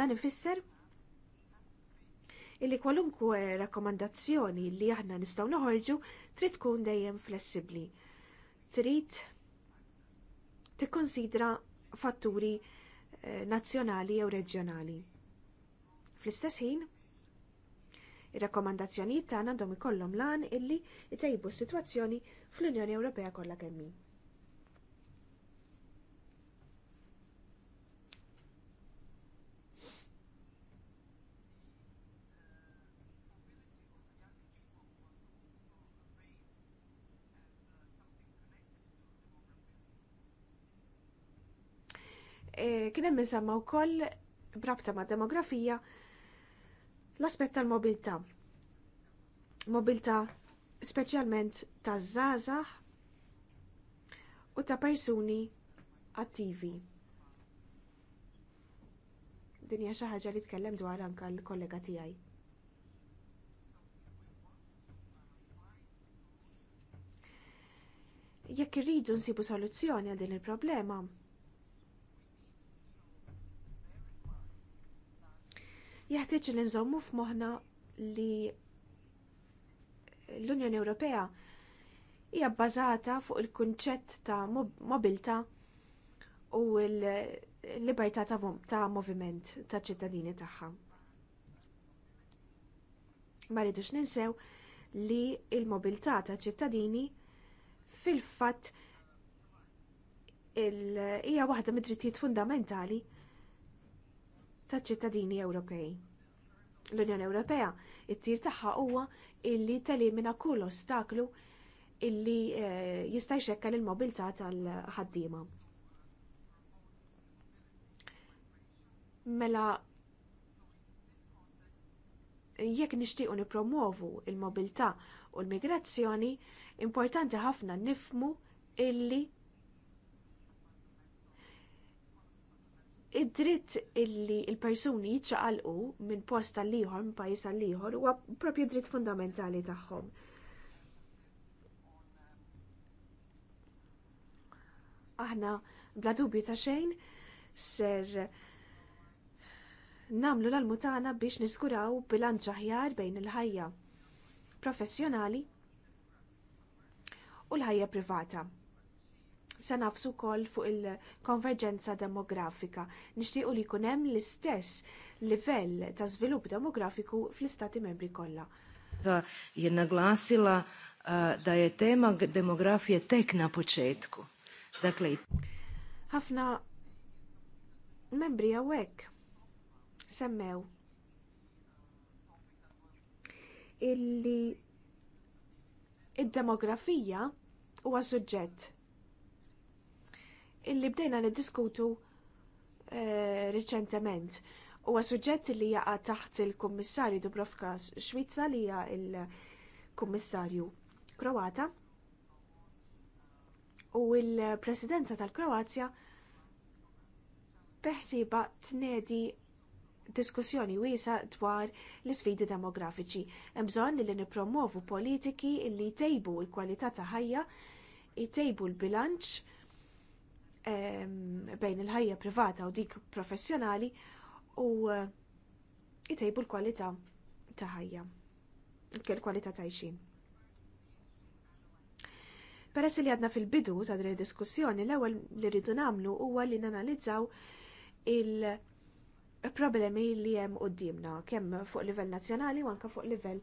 Dan ifisser illi kwalunkwe rakkomandazzjoni li aħna nistgħu noħorġu trid tkun dejjem flessibbli. Trid tikkonsidra fatturi eh, nazzjonali jew reġjonali. Fl-istess ħin, ir-rakkomandazzjonijiet tagħna għandhom ikollhom lan illi jtejbu s-sitwazzjoni fl-Unjoni Ewropea kollha kemm E, kien hemm insemma wkoll brabta ma' demografija l-aspett tal-mobilità. Mobilità speċjalment taż-żgħażagħ u ta' persuni attivi. Din hija xi ħaġa li tkellem dwar anka l-kollega tiegħi. Jekk irridu nsibu soluzzjoni għal din il-problema, Jaħtieġ li nżommu f'moħħna li l-Unjoni Ewropea hija bbażata fuq il-kunċett ta' mobilta u l-libertà ta' moviment ta' ċittadini tagħha. Ma rridux ninsew li l mobilità ta' ċittadini fil-fatt hija waħda mid-drittijiet fundamentali taċ ċittadini Ewropej. L-Unjoni Ewropea it-tir tagħha huwa illi telimina kull ostaklu illi eh, jista' jxekkel il-mobilità tal-ħaddiema. Mela jekk nixtiequ nippromovu il-mobilità u l-migrazzjoni, importanti ħafna nifmu illi id-dritt illi il-persuni jiċċaqalqu minn post tal-liħor, minn pajis tal-liħor, huwa propju dritt fundamentali tagħhom. Aħna bla dubju ta' xejn ser namlu l-almutana biex niskuraw bilanċ aħjar bejn il-ħajja professjonali u l-ħajja privata se nafsu wkoll fuq il-konverġenza demografika. Nixtiequ li jkun hemm l-istess livell ta' żvilupp demografiku fl-istati membri kollha. Je naglasila eh, da je tema demografije tek na početku. Dakle, ħafna membri għawek semmew illi id-demografija huwa suġġett illi bdejna niddiskutu eh, riċentement. Huwa suġġett li jaqa' taħt il-Kummissarju Dubrovka Xvizza li hija il-Kummissarju Kroata. U il-Presidenza tal-Kroazja peħsiba tnedi diskussjoni wiesa dwar l-isfidi demografiċi. Hemm bżonn li nippromovu politiki li jtejbu l-kwalità ta' ħajja, jtejbu l-bilanċ bejn il-ħajja privata u dik professjonali u eh, jtejbu l-kwalità ta' ħajja, l-kwalità ta' ixin. Peress li għadna fil-bidu ta' dre diskussjoni, l-ewwel li rridu namlu huwa li nanalizzaw il-problemi li hemm dimna kemm fuq livell nazzjonali u anke fuq livell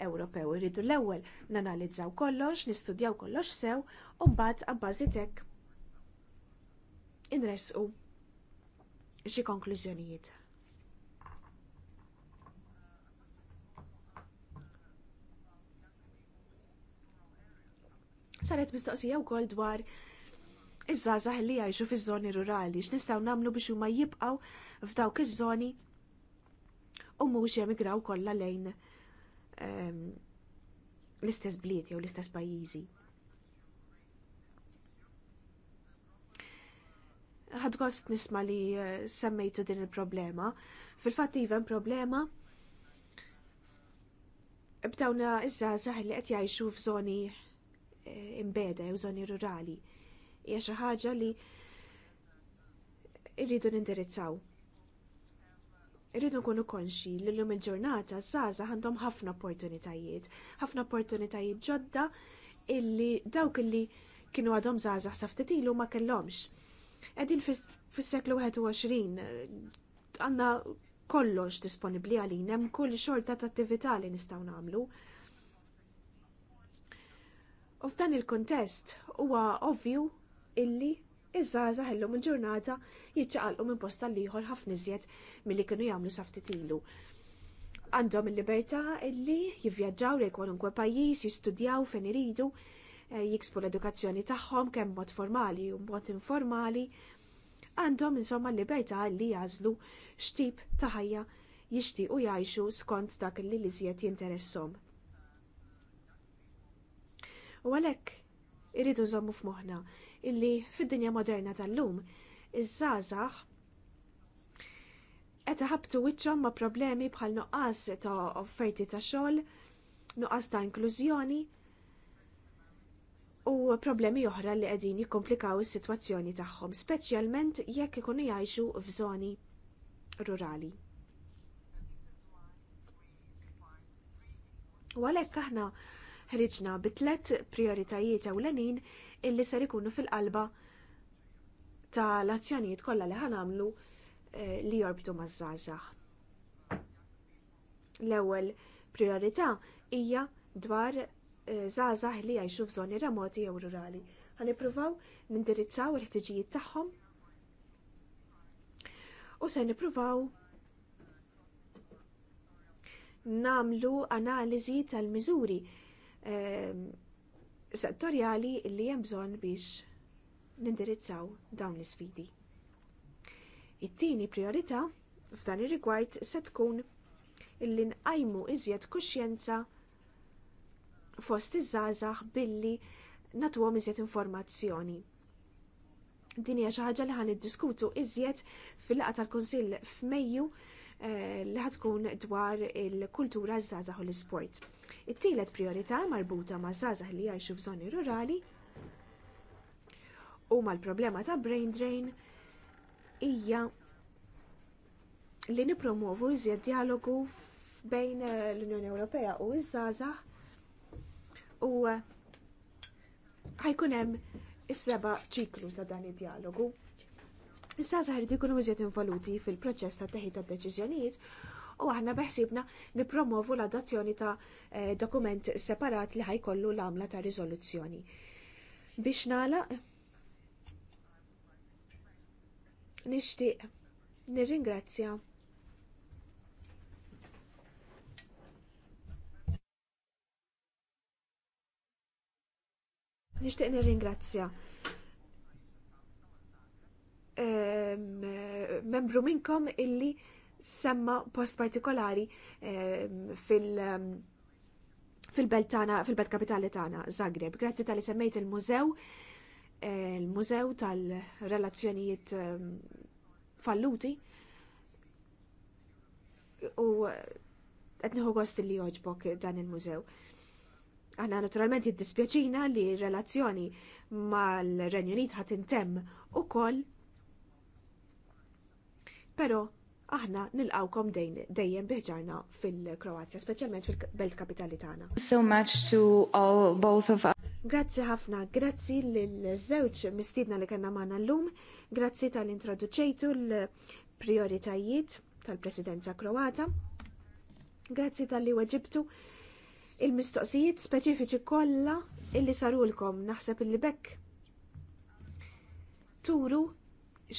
Ewropew. Rridu l-ewwel nanalizzaw kollox, nistudjaw kollox sew u mbagħad abbażitek inresqu xi konklużjonijiet. Saret mistoqsija wkoll dwar iż-żgħażagħ li jgħixu fiż-żoni rurali x'nistgħu nagħmlu biex huma jibqgħu f'dawk iż-żoni u mhux jemigraw kollha lejn ehm, l-istess bliet jew l-istess pajjiżi. ħadgost nisma li eh, semmejtu din il-problema. Fil-fatt iva, even problema bdawna iż zaħ li qed jgħixu f'żoni eh, imbeda jew żoni rurali. Hija xi ħaġa li irridu nindirizzaw. Irridu nkunu konxi li l-lum il-ġurnata żgħażagħ għandhom ħafna opportunitajiet, ħafna opportunitajiet ġodda illi dawk illi kienu għadhom żgħażagħ sa ftit ma kellhomx Qegħdin fis-seklu 21 għandna kollox disponibbli għalin hemm kull xorta ta' attività li nistgħu nagħmlu. U f'dan il-kontest huwa ovvju illi iż-żgħażagħ illum il-ġurnata jiċċaqalqu minn posta ieħor ħafna iżjed milli kienu jagħmlu saftit ilu. Għandhom il-libertà illi jivvjaġġaw lejn kwalunkwe pajjiż, jistudjaw fejn iridu, Eh, jiksbu l-edukazzjoni tagħhom kemm mod formali u mod informali għandhom insomma l-libertà li jażlu x'tip ta' ħajja jixtiequ jgħixu skont dak li liżjed jinteressom. U għalhekk irridu żommu f'moħħna illi fid-dinja moderna tal-lum iż-żgħażagħ qed ħabtu wiċċhom ma' problemi bħal nuqqas ta' offerti ta' xogħol, nuqqas ta' inklużjoni, u problemi oħra li qegħdin jikkomplikaw is-sitwazzjoni tagħhom, speċjalment jekk ikunu jgħixu f'żoni rurali. U għalhekk aħna ħriġna bi tliet prioritajiet ewlenin illi ser ikunu fil-qalba tal-azzjonijiet kollha li ħanamlu eh, li jorbtu maż-żgħażagħ. L-ewwel priorità hija dwar żgħażagħ eh, li jgħixu f'żoni remoti jew rurali. Ħanippruvaw nindirizzaw il-ħtiġijiet tagħhom u se nippruvaw namlu analiżi tal-miżuri ehm, settorjali li hemm bżonn biex nindirizzaw dawn l-isfidi. It-tieni priorità f'dan ir-rigward se tkun illi nqajmu iżjed kuxjenza fost iż-żgħażagħ billi natuhom iżjed informazzjoni. Din hija xi ħaġa li ħan iddiskutu iżjed fil-laqgħa tal-Kunsill f'Mejju eh, li ħatkun dwar il-kultura żgħażagħ u l-isport. It-tielet priorità marbuta ma' żgħażagħ li jgħixu f'żoni rurali u mal-problema ta' brain drain hija li nipromovu iżjed dialogu bejn eh, l-Unjoni Ewropea u iż-żgħażagħ u ħajkun hemm is-seba ċiklu ta' dan id-dialogu. Issa saħrid ikunu iżjed involuti fil-proċess ta' teħid ta' deċiżjonijiet u aħna beħsibna nipromovu l-adozzjoni ta' eh, dokument separat li ħajkollu l-għamla ta' riżoluzzjoni. Biex nagħlaq, nixtieq nirringrazzja Nixtieq nirringrazzja membru minnkom illi semma post partikolari fil- fil-belt fil-belt kapitali tana, Zagreb. Grazzi tal-li semmejt il-mużew, il-mużew tal-relazzjonijiet falluti. U għetniħu eh, għost li joġbok dan il-mużew. Għanna naturalment jiddispjaċina li relazzjoni mal-Renju Unit ħat intemm u koll. Pero aħna nilqawkom dejjem biħġarna fil-Kroazja, speċjalment fil-belt kapitali tagħna. So much to all both of us. Grazzi ħafna, grazzi l-żewġ mistidna li kellna l llum, grazzi tal-introduċejtu l-prioritajiet tal-Presidenza Kroata, grazzi tal-li weġibtu il-mistoqsijiet speċifiċi kollha illi sarulkom naħseb illi bekk. Turu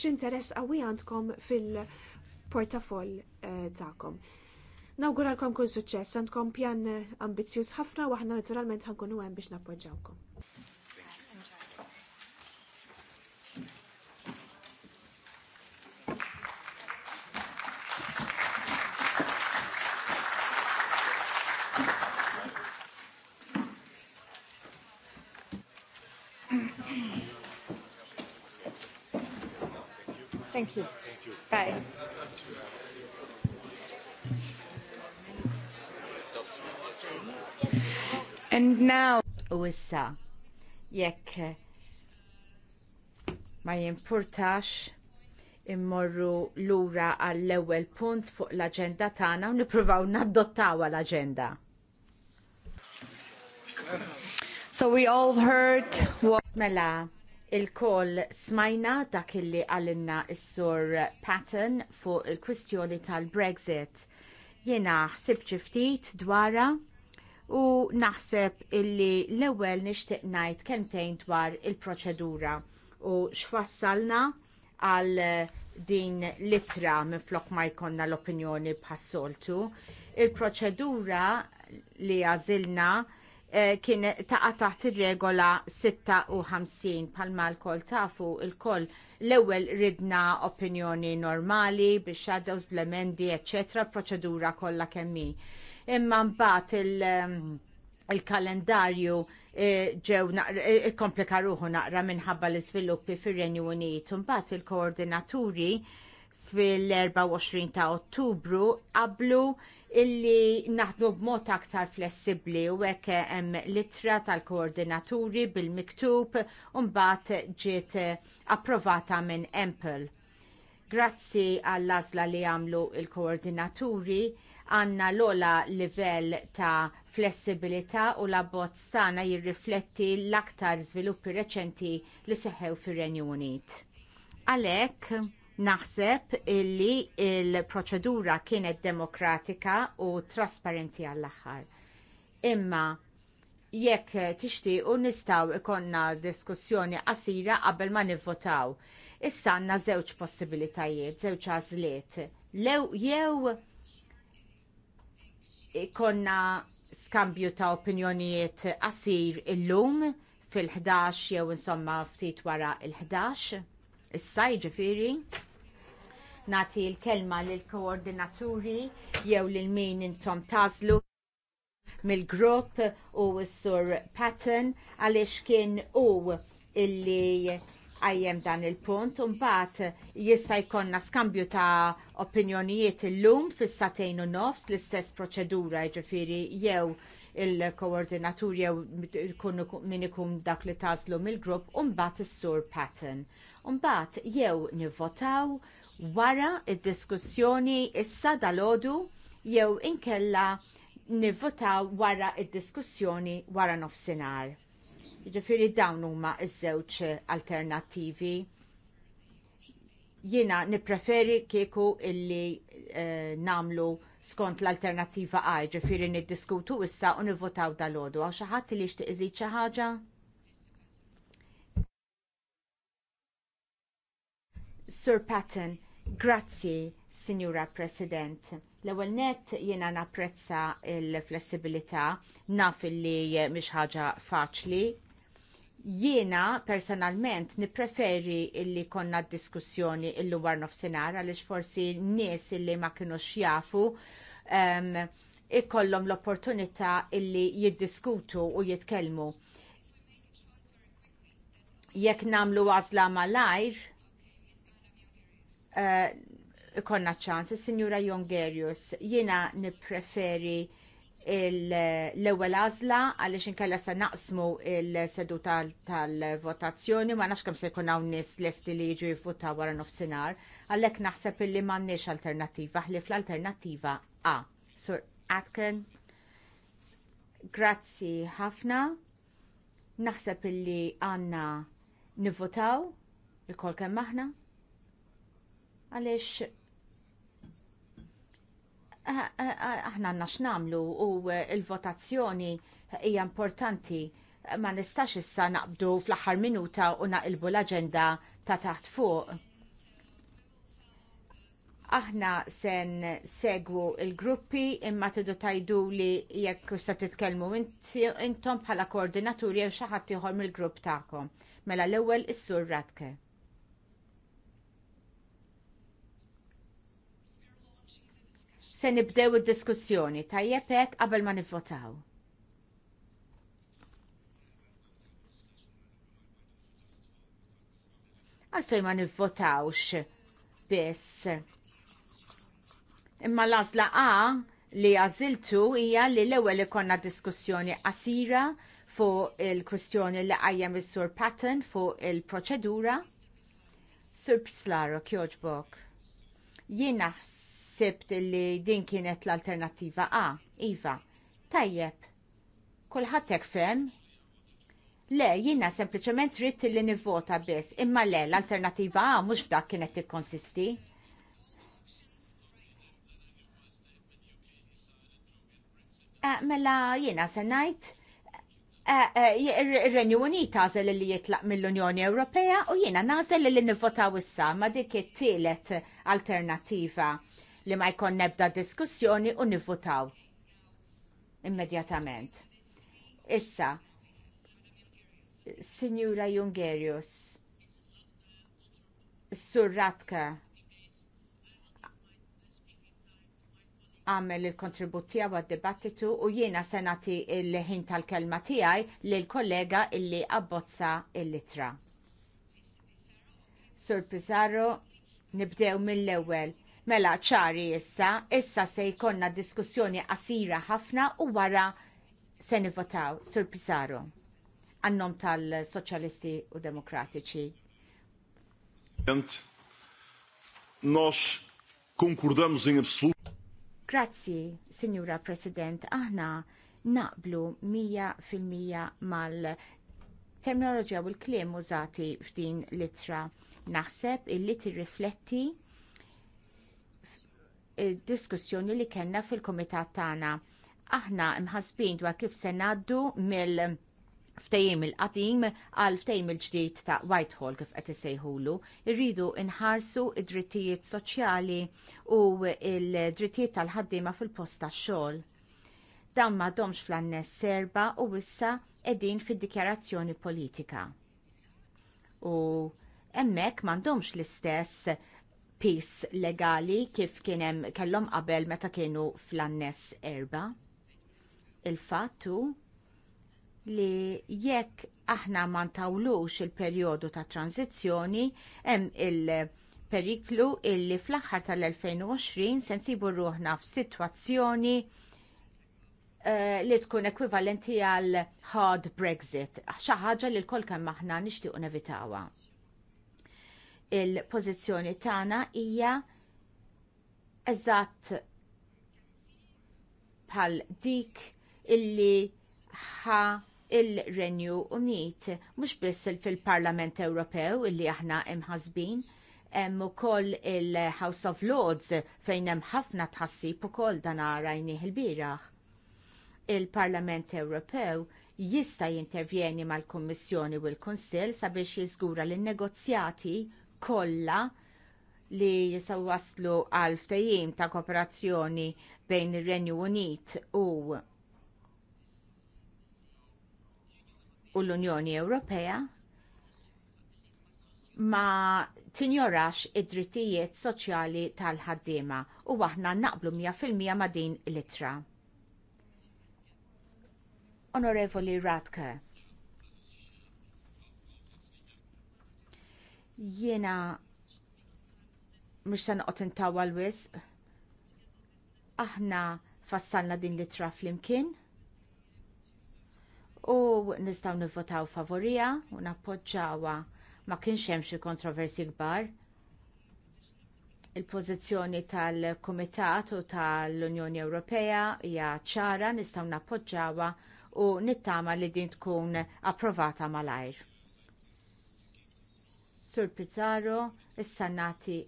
x'interess qawwi għandkom fil-portafoll eh, tagħkom. Nawguralkom kull suċċess, għandkom pjan ambizzjuż ħafna u aħna naturalment ħankunu hemm biex nappoġġawkom. And now, u issa, jekk ma jimpurtax immorru lura għall-ewwel punt fuq l agenda tagħna u nippruvaw naddottaw l agenda So we all heard what Mela, il-koll smajna dak illi għalinna s-sur Patton fuq il-kwistjoni tal-Brexit. Jena ħsib ftit dwara u naħseb illi l-ewwel nixtieq ngħid kemmtejn dwar il-proċedura u x'wassalna għal din litra minflok ma jkollna l-opinjoni bħas-soltu. Il-proċedura li għażilna Eh, kien taqa taħt ir-regola 56 palma l koll tafu il koll l-ewwel ridna opinjoni normali biex shadows blemendi eċċetera proċedura kollha kemmi. Imma mbagħad il- ehm, kalendarju eh, ġew eh, komplika ruħu naqra minħabba l-iżviluppi fir-Renju Unit. Mbagħad il-koordinaturi il koordinaturi fil-24 ta' Ottubru qablu illi naħdmu b'mod aktar flessibbli u hekk hemm litra tal-koordinaturi bil-miktub u mbagħad ġiet approvata minn Apple. Grazzi għall-għażla li għamlu l koordinaturi għanna l-ola livell ta' flessibilità u la abbozz tagħna jirrifletti l-aktar żviluppi reċenti li seħħew fir-Renju Unit. Għalhekk, Naħseb illi il-proċedura kienet demokratika u trasparenti għall-aħħar. Imma jekk tixtiequ nistgħu ikonna diskussjoni qasira qabel ma nivvotaw. Issa għandna żewġ possibilitajiet, żewġ għażliet. Lew jew konna skambju ta' opinjonijiet qasir illum fil-11 jew insomma ftit wara il-11 issa jiġifieri nagħti l-kelma lill koordinaturi jew lil min intom Tazlu, mill-grupp u s-sur Patton għaliex kien hu illi għajjem dan il-punt, unbat jista' jkollna skambju ta' opinjonijiet illum fis-satejn u nofs l-istess proċedura ġifiri jew il-koordinatur jew min ikun dak li tażlu mill-grupp unbat is-sur pattern. Unbat jew nivvotaw wara id-diskussjoni issa dalodu jew inkella nivvotaw wara id-diskussjoni wara nofsinhar. Jiġifieri dawn huma ż-żewġ alternattivi. Jiena nippreferi kieku illi uh, namlu skont l-alternattiva A, ġifiri niddiskutu issa u nivvotaw dal-ħodu. Għaw xaħat li xtiq iżid xi ħaġa? Sir Patton, grazzi, Signora President L-ewwel nett jiena napprezza l-flessibilità naf li mhix ħaġa faċli jiena personalment nippreferi illi konna diskussjoni illu war nofsinhar għaliex forsi nies illi ma kinux jafu um, ikollhom l-opportunità illi jiddiskutu u jitkellmu. Jekk namlu għażla malajr, uh, ikonna ċans. Signora Jongerius, jiena nippreferi l-ewwel għażla għaliex inkella se naqsmu l-seduta tal-votazzjoni ma nafx kemm se jkun hawn nies lesti li jiġu jivvutaw wara nofsinhar, għalhekk naħseb illi m'għandniex alternattiva ħlif l-alternattiva A. Sur Atkin, grazzi ħafna. Naħseb illi għandna nivvotaw il-kol kemm aħna għaliex aħna għanna x'namlu u eh, il-votazzjoni hija importanti ma nistax issa naqbdu fl-aħħar minuta u naqilbu l-aġenda ta' taħt fuq. Aħna sen segwu il-gruppi imma tidu tajdu li jekk se titkellmu intom bħala koordinaturi jew xi ħadd ieħor mill-grupp tagħkom. Mela l-ewwel is-sur Radke. se nibdew id-diskussjoni tajjeb hekk qabel ma nivvotaw. Għalfejn ma nivvotawx biss. Imma l-għażla A li għażiltu hija li l-ewwel ikonna diskussjoni qasira fuq il-kwistjoni li qajjem is-sur Patton fuq il-proċedura. Sur Pislaro, kjoġbok. Jien naħs sibt li din kienet l-alternativa A, Iva. Tajjeb, kulħadd hekk fem? Le, jiena sempliċement rrid li nivvota biss, imma le, l-alternativa A mhux f'dak kienet tikkonsisti. Eh, mela jiena se ngħid eh, eh, ir-Renju Unita għażel li jitlaq mill-Unjoni Ewropea u jiena nażel li nivvotaw issa ma dik it-tielet alternattiva li ma jkun nebda diskussjoni u nivvutaw immedjatament. Issa, Signora Jungerius, Sur Ratka, għamel il-kontribut tiegħu għad-dibattitu u jiena se nagħti l ħin tal-kelma tiegħi lill kollega illi abbozza l-litra. Sur Pizarro, nibdew mill-ewwel Mela ċari issa, issa se jkollna diskussjoni qasira ħafna u wara se nivotaw sur Pisaro għannom tal-Soċjalisti u Demokratiċi. Nos konkurdamos in absoluto. Grazzi, Signora President, aħna naqblu 100% mal-terminoloġija u l-kliem użati f'din litra. Naħseb illi tirrifletti diskussjoni li kellna fil-komitat tagħna. Aħna mħasbin dwar kif se ngħaddu mill ftejim il-qadim għal ftejim il-ġdid ta' Whitehall kif qed isejħulu, irridu nħarsu id-drittijiet soċjali u l-drittijiet tal-ħaddiema fil-post tax-xogħol. Dawn m'għadhomx fl-annes serba u issa qegħdin fid-dikjarazzjoni politika. U hemmhekk m'għandhomx l-istess pis legali kif kienem kellhom qabel meta kienu fl-annes erba. Il-fattu li jekk aħna ma ntawlux il-perjodu ta' tranzizzjoni hemm il-periklu illi fl-aħħar tal-2020 se nsibu ruħna f'sitwazzjoni uh, li tkun ekwivalenti għal hard Brexit, xi ħaġa li l-kol kemm aħna nixtiequ nevitawha il-pożizzjoni tagħna hija eżatt bħal dik illi ħa il-Renju Unit, mhux biss fil-Parlament Ewropew illi aħna imħasbin, hemm ukoll il-House of Lords fejn hemm ħafna tħassib ukoll dan rajnieh il-bieraħ. Il-Parlament Ewropew jista' jintervjeni mal-Kummissjoni u l-Kunsill sabiex jiżgura lin negozjati kollha li jisaw waslu għal ftehim ta' kooperazzjoni bejn ir-Renju Unit u u l-Unjoni Ewropea ma tinjorax id-drittijiet soċjali tal-ħaddiema u aħna naqblu 100% ma' din l-ittra. Onorevoli Radke, Jiena mhux se noqgħod intawa l-wisq. Aħna fassalna din litra flimkien u nistgħu nivvotaw favorija u nappoġġawha ma kienx hemm xi kontroversi kbar. Il-pożizzjoni tal-Kumitat u tal-Unjoni Ewropea hija ċara nistgħu nappoġġawha u nittama li din tkun approvata malajr. Sur Pizzaro, issa nati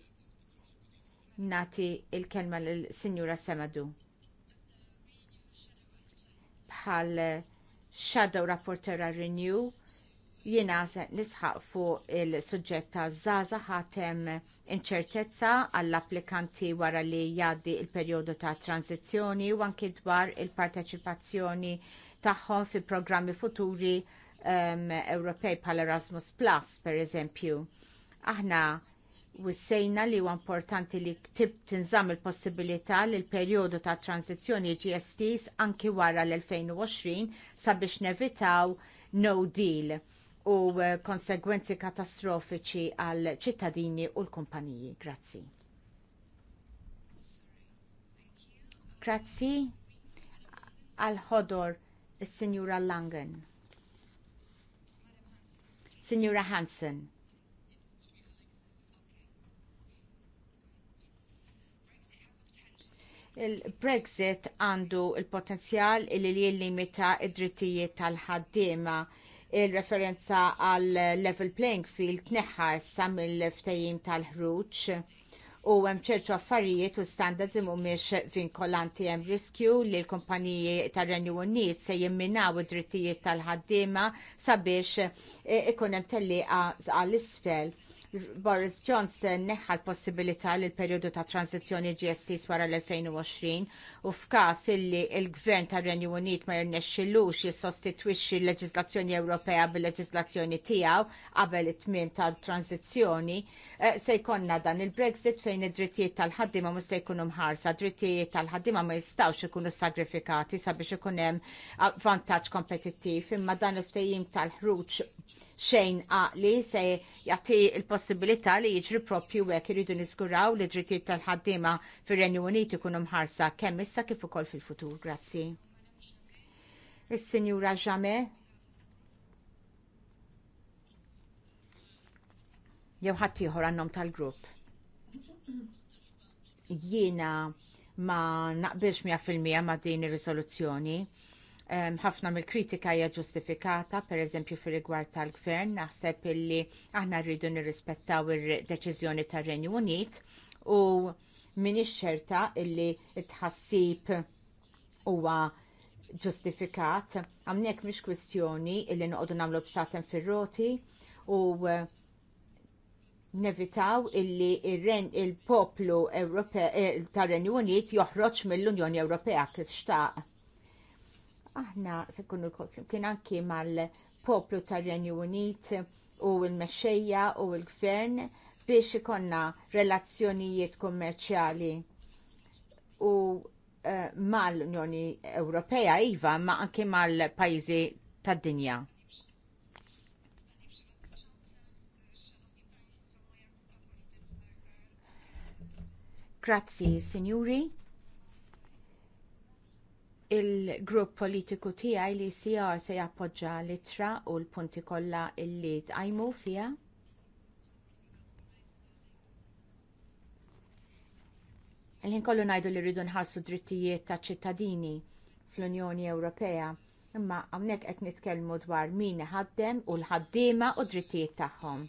nati il-kelma l-Sinjura Semadu. Bħal Shadow Rapporteur Renew, jiena nisħaq fuq il-suġġett ta' Zaza ħatem inċertezza għall-applikanti wara li jgħaddi il periodu ta' tranzizjoni u anki dwar il-parteċipazzjoni tagħhom fi programmi futuri um, Ewropej pal Erasmus Plus, per eżempju. Aħna wissejna li huwa importanti li tib tinżamm il-possibilità li l-perjodu ta' tranzizzjoni GSTs anki wara l-2020 sabiex nevitaw no deal u eh, konsegwenzi katastrofiċi għal ċittadini u l-kumpaniji. Grazzi. Grazzi għal ħodor il sinjura Langen. Signora Hansen. il-Brexit għandu il-potenzjal il li limita id-drittijiet tal-ħaddiema il-referenza għal level playing field neħħa issa mill ftajim tal ħruċ u hemm ċertu affarijiet u standards imu mhumiex vinkolanti hemm riskju li l-kumpaniji tar-Renju Unit se jimminaw id-drittijiet tal-ħaddiema sabiex eh, ikun hemm tellieqa għall isfel Boris Johnson neħħa l-possibilità li l-periodu ta' tranzizjoni GST wara l-2020 u f'każ illi il-Gvern tar Renju Unit ma jirnexxilux jissostitwixxi l leġislazzjoni Ewropea bil leġislazzjoni tiegħu qabel it-tmiem tal-tranzizzjoni eh, se jkollna dan il-Brexit fejn id-drittijiet tal-ħaddiema mhux se jkunu mħarsa, drittijiet tal-ħaddiema ma jistgħux ikunu sagrifikati sabiex ikun hemm vantaġġ kompetittiv imma dan il-ftehim tal-ħruġ xejn għaqli se jagħti l-possibilità li jiġri propju hekk iridu niskuraw li drittijiet tal-ħaddiema fir-Renju Unit ikunu mħarsa kemm issa kif ukoll fil-futur. Grazzi. Is-Sinjura Ġame. Jew ħadd ieħor għannom tal-grupp. Jiena ma naqbilx 100% ma' din ir-riżoluzzjoni ħafna mill-kritika hija ġustifikata, pereżempju fir rigward tal-gvern, naħseb illi aħna rridu nirrispettaw ir-deċiżjoni tar-Renju Unit u minix xerta illi tħassib huwa ġustifikat, hawnhekk mhix kwistjoni illi noqogħdu nagħmlu b'satem fir-roti u nevitaw illi il-poplu il eh, tar-Renju Unit joħroġ mill-Unjoni Ewropea kif xtaq Aħna se kunu kien anki mal-poplu tar-Renju Unit u l-mexxejja u l-gvern biex ikonna relazzjonijiet kummerċjali u uh, mal-Unjoni Ewropea iva ma anki mal pajzi tad-dinja. Grazzi, signori il-grupp politiku tiegħi li CR se jappoġġa l-ittra u l-punti kollha illi tqajmu fiha. Il-ħin kollu ngħidu li rridu nħassu drittijiet taċ ċittadini fl-Unjoni Ewropea, imma hawnhekk qed nitkellmu dwar min iħaddem u l-ħaddiema u drittijiet tagħhom.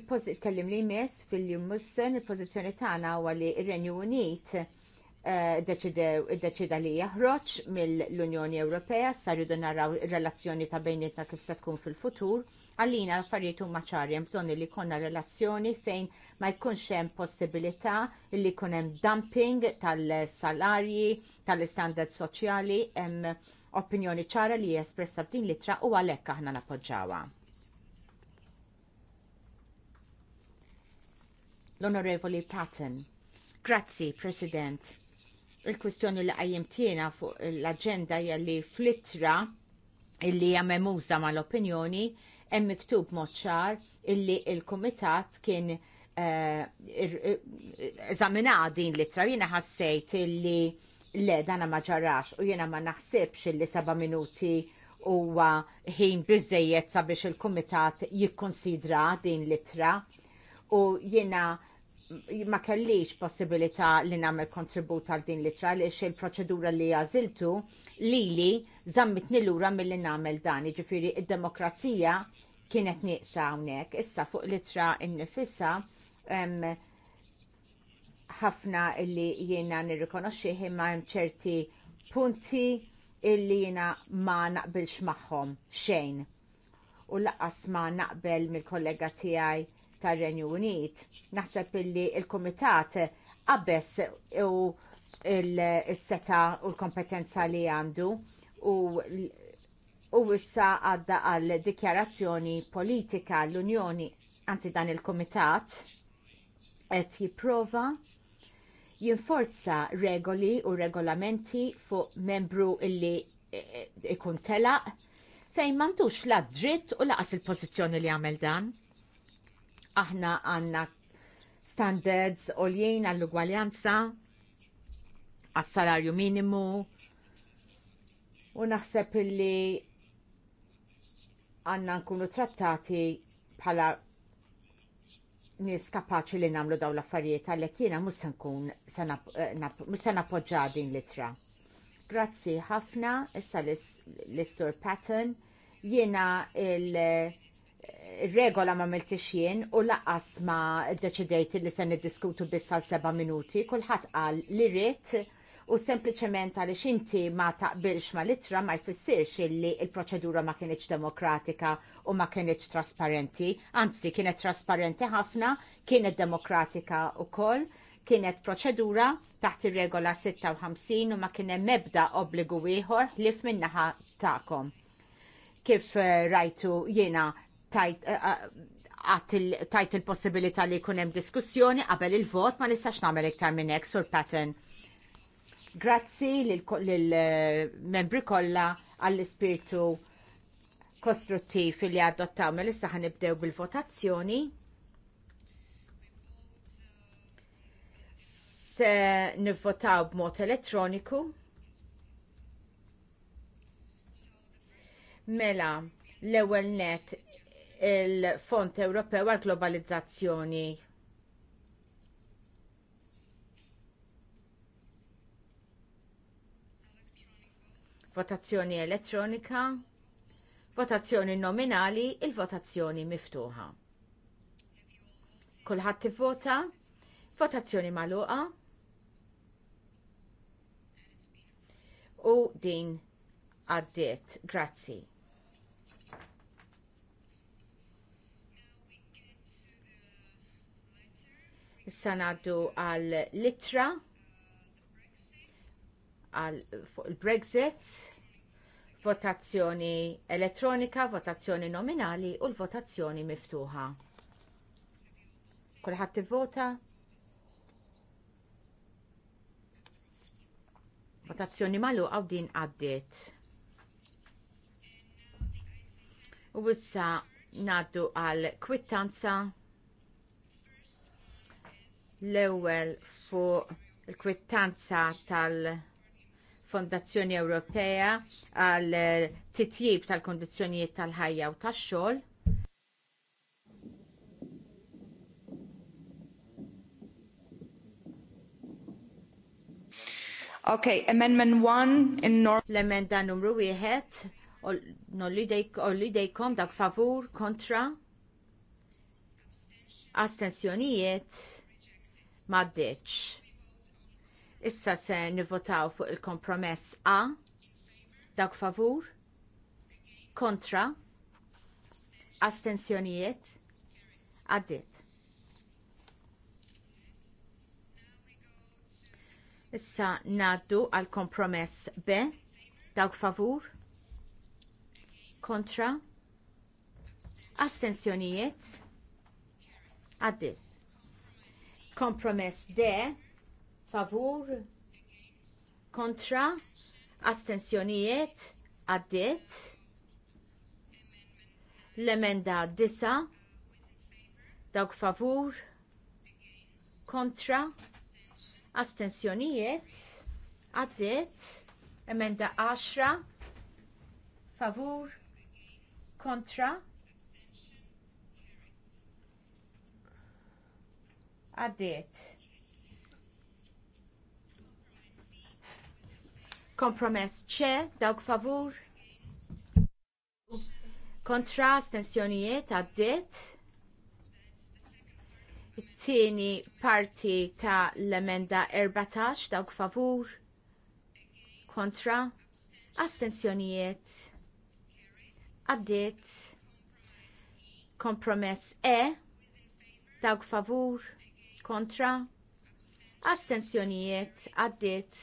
Il-kellim li jmiss fil-Jum Mussen, il-pożizzjoni tagħna huwa li r-Renju Unit Eh, deċida li jaħroġ mill-Unjoni Ewropea, sa rridu naraw relazzjoni ta' bejnietna kif se tkun fil-futur, għallina l-affarijiet huma ċari hemm bżonn li jkollna relazzjoni fejn ma jkunx hemm possibilità li jkun hemm dumping tal-salarji, tal-istandard soċjali, hemm opinjoni ċara li jespressa b'din litra u għalhekk aħna nappoġġawha. L-Onorevoli Patton. Grazzi, President il-kwistjoni li qajjimtina fuq l-agenda jalli flittra illi ma mal-opinjoni hemm miktub mod ċar illi il-kumitat kien eh, eh, eżaminat uh, din l-ittra jiena ħassejt illi le dana ma u jiena ma naħsibx illi seba' minuti huwa ħin biżejjed sabiex il-kumitat jikkonsidra din l-ittra u jiena ma kellix possibilità li nagħmel kontribut għal din litra li il-proċedura li għażiltu li li zammitni lura milli nagħmel dan. Jiġifieri id demokrazija kienet niqsa hawnhekk. Issa fuq litra innifisa ħafna illi jiena nirrikonoxxi imma hemm ċerti punti illi jiena ma naqbilx magħhom xejn. U laqas ma naqbel mill-kollega tiegħi tar-Renju Unit. Naħseb illi il-Kumitat għabess u il-seta u l-kompetenza li għandu u u issa għadda għal dikjarazzjoni politika l-Unjoni, anzi dan il-Kumitat, qed jipprova jinforza regoli u regolamenti fuq membru illi ikun telaq fejn m'għandux la dritt u laqas il-pożizzjoni li għamel dan. Aħna għandna standards oljien għall-ugwaljanza, għas-salarju minimu, u naħseb illi għanna nkunu trattati bħala nis kapaċi li namlu daw l-affarijiet għalhekk jiena mhux se nkun eh, nappoġġa din litra. Grazzi ħafna issa lis-Sur Patton jiena il- regola ma melti u laqas ma deċidejt li se niddiskutu biss għal seba minuti, kulħadd qal li rrit u sempliċement għaliex inti ma taqbilx ma litra ma jfissirx li l proċedura ma kienieċ demokratika u ma kienieċ trasparenti, anzi kienet trasparenti ħafna, kienet demokratika u koll, kienet proċedura taħt ir-regola 56 u ma kienem mebda obbligu ieħor li f'minnaħa ta'kom kif eh, rajtu jiena Eh, eh, tajt il-possibilità li jkun hemm diskussjoni qabel il-vot ma nistax nagħmel iktar minn hekk sur pattern. Grazzi lill-membri eh, kollha għall-ispirtu kostruttiv li adottaw me mela issa ħanibdew bil-votazzjoni. Se nivvotaw b'mod elettroniku. Mela, l-ewwel net il-Fond Ewropew għall Globalizzazzjoni. Votazzjoni elettronika, votazzjoni nominali, il-votazzjoni miftuħa. Kulħadd tivvota, votazzjoni magħluqa. u din għaddiet. Grazzi. Issa ngħaddu għal litra għal il-Brexit, votazzjoni elettronika, votazzjoni nominali u l-votazzjoni miftuħa. Kulħadd ivvota? Votazzjoni malu għaw din għaddiet. U issa ngħaddu għal kwittanza L-ewwel fuq il-kwittanza tal- Fondazzjoni Ewropea għal titjib tal kundizzjonijiet tal-ħajja u tax-xogħol. Okay, Amendment 1 in North. L-emenda numru 1, dejkom dak favur, kontra, astensjonijiet maddeċ. Issa se nivvotaw fuq il-kompromess A. Dak favur? Kontra? Astensjonijiet? Għaddit. Issa naddu għal kompromess B. Dak favur? Kontra? Astensjonijiet? Għaddit. Kompromess de. favur, kontra, astensjonijiet, għaddit. L-emenda disa, dawk favur, kontra, astensjonijiet, għaddit. Emenda 10, favur, kontra, għaddiet. Kompromess ċe, dawk favur. Kontra astensjonijiet għaddiet. Tieni parti ta' l-emenda 14 dawk favur. Kontra astensjonijiet għaddiet kompromess E, dawk favur, kontra astensjonijiet għaddiet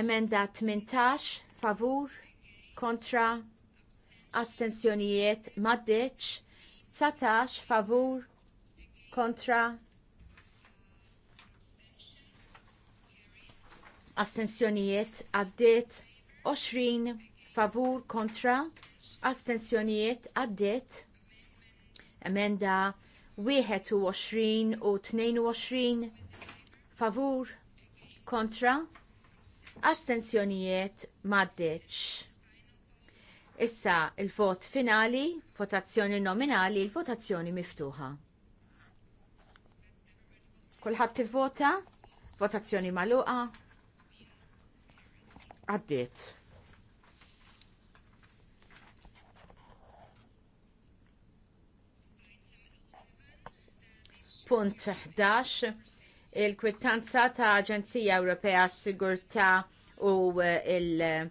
emenda 18 favur kontra astensjonijiet maddeċ 19 favur kontra astensjonijiet għaddiet 20 favur kontra astensjonijiet għaddiet Emenda 21 u 22 favur kontra astensjonijiet maddeċ. Issa il-vot finali, votazzjoni nominali, il-votazzjoni miftuħa. Kulħadd tivvota, votazzjoni magħluqa, għaddiet. Punt 11 il-kwittanza ta' Aġenzija Ewropea Sigurta u il-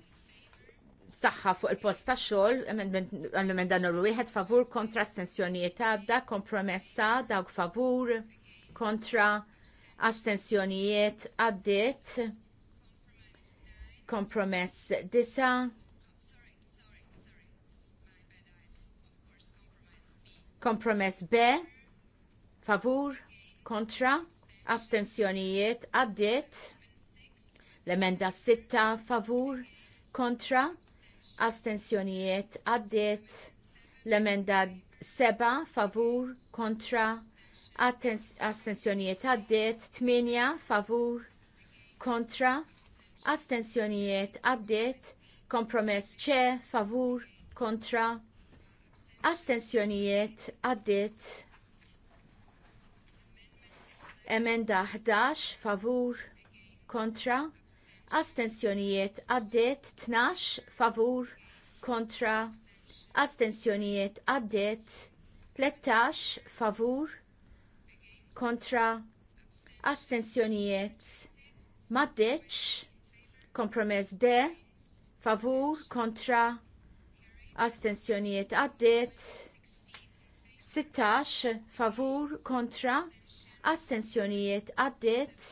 saħħa fuq il-post ta' xogħol għall-men dan wieħed favur kontra astensjonijiet għadda, kompromessa dawk favur kontra astensjonijiet għaddiet kompromess disa kompromess B favur, kontra, astensjonijiet għaddiet. L-emenda sitta favur, kontra, astensjonijiet għaddiet. L-emenda seba favur, kontra, astensjonijiet għaddiet. 8 favur, kontra, astensjonijiet għaddiet. Kompromess ċe favur, kontra, astensjonijiet għaddiet Emenda 11 favur kontra astensjonijiet għaddiet 12 favur kontra astensjonijiet għaddiet 13 favur kontra astensjonijiet maddeċ kompromess de favur kontra astensjonijiet għaddiet 16 favur kontra astensjonijiet għaddiet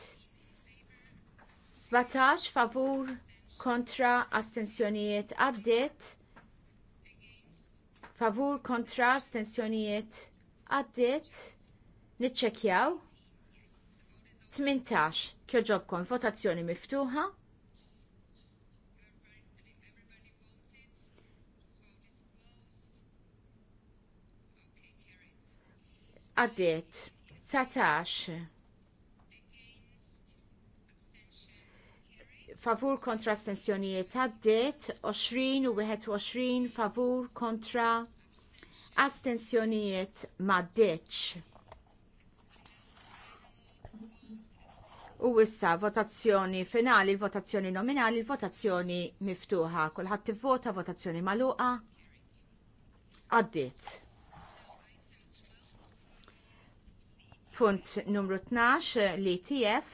17 favur kontra astensjonijiet għaddiet favur kontra astensjonijiet għaddiet niċċekjaw 18 kjoġobkom votazzjoni miftuħa għaddiet 19 favur kontra astensjonijiet għaddiet 20 u 21 favur kontra astensjonijiet maddeċ. U issa votazzjoni finali, votazzjoni nominali, votazzjoni miftuħa. Kulħadd tivvota, votazzjoni magħluqa. Għaddiet. Punt numru 12 li TF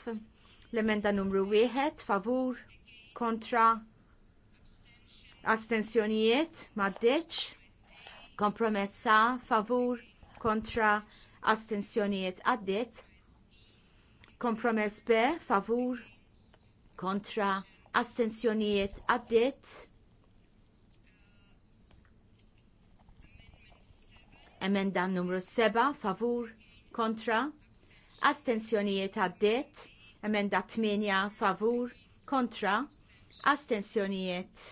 l-emenda numru 1 favur kontra astensjonijiet maddeċ kompromessa favur kontra astensjonijiet għaddit kompromess B favur kontra astensjonijiet għaddit emenda numru 7 favur kontra, astensjonijiet għaddiet, emenda 8 favur, kontra, astensjonijiet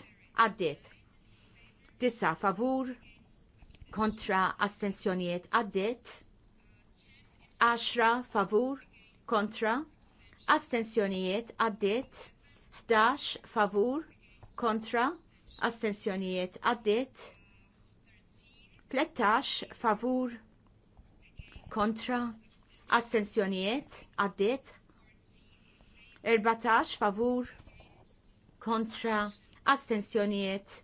għaddiet. Tisa favur, kontra, astensjonijiet għaddiet, 10 favur, kontra, astensjonijiet għaddiet, 11 favur, kontra, astensjonijiet għaddiet, 13 favur kontra, astensjonijiet, għaddiet, 14 favur, kontra, astensjonijiet,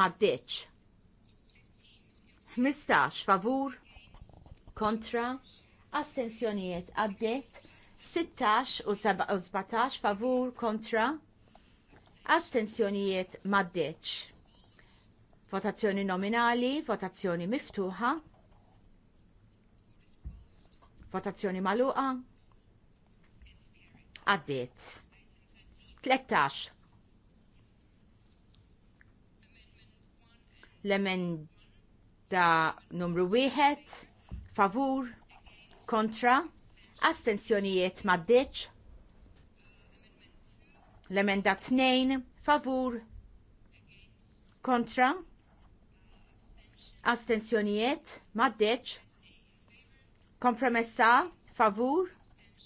maddeċ. 15 favur, kontra, astensjonijiet, għaddiet, 16 u 17 favur, kontra, astensjonijiet, maddeċ. Votazzjoni nominali, votazzjoni miftuħa, Votazzjoni maluqa. Għaddiet. 13. L-emenda numru 1. Favur. Kontra. Astenzjonijiet maddeċ. L-emenda 2. Favur. Kontra. Astenzjonijiet maddeċ. Kompromessa, favur,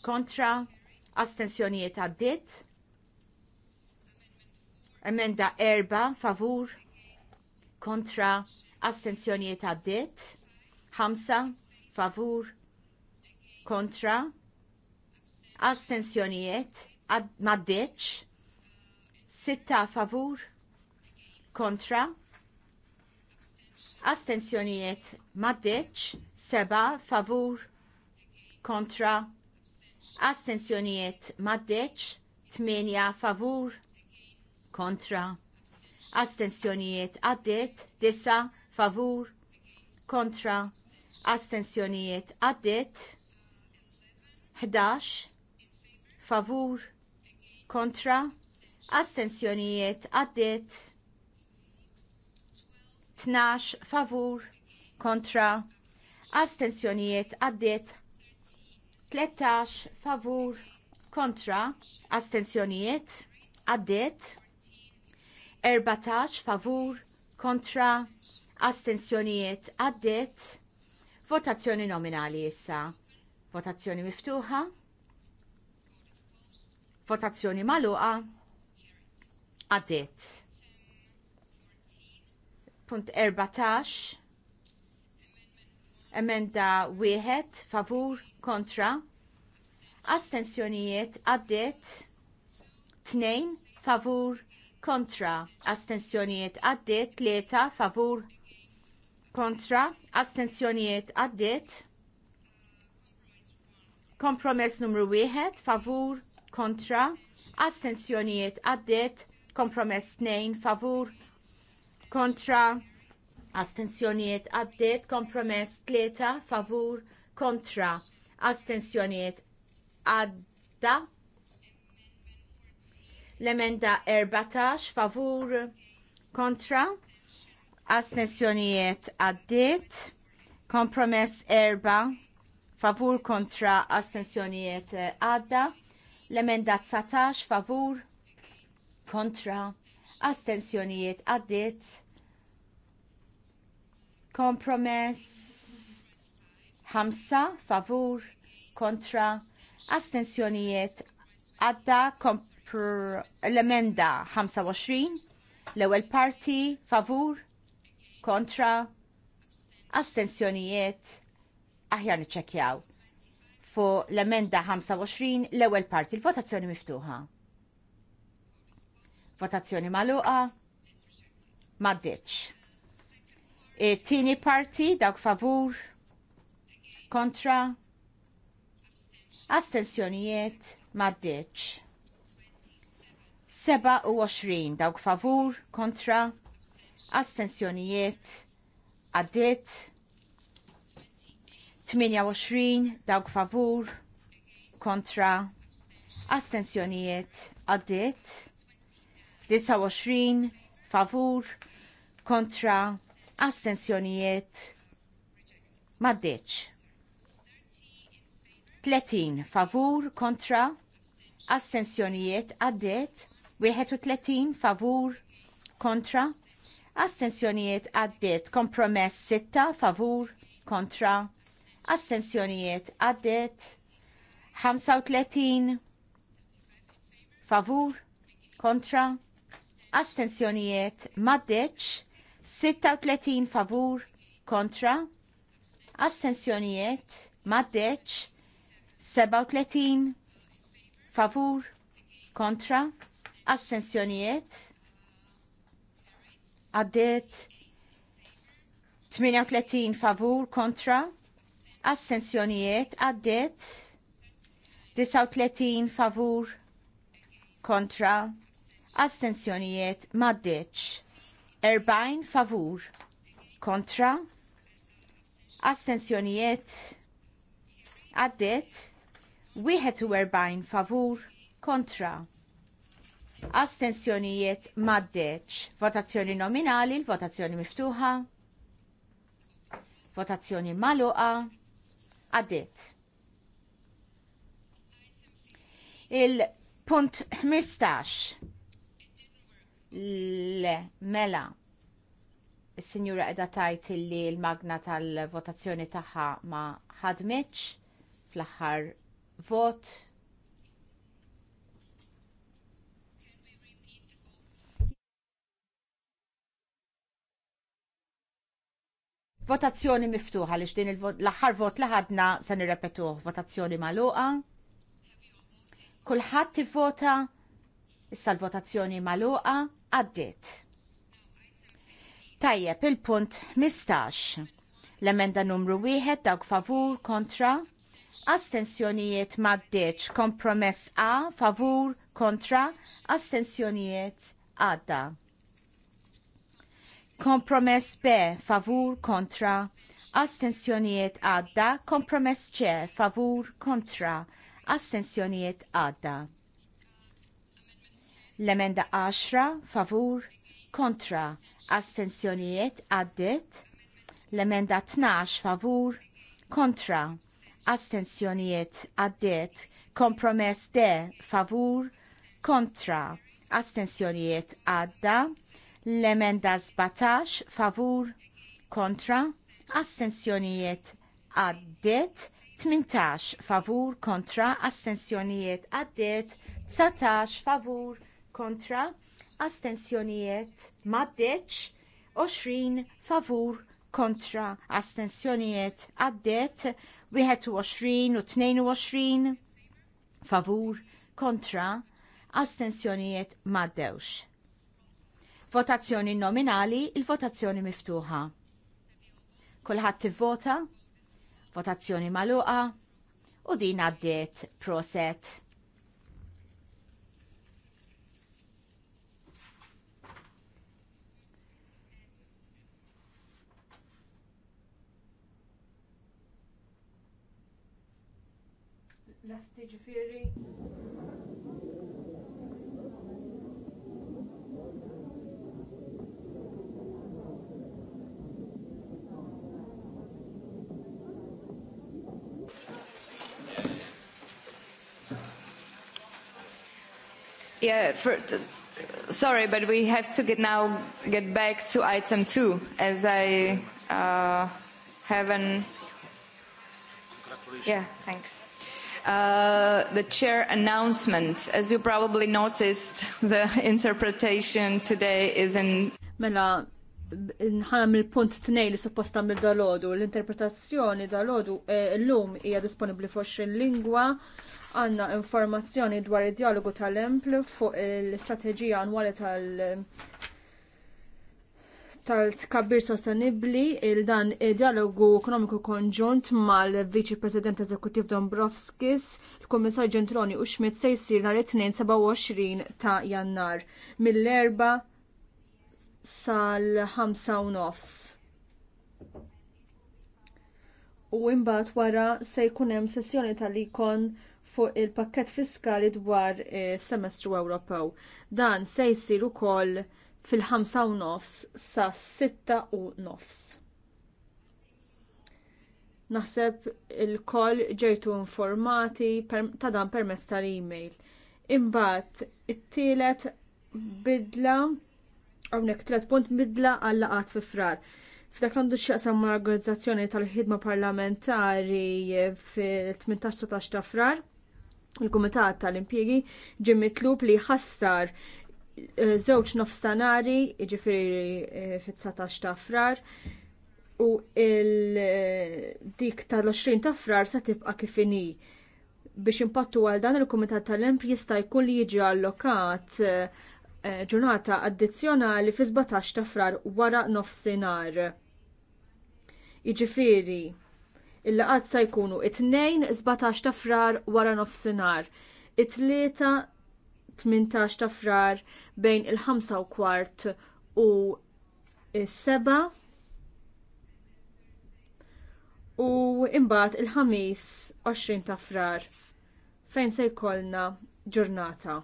kontra, astensjonijiet għaddit. Emenda erba, favur, kontra, astensjoniet għaddit. Hamsa, favur, kontra, astensjoniet għaddit. Sitta, favur, kontra, Astenzjonijiet maddeċ, seba favur kontra Astenzjonijiet maddeċ, tmenja favur kontra Astenzjonijiet għaddiet, disa favur kontra Astenzjonijiet għaddiet, 11 favur kontra Astenzjonijiet għaddiet 12 favur kontra astensjonijiet għaddiet 13 favur kontra astensjonijiet għaddiet 14 favur kontra astensjonijiet għaddiet votazzjoni nominali issa votazzjoni miftuħa votazzjoni maluqa għaddiet Punt 14. Emenda wieħed favur kontra. Astensjonijiet għaddiet. Tnejn favur kontra. Astensjonijiet għaddiet. Tlieta favur kontra. Astensjonijiet għaddiet. Kompromess numru wieħed favur kontra. Astensjonijiet għaddiet. Kompromess tnejn, favur kontra kontra astensjonijiet għaddiet kompromess tleta, favur kontra astensjonijiet għadda l-emenda 14 favur kontra astensjonijiet għaddiet kompromess erba favur kontra astensjonijiet għadda l-emenda 19 favur kontra astensjonijiet għaddit kompromess ħamsa favur kontra astensjonijiet għadda l-emenda 25 l-ewwel parti favur kontra astensjonijiet aħjar niċċekjaw. Fu l-emenda 25 l-ewwel parti l-votazzjoni miftuħa. Votazzjoni maluqa. Maddeċ. E tini parti, dawk favur, kontra, astensjonijiet, maddeċ. 27 dawk favur, kontra, astensjonijiet, għaddit, 28 dawk favur, kontra, astensjonijiet, għaddit, 29 favur kontra astensjonijiet maddeċ. 30 favur kontra astensjonijiet għaddiet 31 favur kontra astensjonijiet għaddiet kompromess 6 favur kontra astensjonijiet għaddiet 35 favur kontra astensjonijiet astensjonijiet maddeċ 36 favur kontra astensjonijiet maddeċ 37 favur kontra astensjonijiet għaddiet 38 favur kontra assenzjonijiet għaddiet 39 favur kontra astensjonijiet maddeċ. 40 favur kontra astensjonijiet u 41 favur kontra astensjonijiet maddeċ votazzjoni nominali votazzjoni miftuħa votazzjoni maluqa għaddit il-punt 15 Le, mela, il-Sinjura edha tajt li l-magna tal-votazzjoni taħħa ma ħadmitx fl-axħar vot. Votazzjoni miftuħa li din l-aħħar vot li ħadna se nirrepetuh votazzjoni magħluqa. Kulħadd tivvota issa l-votazzjoni magħluqa għaddit. Tajjeb il-punt 15. L-emenda numru 1 dawk favur kontra astensjonijiet maddeċ kompromess A favur kontra astensjonijiet għadda. Kompromess B favur kontra astensjonijiet għadda kompromess C favur kontra astensjonijiet għadda. L-emenda 10 favur kontra astensjonijiet għaddit. L-emenda 12 favur kontra astensjonijiet għaddit. Kompromess de favur kontra astensjonijiet għadda. L-emenda 17 favur kontra astensjonijiet għaddit. 18 favur kontra astensjonijiet għaddiet 19 favur kontra, astensjonijiet maddeċ, 20 favur kontra, astensjonijiet għaddet, 21 u 22 favur kontra, astensjonijiet maddewx. Votazzjoni nominali, il-votazzjoni miftuħa. Kulħadd tivvota, votazzjoni maluqa, u din għaddiet proset. ġifiri. Yeah, for, sorry, but we have to get now get back to item two, as I uh, haven't. Yeah, thanks uh, the chair announcement. As you probably noticed, the interpretation today is in... Mela, nħam il-punt t-nej li supposta mil-dalodu, l-interpretazzjoni dalodu l-interpretazzjoni eh, dalodu l-lum hija disponibli fuq lingwa għanna informazzjoni dwar id-dialogu tal-empl fuq l-istrateġija annwali tal- tal-tkabbir sostenibli il-dan il-dialogu ekonomiku konġunt mal-Viċi President Eżekutiv Dombrovskis, il kummissar Ġentroni u Schmidt se jsir nhar it-tnejn 27 ta' Jannar mill-erba sal-5 u nofs u imbagħad wara se jkun hemm sessjoni tal-ikon fuq il-pakkett fiskali dwar is semestru Ewropew. Dan se jsir ukoll fil-5 u nofs sa 6 u nofs. Naħseb il-koll ġejtu informati ta' dan permezz tal-email. Imbagħad it-tielet bidla hawnhekk tliet punt bidla għal laqat fi frar. F'dak għandu x'jaqsam mal organizzazzjoni tal-ħidma parlamentari fil-18 ta' frar, il-Kumitat tal-Impjegi ġie mitlub li ħassar żewġ nofstanari, jiġifieri eh, fit-19 ta' frar, u eh, dik tal-20 ta' frar sa tibqa' kif inhi. Biex impattu għal dan il-Kumitat tal-Emp jista' jkun li jiġi allokat eh, ġurnata addizzjonali fi 17 ta' frar wara nofsinhar. Jiġifieri, il-laqat se jkunu it-tnejn 17 ta' frar wara nofsinhar, it-tlieta 18 ta' frar bejn il-5 u kwart u s-seba u imbagħad il-ħamis 20 ta' frar fejn se jkollna ġurnata.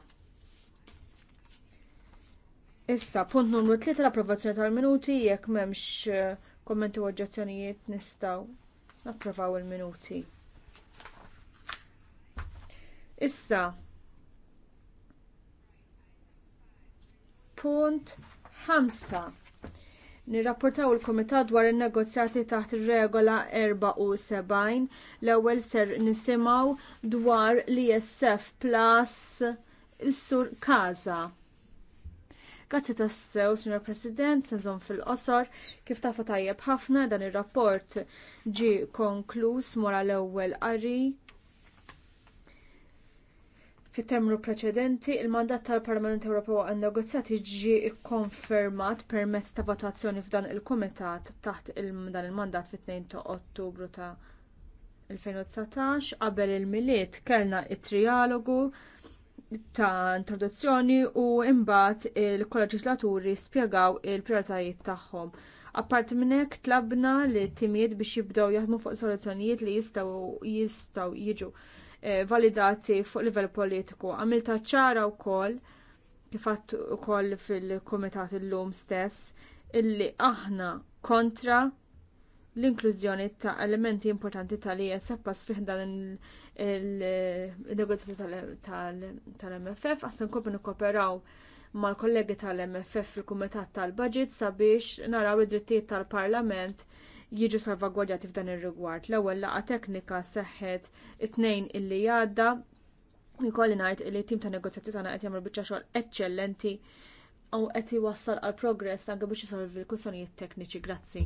Issa, punt numru 3 l-approvazzjoni tal-minuti, jekk memx eh, kommenti u oġġezzjonijiet nistaw napprovaw il-minuti. Issa, Punt 5. Nirrapportaw il-Komitat dwar il-negozjati taħt ir-regola 74 l-ewwel ser nisimgħu dwar l-ISF Plus is-sur Kaza. Grazzi tassew, Sr. President, senżon fil-qosor, kif tafu tajjeb ħafna dan ir-rapport ġi konkluż mora l-ewwel qari Fit-termru preċedenti, il-mandat tal-Parlament Ewropew għan negozjati ġie ikkonfermat permezz ta' votazzjoni f'dan il-Kumitat taħt dan il-mandat fit-2 ta' Ottubru ta' 2019 qabel il-miliet kellna it-trialogu ta' introduzzjoni u imbagħad il-kolleġislaturi spjegaw il-prijoritajiet tagħhom. Apparti minn hekk tlabna li timijiet biex jibdew jaħdmu fuq soluzzjonijiet li jistgħu jistgħu jiġu Eh, validati fuq livell politiku. Għamilta ċara wkoll kif kifat ukoll fil kumitat illum stess, illi aħna kontra l-inklużjoni ta' elementi importanti tal-ISF pass fiħdan il-negozjati tal-MFF, għasan kopin nikoperaw mal-kollegi tal-MFF fil kumitat tal-Budget sabiex naraw id-drittijiet tal-Parlament jiġu salvagwardjati f'dan ir-rigward. L-ewwel laqgħa teknika seħħet it-tnejn illi għadda Jkolli ngħid li tim ta' negozjati tagħna qed jagħmlu biċċa xogħol eċċellenti u qed iwassal għal progress anke biex isolvi l-kwistjonijiet tekniċi. Grazzi.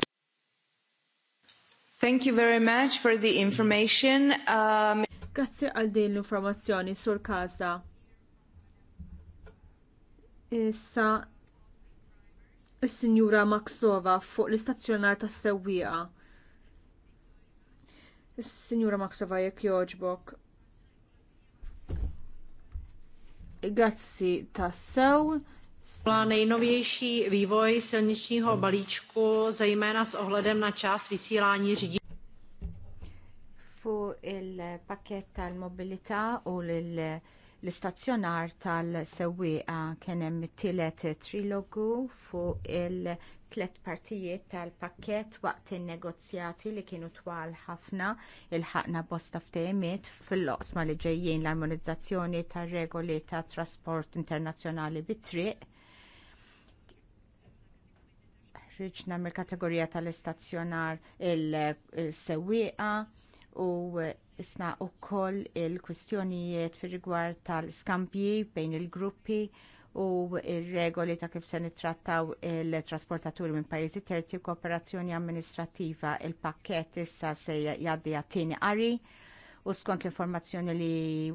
Thank you very much for the information. Um... Grazzi għal din l-informazzjoni sur każa. Issa is-Sinjura Maksova fuq l-istazzjonar tas-sewwieqa. Is-Sinjura Maksova jekk jogħġbok. Grazzi sew. Byla nejnovější vývoj silničního balíčku, zejména s ohledem na čas vysílání řidičů. Fu il-pakket tal-mobilità u l l-istazzjonar tal-sewwieqa kien hemm it-tielet trilogu fuq il-tlet partijiet tal-pakkett waqt in-negozjati li kienu twal ħafna il-ħakna bosta ftehimiet fil-loqsma li ġejjin l-armonizzazzjoni tar-regoli tat trasport internazzjonali bit-triq mill-kategorija tal-istazzjonar il-sewwieqa il il sewwieqa u isna u koll il-kwistjonijiet fir rigward tal iskambji bejn il-gruppi u il-regoli ta' kif se nittrattaw il-trasportaturi minn pajjiżi terzi u kooperazzjoni amministrativa il-pakket issa se jgħaddi għattini qari u skont l-informazzjoni li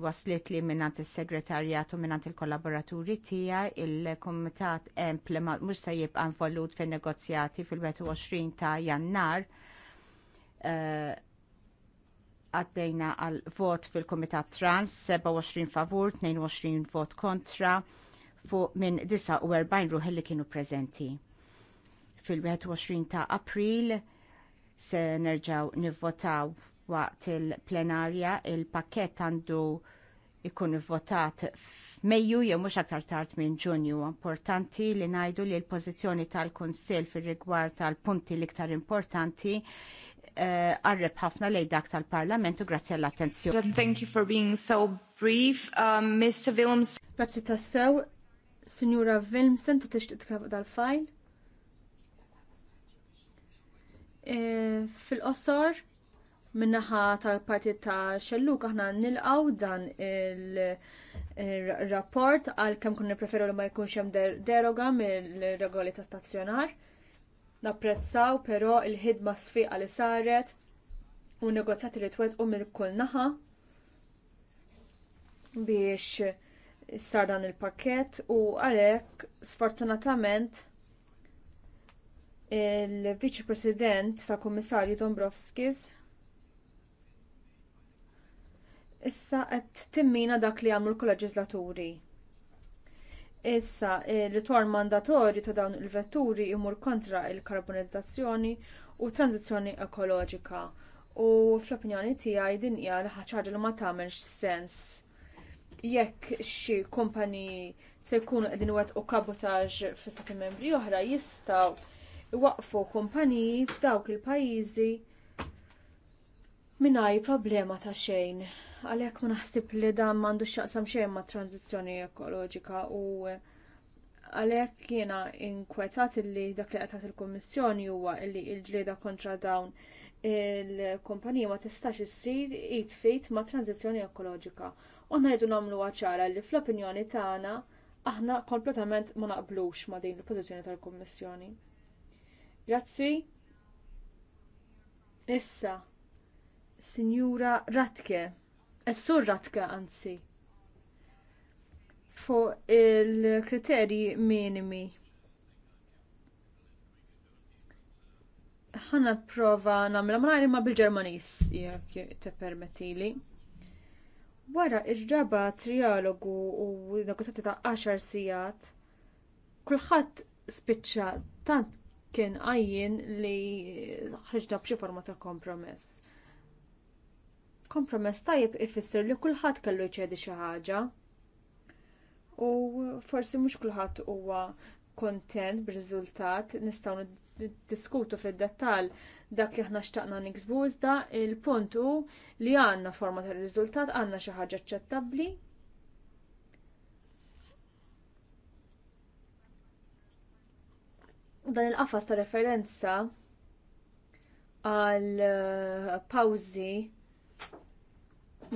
waslet li minnant il-segretarjat u minnant il-kollaboraturi tija il-komitat emplema mux se jibqa involut fin negozjati fil-21 ta' jannar uh, għaddejna għal vot fil-Komitat Trans 27 favur, 22 vot kontra fuq minn 49 ruħi li kienu preżenti. Fil-21 ta' April se nerġaw nivvotaw waqt il-plenarja il-pakket għandu ikun votat f'Mejju jew mhux aktar tard minn Ġunju. Importanti li ngħidu li l-pożizzjoni tal-Kunsill fir-rigward tal-punti l-iktar importanti qarreb eh, ħafna lejn dak tal-Parlament u grazzi għall-attenzjoni. Thank you for being so brief, um, Ms. Wilms. Grazzi tassew, Signora Wilmsen, tu t tkellem dal-fajl. Eh, fil-qosor, minnaħa tal-parti ta' xellu aħna nilqaw dan il-rapport għal kemm kun nipreferu li ma jkunx hemm deroga mill-regoli ta' stazzjonar. Napprezzaw però il ħidma sfiqa li saret u n negozjati li twettqu mill kull naħa biex sar dan il-pakket u għalhekk sfortunatament il-Viċi President tal Kummissarju Dombrovskis issa qed timmina dak li għamlu l-kolleġislaturi. Issa il-ritorn mandatorju ta' dawn il-vetturi jmur kontra l karbonizzazzjoni u t tranzizzjoni ekoloġika. U fl-opinjoni tiegħi din hija li ħaġa li ma tagħmelx sens. Jekk xi kumpani se jkunu qegħdin wettqu kabotaġ fi membri oħra jistgħu waqfu kumpaniji f'dawk il-pajjiżi mingħajr problema ta' xejn għalhekk ma naħsib li dan mandu xaqsam xejn ma' tranzizzjoni ekoloġika u għalhekk jiena inkwetat li dak li qed il-Kummissjoni huwa li l-ġlieda kontra dawn il-kumpanija ma tistax issir id fit ma' tranzizzjoni ekoloġika. U rridu nagħmlu ċara li fl-opinjoni tagħna aħna kompletament ma naqblux ma' din il-pożizzjoni tal-Kummissjoni. Grazzi. Issa, Signora Ratke. Essur ratka anzi Fu il-kriterji minimi. Ħana prova namla mlajri ma bil-Ġermanis, jek te permettili. Wara ir-raba trialogu u negozjati ta' 10 sijat, kulħadd spiċċa tant kien għajjin li ħriġna b'xi forma ta' kompromess. Kompromess tajjeb ifisser li kulħadd kellu jċedi xi ħaġa. U forsi mhux kulħadd huwa kontent bir-riżultat nistgħu diskutu fid-dettall dak li aħna xtaqna niksbu iżda il-punt hu li għandna forma tar-riżultat għandna xi ħaġa aċċettabbli dan il-qafas ta' referenza għal eh, pawzi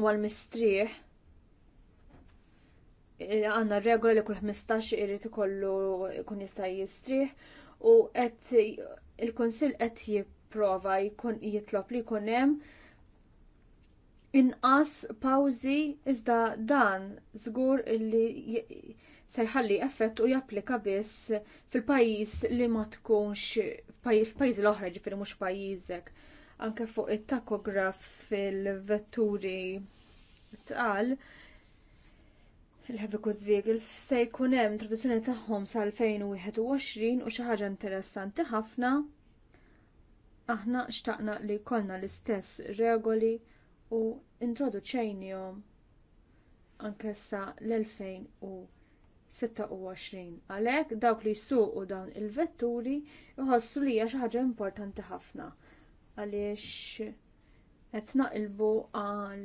għal mistrieħ eh, għanna regola li kull 15 irrit ikollu kun jista' jistrieħ u għet il-Kunsill qed jipprova jkun jitlob li jkun hemm inqas pawżi iżda dan żgur li se jħalli effett u japplika biss fil-pajjiż li ma tkunx f'pajjiż l-oħra ġifiri mhux pajjiżek anke fuq it-takografs fil-vetturi tqal il-heavy goods vehicles se jkun hemm traduzzjoni tagħhom sa 2021 u xi ħaġa interessanti ħafna aħna xtaqna li jkollna l-istess regoli u introduċejnihom anke sa l-2026. Għalhekk dawk li jsuqu dawn il-vetturi iħossu li hija xi ħaġa importanti ħafna għaliex qed naqilbu għal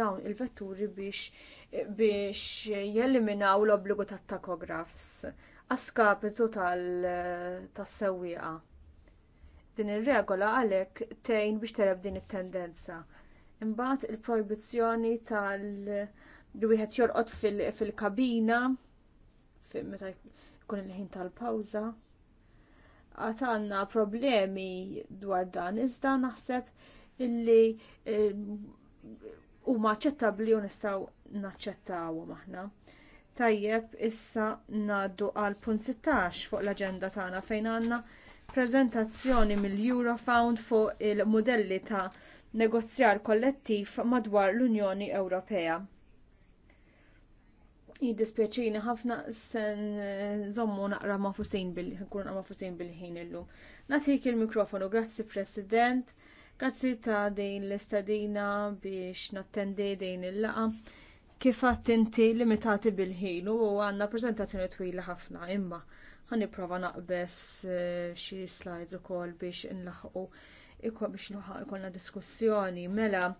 dawn il-vetturi biex biex jeliminaw l-obbligu tat-takografs għaskapitu tas-sewwieqa. Din ir-regola għalhekk tgħin biex tereb din it-tendenza. Imbagħad il-projbizzjoni tal li wieħed jorqod fil-kabina meta jkun il-ħin tal-pawża għatanna problemi dwar dan, iżda naħseb illi eh, u maċċettabli u nistaw naċċettaw maħna. Tajjeb, issa naddu għal punt 16 fuq l aġenda tagħna fejn għandna preżentazzjoni mill-Eurofound fuq il mudelli ta' negozjar kollettiv madwar l-Unjoni Ewropea. Jiddispjaċini ħafna sen eh, zommu naqra ma' Fusin bil nkun ma' Fusin bil-ħin illu. Natik il-mikrofonu, grazzi President, grazzi ta' din l-istadina biex nattendi din il-laqa. Kif għat inti limitati bil-ħin u għanna prezentazzjoni twila ħafna imma għanni prova naqbess eh, xi slides u kol biex nlaħqu biex nħuħa ikolna diskussjoni mela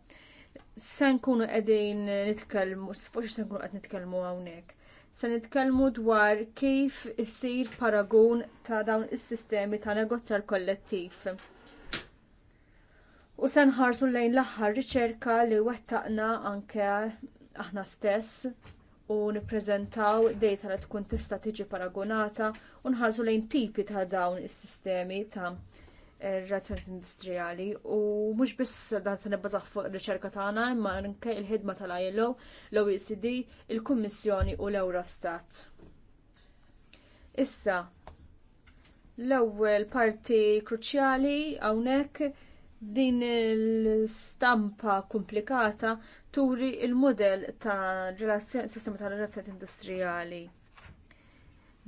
se nkunu qegħdin nitkellmu, fuq se nkunu qed nitkellmu hawnhekk. Se nitkellmu dwar kif jisir paragun ta' dawn is-sistemi ta' negozjar kollettiv. U se nħarsu lejn l-aħħar riċerka li wettaqna anke aħna stess u nippreżentaw data li tkun tista' tiġi paragonata u nħarsu lejn tipi ta' dawn is-sistemi ta' razzjoni industrijali u mhux biss dan se nibbażaħ fuq riċerka tagħna imma anke il-ħidma tal-ILO, l-OECD, il-Kummissjoni u l-Eurostat. Issa, l-ewwel parti kruċjali hawnhekk din il-stampa komplikata turi il-modell ta' sistema tal relazzjoni industrijali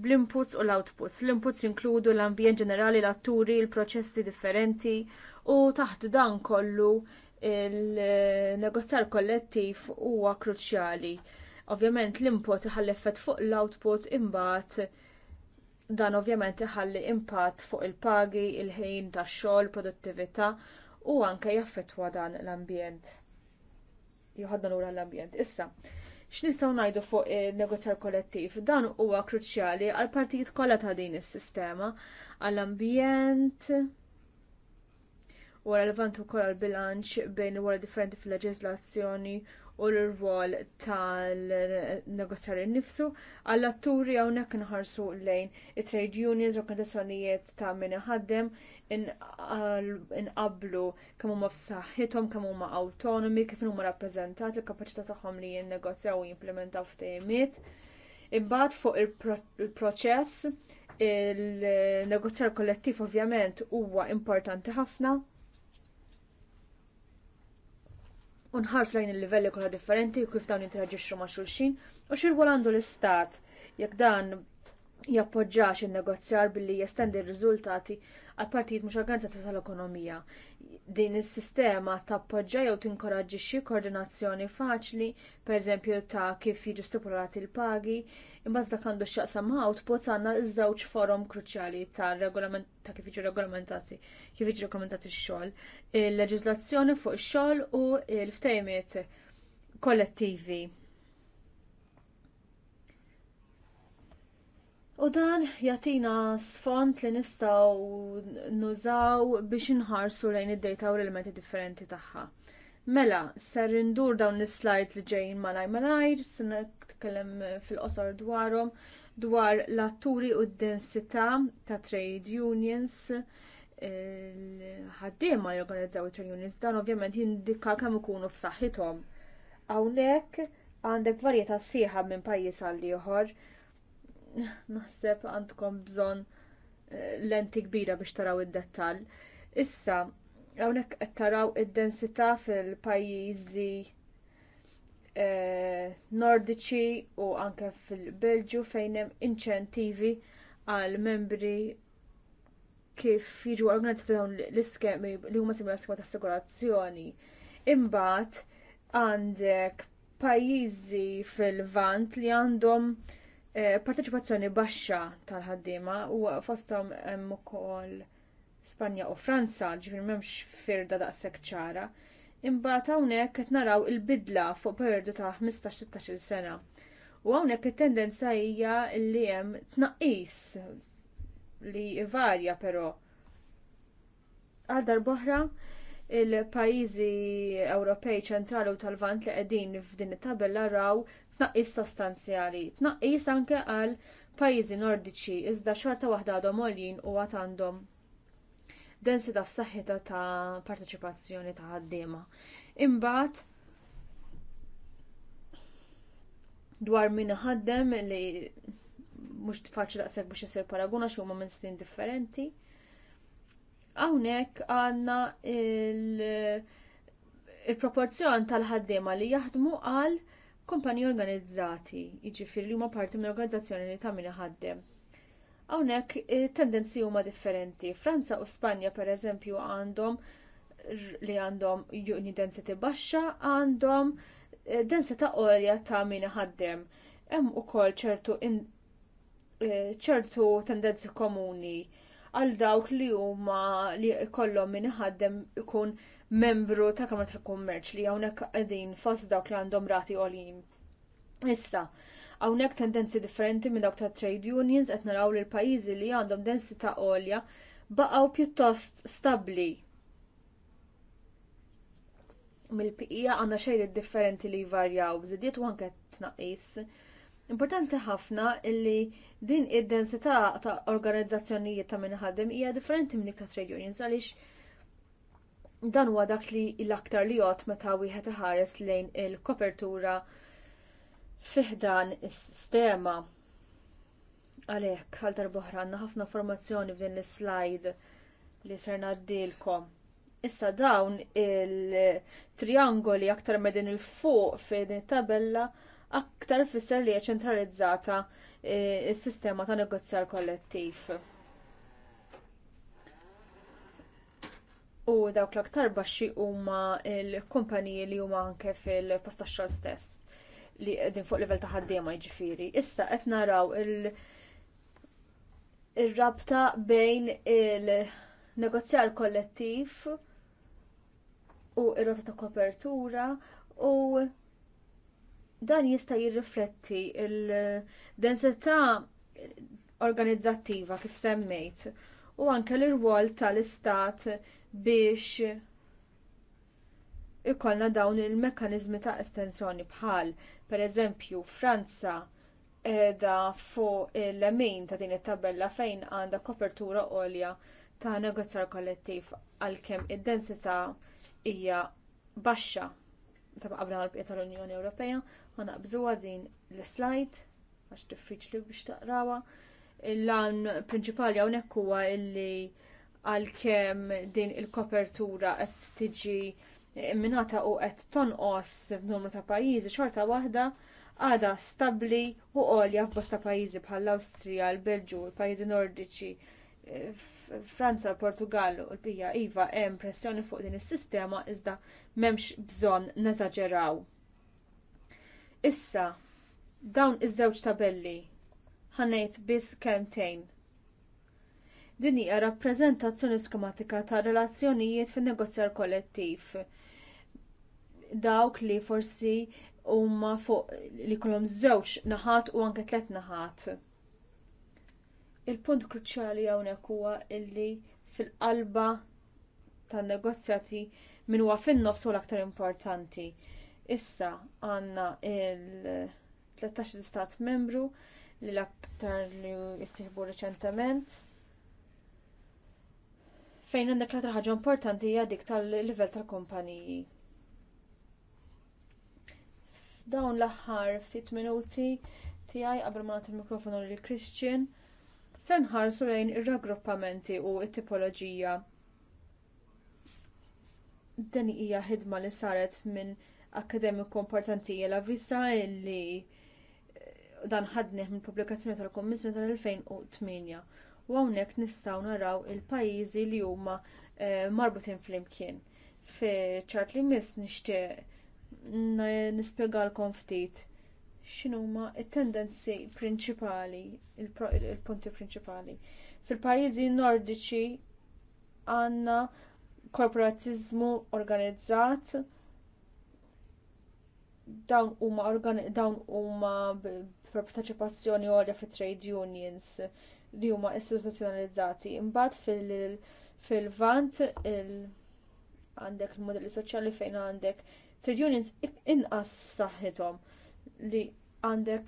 bl-inputs u l-outputs. L-inputs jinkludu l-ambjent ġenerali, l-atturi, l-proċessi differenti u taħt dan kollu il-negozjar kollettiv huwa kruċjali. Ovvjament l-input iħalli effett fuq l-output imbagħad dan ovvjament iħalli impatt fuq il-pagi, il-ħin tax-xogħol, produttività u anke jaffettwa dan l-ambjent. Juħadna lura l-ambjent. Issa, X'nistgħu ngħidu fuq il-negozjar eh, kollettiv? Dan huwa kruċjali għal partijiet kollha ta' din is-sistema, għall-ambjent, u relevant ukoll għall bilanċ bejn wara differenti fil-leġiżlazzjoni u l-rwol tal-negozjar nifsu għall-atturi hawnhekk inħarsu lejn it-trade unions, u kondizjonijiet ta' min ħaddem inqablu kemm huma f'saħħithom, kemm huma awtonomi, kif huma rappreżentati, il-kapaċità tagħhom li jinnegozjaw u jimplementaw f'temiet. Imbagħad fuq il-proċess il-negozjar kollettiv ovvjament huwa importanti ħafna unħars lejn il-livelli kollha differenti u kif dawn jinteraġixxu ma' xulxin u x'irwolandu għandu l-istat jekk dan jappoġġax in-negozjar billi jestendi r-riżultati għal partijiet mhux organizzati tal-ekonomija. Din is-sistema tappoġġa jew tinkoraġġixxi koordinazzjoni faċli, pereżempju ta' kif jiġu stipulati l-pagi, imbagħad dak għandu x'jaqsam outputs għandna ż-żewġ forum kruċjali ta' regolament ta' kif jiġu regolamentati kif jiġu regolamentati x-xogħol, il-leġiżlazzjoni fuq ix-xogħol u l-ftejmiet kollettivi U dan jatina sfond li nistaw nużaw biex inħarsu lejn id-data u l-elementi differenti tagħha. Mela, ser indur dawn l-slides li ġejjin malaj malajr, se nitkellem fil-qosor dwarhom dwar l-atturi u d-densità ta' trade unions ħaddiema li organizzaw trade unions dan ovvjament jindika kemm ikunu f'saħħithom. Hawnhekk għandek varjetà sieħa minn pajjiż għal ieħor naħseb għandkom bżonn eh, lenti kbira biex taraw id-dettall. Issa, hawnhekk qed taraw id-densità fil-pajjiżi eh, nordiċi u anke fil-Belġju fejn hemm inċentivi għal membri kif jiġu organizzati dawn l-iskemi li huma simili għal iskema ta' assigurazzjoni. Imbagħad għandek pajjiżi fil-vant li għandhom Eh, parteċipazzjoni baxxa tal-ħaddiema u fosthom hemm ukoll Spanja u Franza, ġifieri m'hemmx firda daqshekk ċara. Imbagħad hawnhekk qed naraw il-bidla fuq perjodu ta' 15-16 sena. U hawnhekk it-tendenza hija li hemm tnaqqis li varja però. Għal darb'oħra il-pajjiżi Ewropej ċentrali u tal-Vant li qegħdin f'din it-tabella raw tnaqqis sostanzjali, tnaqqis anke għal pajjiżi nordiċi iżda xorta waħda għadhom għoljin u għad għandhom densità f'saħħitha ta' parteċipazzjoni ta' ħaddiema. Imbagħad dwar min ħaddem li mhux faċli daqshekk biex isir paraguna xi huma minn snin differenti. Hawnhekk għandna il-proporzjon tal-ħaddiema li jaħdmu għal kumpani organizzati, jiġifieri li huma parti minn organizzazzjoni li tagħmilha ħaddem. Hawnhekk eh, tendenzi huma differenti. Franza u Spanja pereżempju għandhom li għandhom juni density baxxa għandhom eh, densità għolja ta' min ħaddem. Hemm ukoll ċertu eh, ċertu tendenzi komuni għal dawk li huma li kollhom min ħaddem ikun membru ta' Kamra ta' Kummerċ li hawnhekk qegħdin fost dawk li għandhom rati għoljin. Issa, hawnhekk tendenzi differenti minn dawk ta' trade unions qed naraw li l-pajjiżi li għandhom densità għolja baqgħu pjuttost stabbli mill-bqija għandna xejn differenti li jvarjaw, żidiet u anke tnaqqis. Importanti ħafna illi din id-densità ta' organizzazzjonijiet ta' minħadem hija differenti minn ta' trade unions għaliex dan huwa dak li l-aktar li jgħod meta wieħed iħares lejn il-kopertura fiħdan is-sistema. Għalhekk għal darbohra għandna ħafna informazzjoni f'din is slide li ser ngħaddilkom. Issa dawn il-triangoli aktar din il-fuq f'din it-tabella aktar fisser li ċentralizzata eh, s-sistema ta' negozjar kollettiv. u dawk l-aktar baxxi huma l-kumpaniji li huma anke fil-post tax-xogħol stess li qegħdin fuq livell ta' ħaddiema jiġifieri. Issa qed naraw il- ir-rabta bejn il-negozjar kollettiv u r rota ta' kopertura u dan jista' jirrifletti il-densità organizzattiva kif semmejt u anke l-irwol tal-istat biex ikollna dawn il-mekkanizmi ta' estensjoni bħal, pereżempju Franza edha fuq il-lemin ta' din it-tabella fejn għandha kopertura għolja ta' negozjar kollettiv għalkemm id-densità hija baxxa ta' qabla mal-bqiet tal-Unjoni Ewropea, ma naqbżuha din l-slide għax diffiċli biex taqrawha. il għan prinċipali hawnhekk huwa illi għalkemm din il-kopertura qed tiġi minata u qed tonqos f'numru ta' pajjiżi xorta waħda għada stabbli u għolja f'bosta pajjiżi bħall-Awstrija, l-Belġu, l-pajjiżi Nordiċi, Franza, Portugal u l-bija iva hemm pressjoni fuq din is-sistema iżda m'hemmx bżonn neżaġeraw. Issa, dawn iż-żewġ tabelli ħanejt biss kemtejn Din hija rappreżentazzjoni skematika ta' relazzjonijiet fin-negozjar kollettiv. Dawk li forsi huma fuq li kolom żewġ naħat u anke tliet naħat. Il-punt kruċjali hawnhekk huwa illi fil-qalba tan-negozjati min huwa fin-nofs huwa l-aktar importanti. Issa għandna il-13 stat membru li l-aktar li jissieħbu riċentement fejn għandek l aktar ħaġa importanti hija dik tal-livell tal-kumpaniji. Dawn l-aħħar ftit minuti tiegħi qabel ma nagħti l-mikrofonu lil Christian se nħarsu lejn ir-raggruppamenti u t-tipoloġija. Dan hija ħidma li saret minn akademiku importanti la vista li eh, dan ħadnih minn pubblikazzjoni tal-Kommissjoni tal-2008 u hawnhekk nistgħu naraw il-pajjiżi li huma eh, marbutin flimkien. Fi ċart li miss nixtieq nispjegalkom ftit x'inhuma t-tendenzi prinċipali, il-punti prinċipali. Fil-pajjiżi nordiċi għandna korporatizmu organizzat dawn huma dawn huma b'parteċipazzjoni għolja fit trade unions li huma istituzzjonalizzati. Imbagħad fil-vant għandek il-modelli soċjali fejn għandek trade unions inqas f'saħħithom li għandek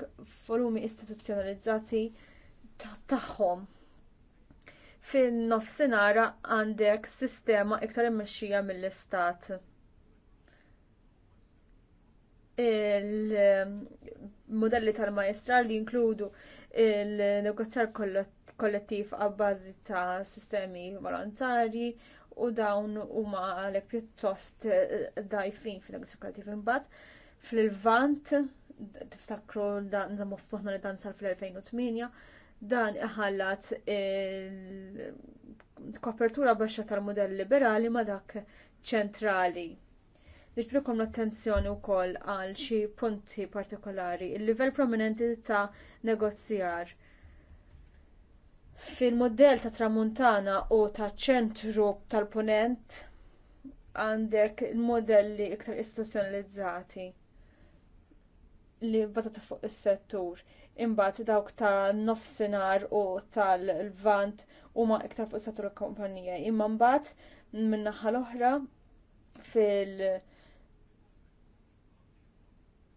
volumi istituzzjonalizzati tagħhom. Fin-nofsinhar għandek sistema iktar immexxija mill-istat il-modelli tal-maestra li jinkludu il-negozjar kollettiv għabbażi ta' sistemi volontari u dawn huma għalhekk pjuttost eh, dajfin fil-negozju kollettiv imbagħad. Fil-Vant, tiftakru dan zammu f'moħna li dan sar fl-2008, dan iħallat il-kopertura baxxa tal-modell liberali ma dak ċentrali. Nixbrukom l-attenzjoni wkoll għal xi punti partikolari, il-livell prominenti ta' negozjar fil mudell ta' tramuntana u taċ ċentru tal punent għandek modelli iktar istituzzjonalizzati li bbatata fuq is-settur. Imbagħad dawk ta' nofsinhar u tal-vant huma iktar fuq is-settur kompanija. Imma mbagħad min-naħa l-oħra fil-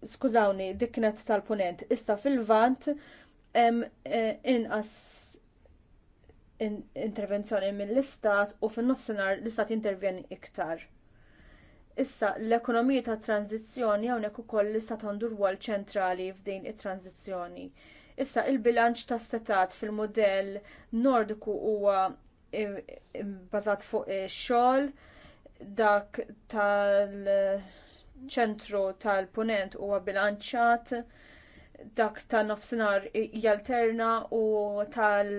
skużawni, dik kienet tal-punent. Issa fil-vant eh, inqas intervenzjoni mill-istat u fin-nofsinhar l-istat jintervjeni iktar. Issa l-ekonomija ta' tranzizzjoni hawnhekk ukoll l-istat għandu rwol ċentrali f'din it-tranzizzjoni. Issa il-bilanċ ta' statat fil-modell nordiku huwa bbażat fuq ix-xogħol dak tal-ċentru tal-punent huwa bilanċat dak tan nofsinhar jalterna u tal-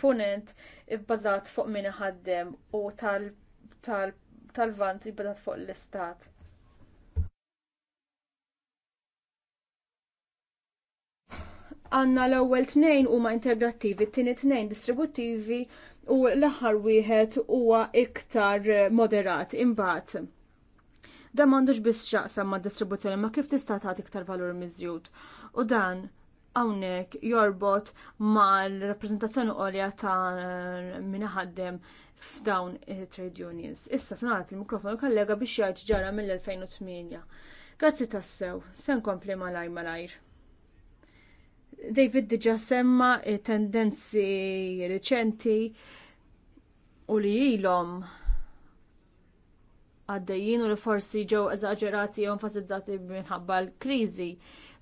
tal-punent ibbażat fuq min ħaddem u tal-vant ibbażat fuq l-istat. Għanna l-ewwel tnejn huma integrattivi, t-tieni tnejn distributtivi u l-aħħar wieħed huwa iktar moderat imbagħad. Dan m'għandux biss x'aqsam mad distribuzzjoni ma' kif tista' tagħti iktar valur miżjud. U dan hawnhekk jorbot mal-rappreżentazzjoni għolja ta' minaħaddem f'dawn trade unions. Issa se nagħti il-mikrofonu kollega biex jgħid ġara mill-2008. Grazzi tassew, se nkompli malaj malajr. David diġa semma tendenzi riċenti u li ilhom għaddejjin u li forsi ġew eżaġerati u nfasizzati minħabba l-kriżi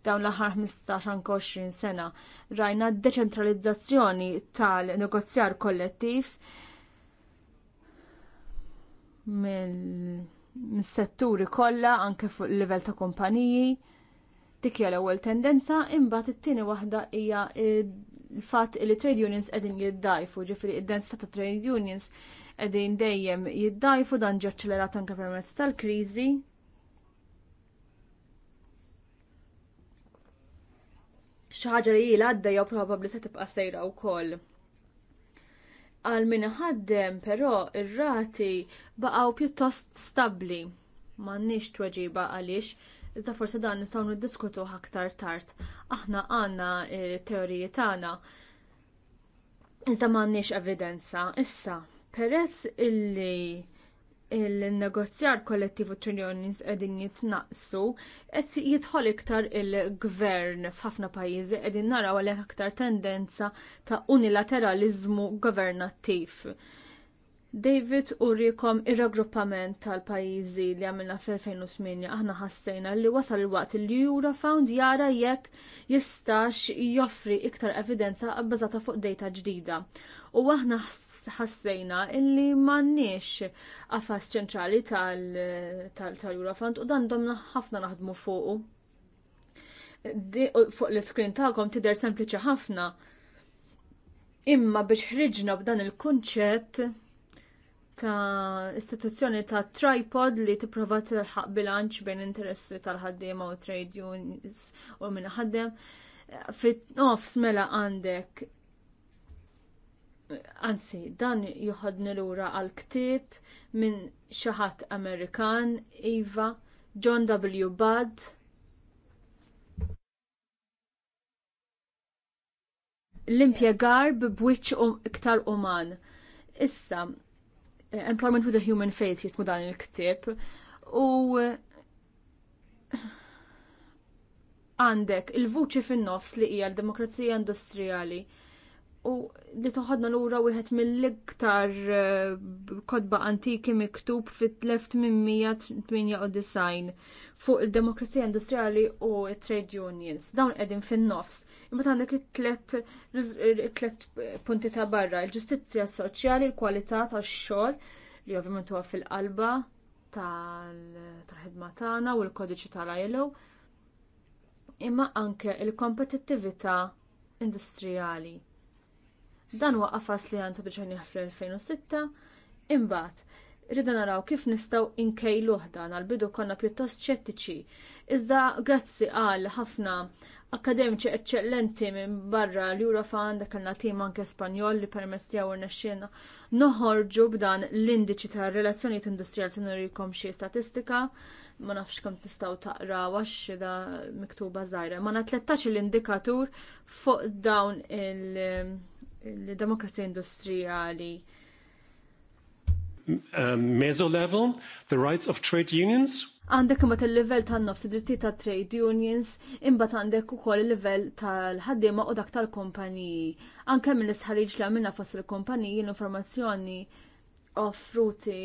dawn l-aħħar 15-20 sena. Rajna d deċentralizzazzjoni tal-negozjar kollettiv mis-setturi kollha anke fuq il-livell ta' kumpaniji. Dik hija l-ewwel tendenza, imbagħad it-tieni waħda hija l-fatt li trade unions qegħdin jiddajfu, ġifieri id-densità ta' trade unions qegħdin dejjem jiddajfu dan ġi ċelerat anke permezz tal-kriżi xaħġa ħaġa li jil għadda u probabbli se tibqa' sejra wkoll. Għal min ħaddem però ir-rati baqgħu pjuttost stabbli. M'għandniex tweġiba għaliex, iżda forsi dan nistgħu niddiskutu aktar tard. Aħna għandna eh, teoriji tagħna. Iżda m'għandniex evidenza. Issa, peress illi il-negozjar kollettivu u trinjonis qegħdin jitnaqsu, qed jidħol iktar il-gvern f'ħafna pajjiżi qegħdin naraw għal iktar tendenza ta' unilateraliżmu governattiv. David urikom ir-raggruppament tal-pajjiżi li għamilna fl-2008 aħna ħassejna li wasal il-waqt li Eurofound jara jekk jistax joffri iktar evidenza bbażata fuq data ġdida. U aħna ħassejna ħassejna illi m'għandniex qafas ċentrali tal-Eurofund u dan domna ħafna naħdmu fuqu. Fuq l-iskrin tagħkom tidher sempliċi ħafna. Imma biex ħriġna b'dan il-kunċett ta' istituzzjoni ta' tripod li tipprova tilħaq bilanċ bejn interessi tal-ħaddiema u trade unions u minn ħaddem fit nofs mela għandek anzi, dan joħodni lura għal ktieb minn xi ħadd Amerikan, Iva, John W. Budd, l-impjegar b'wiċċ iktar uman. Issa, Employment with a Human Face jismu dan il-ktib, u għandek il-vuċi fin-nofs li hija l-demokrazija industrijali u li toħodna lura wieħed mill-iktar eh, kodba antiki miktub fit-1898 fuq il-demokrazija industriali u trade unions. Dawn qegħdin fin-nofs. Imma għandek it-tlet punti ta' barra, il-ġustizzja soċjali, l-kwalità tax-xogħol li ovvjament huwa fil-qalba tal-ħidma tagħna u l-kodiċi tal-ILO. Imma anke il-kompetittività industrijali Dan huwa qafas li għandu diġà fl-2006 imbagħad rridu naraw kif nistgħu inkejluh dan għall-bidu konna pjuttost ċettiċi. Iżda grazzi għal ħafna akademiċi eccellenti minn barra l-Eurofund, dak kellna tim anke Spanjol li permess tiegħu irnexxielna noħorġu b'dan l-indiċi ta' relazzjonijiet industrial se nurikom xi statistika, ma nafx kam tistaw taqraw għax da miktuba żgħira. Ma na tlettax l-indikatur fuq dawn il- il-demokrazija industrijali. Um, level, the rights of trade unions. Għandek imbat il-level tan nofs id-dritti ta' trade unions, imbat għandek u il-level tal-ħaddima u dak tal-kompaniji. Anke minn l-sħarriġ li għamilna fos il-kompaniji l-informazzjoni offruti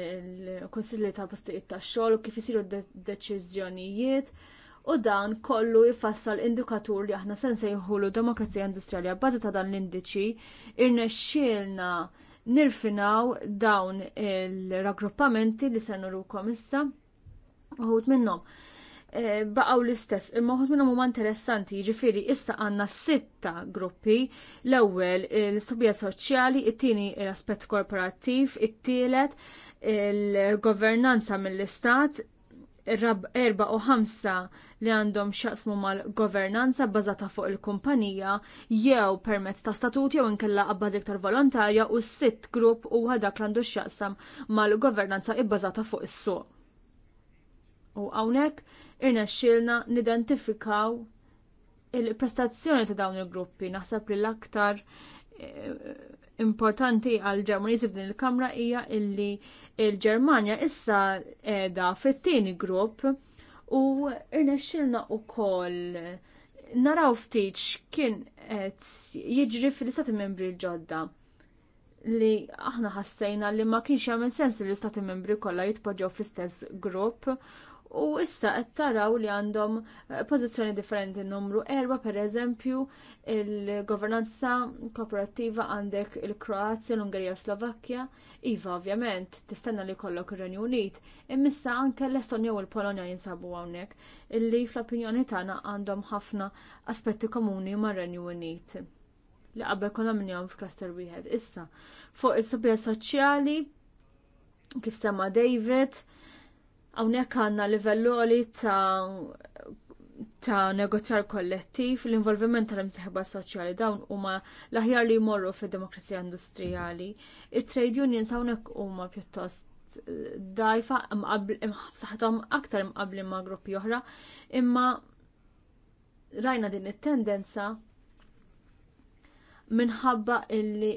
l-konsilli tal-postijiet ta' xogħol u kif isiru d-deċiżjonijiet. De u dan kollu jfassal indikatur li aħna sen l demokrazija industrijali għabbażi ta' dan l-indiċi irnexxielna nirfinaw dawn il-raggruppamenti li ser nuru komissa uħut minnom. E, Baqaw l-istess, imma uħut minnom huma interessanti, ġifiri issa għanna sitta gruppi, l-ewwel l-istobija soċjali, it-tieni l-aspett korporattiv, it-tielet il-governanza mill-istat, erba' u ħamsa li għandhom xaqsmu mal-governanza bbażata fuq il-kumpanija jew permezz ta' statut jew inkella qabbaż iktar volontarja u sitt grupp huwa dak li għandu xaqsam mal-governanza bbażata fuq is-suq. U hawnhekk irnexxielna nidentifikaw il-prestazzjoni ta' dawn il-gruppi naħseb li l-aktar eh, importanti għal ġermaniżi f'din il-Kamra hija illi il-Ġermanja issa qiegħda fit-tieni grupp u rnexxilna wkoll naraw ftit kien qed jiġri fil-Istati Membri ġodda li aħna ħassejna li ma kienx jagħmel sens li l-istati membri kollha jitpoġġew fl-istess grupp u issa qed taraw li għandhom eh, pożizzjoni differenti numru erba pereżempju il-governanza kooperattiva għandek il-Kroazja, l-Ungerija, Slovakkja, iva ovvjament tistenna li jkollok ir-Renju Unit, imissa anke l-Estonja u l-Polonja jinsabu hawnhekk, illi fl-opinjoni tagħna għandhom ħafna aspetti komuni mar-Renju Unit li qabel konna minnhom f'klaster wieħed. Issa, fuq is-subja soċjali, kif semma' David, Hawnhekk għandna livelloli ta' ta' negozjar kollettiv, l-involviment tal-imsieħba soċjali dawn huma l-aħjar li jmorru fid-demokrazija industrijali. It-trade unions hawnhekk huma pjuttost eh, dajfa imħabsaħthom aktar imqabli ma' gruppi oħra, imma rajna din it-tendenza minħabba illi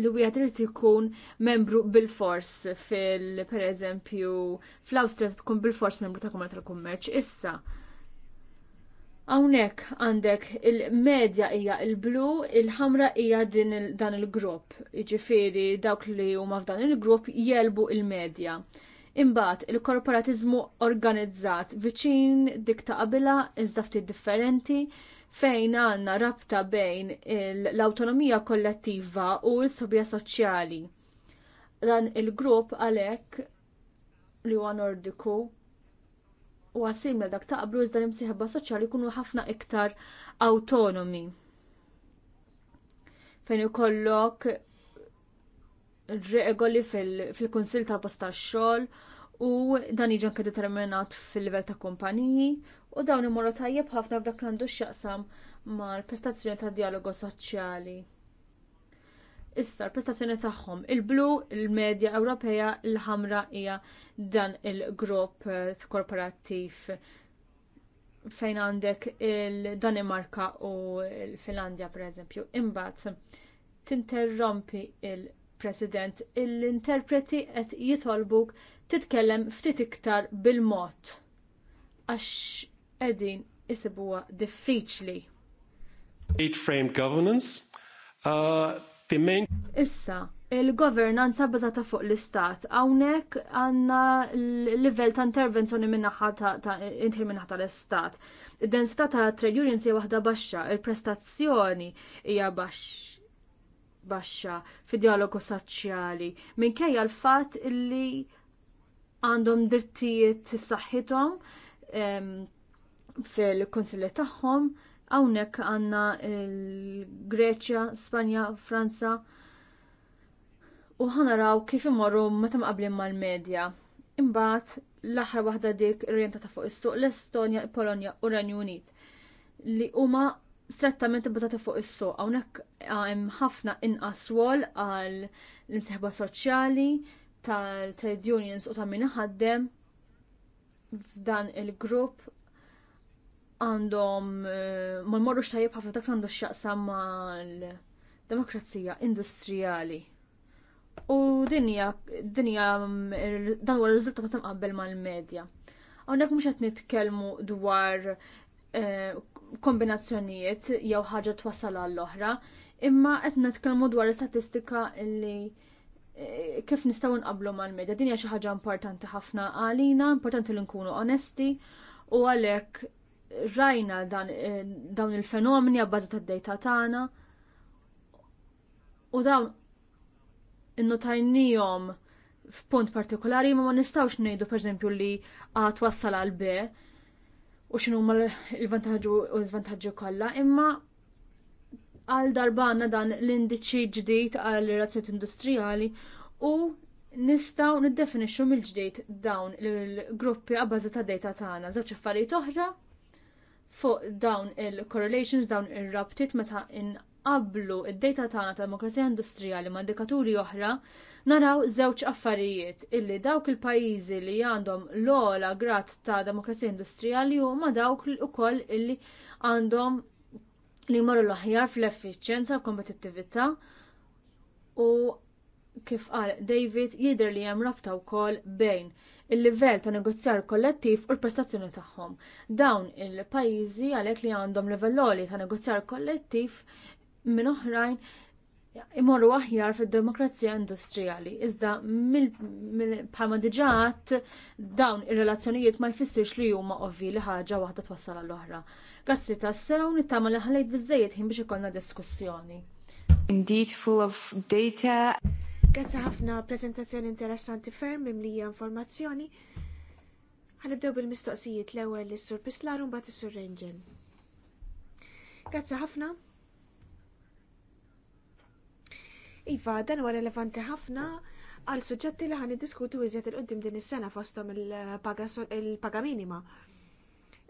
li wieħed irid ikun membru bil-fors fil pereżempju fl-Awstrija tkun bil-fors membru ta' Kumra tal-Kummerċ issa. Hawnhekk għandek il-medja hija il-blu, il-ħamra hija dan il-grupp. Jiġifieri dawk li huma f'dan il-grupp jelbu il-medja. Imbagħad il-korporatiżmu organizzat viċin dik ta' qabilha iżda ftit differenti fejn għandna rabta bejn l-autonomija kollettiva u l-sobja soċjali. Dan il-grupp għalhekk li huwa nordiku u għasim dak taqblu iżda l-imsieħba soċjali jkunu ħafna iktar autonomi. Fejn ikollok regoli fil kunsill tal-Posta tax-xogħol u dan jiġi anke determinat fil-livell ta' kumpaniji u dawn imorru tajjeb ħafna f'dak li għandu x'jaqsam mal-prestazzjoni ta' dialogu soċjali. Issa l-prestazzjoni tagħhom il-blu, il-medja Ewropea, il-ħamra hija dan il-grupp eh, korporattiv fejn għandek il-Danimarka u l-Finlandja pereżempju. Imbagħad tinterrompi il-President, l-interpreti qed jitolbuk titkellem ftit iktar bil-mod għax qegħdin isibuha diffiċli. Eight frame governance. Uh, the main... Issa, il-governanza bazata fuq l-istat. Hawnhekk għandna l-livell ta' intervenzjoni minnaħa ta' intir minnaħa tal-istat. Id-densità ta' trade unions hija waħda baxxa, il-prestazzjoni hija baxxa fid-dialogu soċjali minkejja l-fatt li għandhom drittijiet f'saħħithom fil-konsilli tagħhom hawnhekk għandna l-Greċja, Spanja, Franza u ħanaraw kif imorru meta mqablin mal-medja. Imbagħad l-aħħar waħda dik irjentata fuq is-suq l-Estonja, Polonja u Renju Unit li huma strettament ibbażati fuq is-suq. Hawnhekk ah, hemm ħafna inqas wol għal l-imsieħba soċjali tal-trade unions u ta' min ħaddem f'dan il-grupp għandhom eh, ma morrux tajjeb ħafna dak għandu x'jaqsam mal-demokrazija industrijali. U dinja, dinja dan huwa r-riżultat meta mqabbel mal-medja. Hawnhekk mhux qed nitkellmu dwar eh, kombinazzjonijiet jew ħaġa twassal għall-oħra, imma qed nitkellmu dwar statistika li eh, kif nistgħu nqablu mal-medja. Dinja xi ħaġa importanti ħafna għalina, importanti li nkunu onesti u għalhekk rajna eh, dawn il-fenomeni ta' tad dejta tagħna u dawn innotajnijom f'punt partikolari ma ma nistawx ngħidu pereżempju li għat wassal għal be u xinu ma l-vantaġġi u l-żvantaġġi kollha, imma għal darbana dan l-indiċi ġdid għal relazzjoni industrijali u nistaw niddefinixxu mill-ġdid dawn il-gruppi għabbażi ta' dejta tagħna, żewġ affarijiet oħra fuq dawn il-correlations, dawn ir il rabtiet meta inqablu id-data tagħna ta' demokrazija industrijali ma' indikaturi oħra, naraw żewġ affarijiet illi dawk il-pajjiżi li għandhom l ogħla grat ta' demokrazija industrijali huma dawk ukoll illi għandhom li jmorru l-aħjar fl-effiċjenza u kompetittività u kif qal David jidher li hemm rabta wkoll bejn il-livell ta' negozjar kollettiv u l-prestazzjoni tagħhom. Dawn il-pajjiżi għalhekk li għandhom livelloli ta' negozjar kollettiv minn oħrajn imorru aħjar fid-demokrazija industrijali. Iżda bħalma diġat dawn ir-relazzjonijiet ma jfissirx li huma ovvi li ħaġa waħda twassal għall oħra Grazzi ta' sew nittama li ħalejt biżejjed ħin biex ikollna diskussjoni. Indeed full of data. Grazzi ħafna prezentazzjoni interessanti ferm imlija informazzjoni. Ħanibdew bil-mistoqsijiet l-ewwel is-Sur Pislar u mbagħad sur Rengen. Grazzi ħafna. Iva, dan huwa relevanti ħafna għal suġġetti li ħan diskutu iżjed il-qoddim din is-sena fosthom il-paga minima.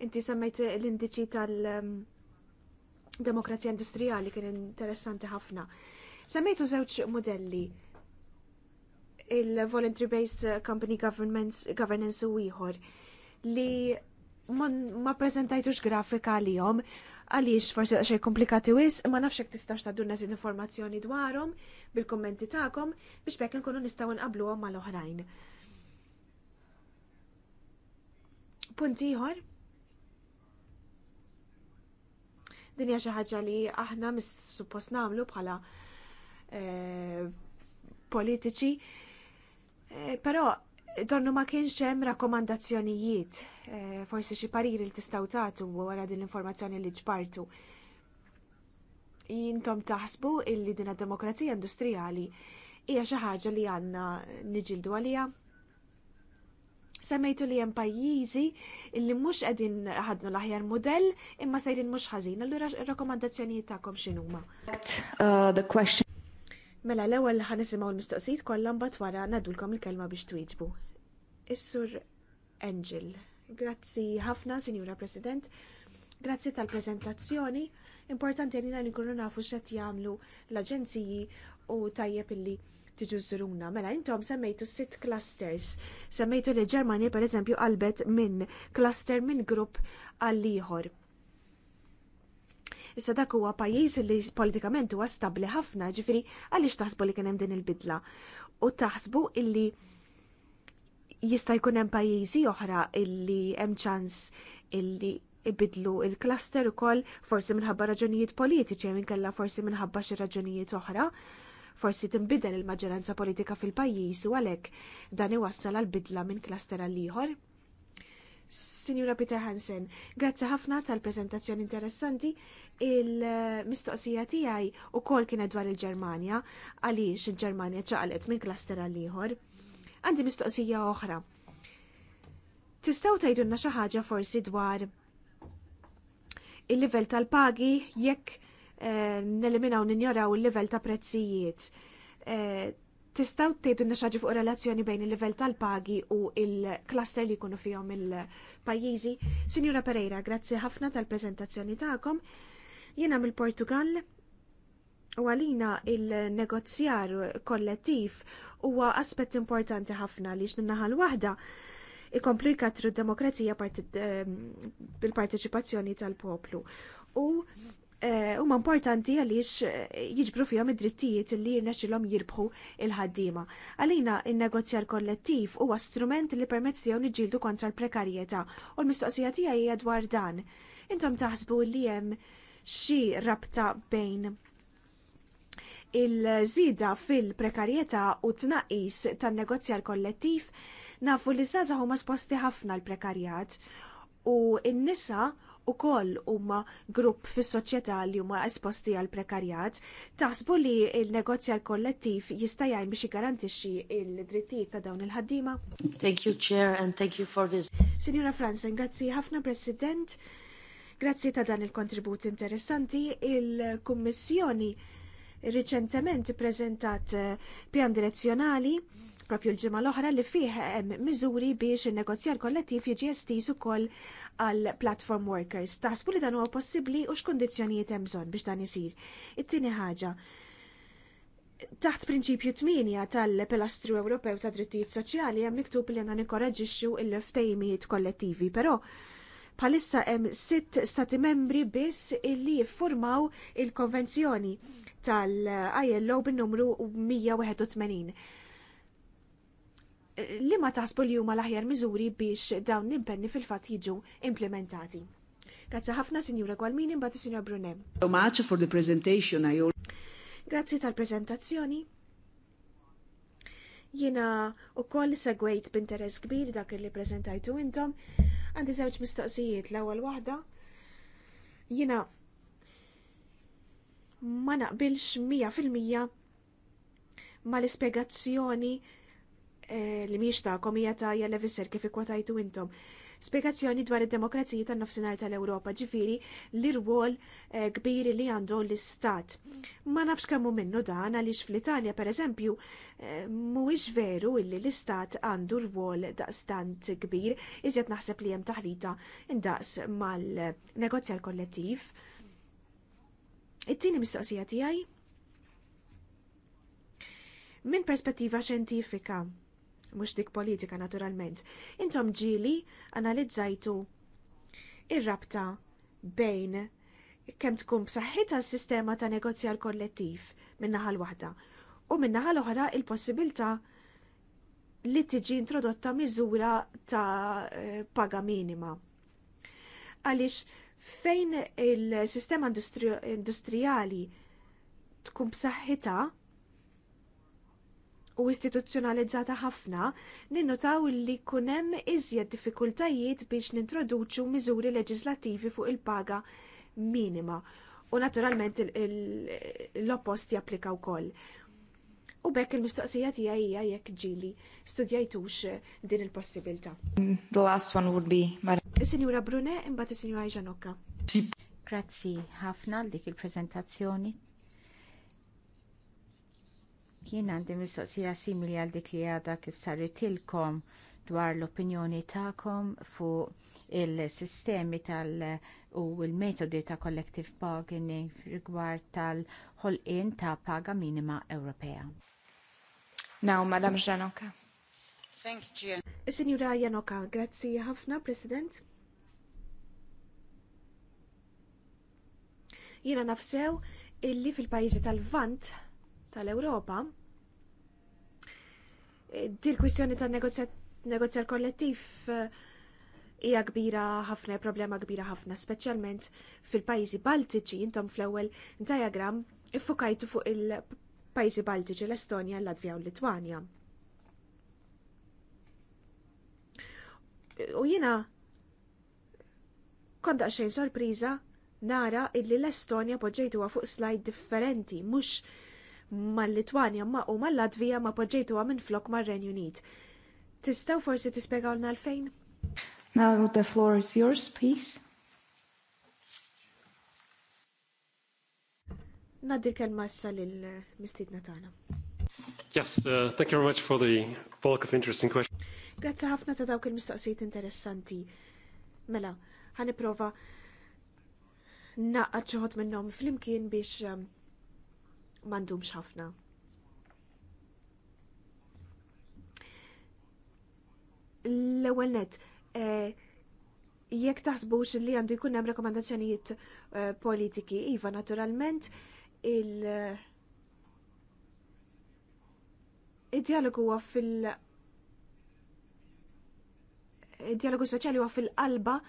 Inti semmejt l-indiċi tal-demokrazija industrijali kien interessanti ħafna. Semmejtu żewġ modelli il-Voluntary Based Company Governance u ieħor li ma prezentajtux grafika li jom għaliex forse xej komplikati wis, ma nafxek tistax ta' dunna informazzjoni dwarhom bil-kommenti ta'kom biex bekk nkunu nistgħu għom mal-oħrajn. Punt ieħor. Din hija xi ħaġa li aħna mis-suppost nagħmlu bħala eh, politiċi Eh, però donnu ma kienx hemm rakkomandazzjonijiet, eh, forsi xi pariri li tistgħu tagħtu wara din l-informazzjoni li ġbartu. Intom taħsbu illi din id-demokrazija industrijali hija xi ħaġa li għandna niġildu għalija? semmejtu li hemm pajjiżi li mhux qegħdin ħadnu l-aħjar mudell imma sejrin mhux ħażin. Allura r-rakkomandazzjonijiet tagħkom x'inhuma? Uh, the question Mela l-ewwel ħan ħanisimgħu l-mistoqsijiet kollha mbagħad wara ngħadulkom il-kelma biex twieġbu. Is-Sur Angel. Grazzi ħafna, Sinjura President. Grazzi tal-preżentazzjoni. Importanti għalina li nkunu nafu x'qed jagħmlu l-aġenziji u tajjeb illi tiġu żuruna. Mela intom semmejtu sitt clusters. Semmejtu li Ġermanja pereżempju qalbet minn cluster minn grupp għal ieħor Issa dak huwa pajjiż li politikament huwa stabbli ħafna, ġifiri għaliex taħsbu li kien hemm din il-bidla. U taħsbu illi jista' jkun hemm pajjiżi oħra illi hemm ċans illi ibidlu il-cluster ukoll forsi minħabba raġunijiet politiċi minn kella forsi minħabba xi raġunijiet oħra forsi tinbidel il-maġġoranza politika fil-pajjiż u għalhekk dan iwassal għal bidla minn klaster għal ieħor. Sinjura Peter Hansen, grazzi ħafna tal preżentazzjoni interessanti il-mistoqsija tiegħi kol kienet dwar il-Ġermanja għaliex il ġermania ċaqalet minn klaster għal Għandi mistoqsija oħra. Tistgħu tgħidulna xi ħaġa forsi dwar il-livell tal-pagi jekk eh, neliminaw ninjoraw il-livell ta' prezzijiet. Eh, Tistaw tajdunna xi fuq relazzjoni bejn il-livell tal-pagi u il klaster li jkunu fihom il-pajjiżi. Sinjura Pereira, grazzi ħafna tal-preżentazzjoni tagħkom. Jiena mill-Portugal u għalina il-negozjar kollettiv huwa aspett importanti ħafna li minnaħa l-waħda ikomplu jkatru d-demokrazija eh, bil-parteċipazzjoni tal-poplu. U eh, huma importanti għaliex eh, jiġbru fihom id-drittijiet li jirnexilhom jirbħu il-ħaddiema. Għalina il negozjar kollettiv huwa strument li permezz tiegħu niġildu kontra l-prekarjetà u l-mistoqsija tiegħi dwar dan. Intom taħsbu li hemm xi rabta bejn il-żida fil-prekarjetà u tnaqis tan-negozjar kollettiv nafu li żgħażagħ huma sposti ħafna l-prekarjat u n-nisa u koll grupp fis soċjetà li huma esposti għal prekarjat, taħsbu li il-negozjar kollettiv jista' jgħin biex jgarantixxi il-drittijiet ta' dawn il-ħaddiema? Thank you, Chair, and thank you for this. Signora Franzen, grazzi ħafna President Grazzi ta' dan il-kontribut interessanti, il-Kummissjoni riċentement prezentat eh, pjan direzzjonali propju l-ġimgħa l-oħra li fih eh, hemm miżuri biex in-negozjar kollettiv jiġi estis ukoll għal platform workers. Taħsbu li dan huwa possibbli u x'kundizzjonijiet hemm bżonn biex dan isir. It-tieni ħaġa. Taħt prinċipju 8 tal-Pilastru Ewropew ta' Drittijiet Soċjali hemm miktub li għandna nikkoraġixxu l-ftejmijiet kollettivi, però Palissa hemm sitt stati membri biss illi jiffurmaw il-konvenzjoni tal-ILO bin-numru 181. Eh, li ma taħsbu li huma l-aħjar miżuri biex dawn l-impenni fil-fatt jiġu implementati. Grazzi ħafna Sinjura Gwalmini imbagħad is Brunem. So much for the presentation I Grazzi tal-preżentazzjoni. Jiena wkoll segwejt b'interess kbir dak li prezentajtu intom Għandi żewġ mistoqsijiet l-ewwel waħda jiena ma naqbilx mija fil-mija ma l-ispjegazzjoni eh, li miex ta' hija ta' visser kif ikwatajtu intom. Spiegazzjoni dwar id-demokrazija tan-nofsinhar tal-Ewropa ġifiri li rwol eh, kbir li għandu l-istat. Ma nafx kemmu minnu dan għaliex fl-Italja pereżempju eh, mhuwiex veru illi l-istat għandu rwol daqstant kbir iżjed naħseb li hemm taħlita indaqs mal-negozjar kollettiv. It-tieni mistoqsija tiegħi minn perspettiva xjentifika mhux dik politika naturalment. Intom ġili analizzajtu ir-rabta bejn kemm tkun b'saħħitha s-sistema ta' negozjar kollettiv minn naħa l-waħda u min-naħa l-oħra il-possibilità li tiġi introdotta miżura ta' paga minima. Għaliex fejn il-sistema industrijali tkun b'saħħitha u istituzzjonalizzata ħafna, ninnotaw li kunem iżjed diffikultajiet biex nintroduċu miżuri leġislativi fuq il-paga minima. U naturalment l-oppost japplika wkoll. U bekk il-mistoqsija tiegħi hija jekk ġili studjajtux din il-possibilità. The last one would be Mar sinjura Brune imbagħad is-Sinjura Ġanokka. Grazzi ħafna dik il-preżentazzjoni Jien għandi mistoqsija simili għal dik li għadha kif saritilkom dwar l-opinjoni tagħkom fuq il-sistemi tal- u l metodi ta' collective bargaining rigward tal ħolqien ta' paga minima Ewropea. Now, Madam Janoka. Thank you, Signora Janoka, grazzi ħafna, President. Jiena nafsew illi fil-pajjiżi tal-Vant tal-Ewropa Dil kwistjoni ta' negozjar kollettiv eh, hija kbira ħafna, problema kbira ħafna, speċjalment fil-pajjiżi Baltiċi intom fl-ewwel diagram iffokajtu fuq il-pajjiżi Baltiċi l-Estonja, l-Latvja u l-Litwanja. U jiena kont xejn sorpriża nara illi l-Estonja poġġejtuha fuq slajd differenti, mhux mal-Litwanja ma u mal-Latvija ma poġġejtu minn flok mar-Renju Unit. Tistaw forsi tispjegawlna għalfejn? Now the floor is yours, please. Naddi kelma issa lill mistid tagħna. Yes, uh, thank you very much for the bulk of interesting questions. Grazzi ħafna ta' dawk il-mistoqsijiet interessanti. Mela, prova naqqa ċoħod minnhom flimkien biex um, m'għandhomx ħafna. L-ewwel net, eh, jekk taħsbux li għandu jkun hemm rekomendazzjonijiet eh, politiki, iva naturalment il- id-dialogu fil- id-dialogu soċjali huwa fil-qalba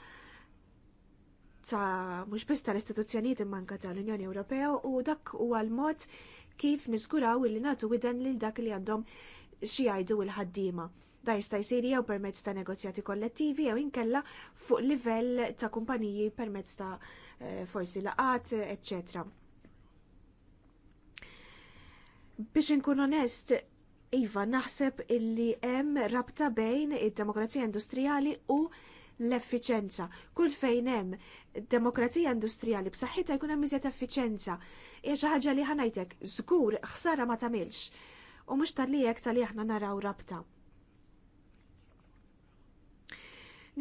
ta' mhux biss tal-istituzzjonijiet imma anke tal-Unjoni Ewropea u dak huwa l-mod kif il li nagħtu widen lil dak li għandhom xi jgħidu l-ħaddiema. Da jista' jsir jew permezz ta' negozjati kollettivi jew inkella fuq livell ta' kumpaniji permezz ta' eh, forsi laqat, eh, etc. Biex inkun onest, Iva, naħseb illi hemm rabta bejn id-demokrazija industrijali u l-effiċenza. Kull fejn hemm demokrazija industrijali b'saħħitha jkun hemm iżjed effiċenza. Hija xi ħaġa li ħanajtek żgur ħsara ma tagħmilx u mhux tal-lijek tal-li aħna naraw rabta.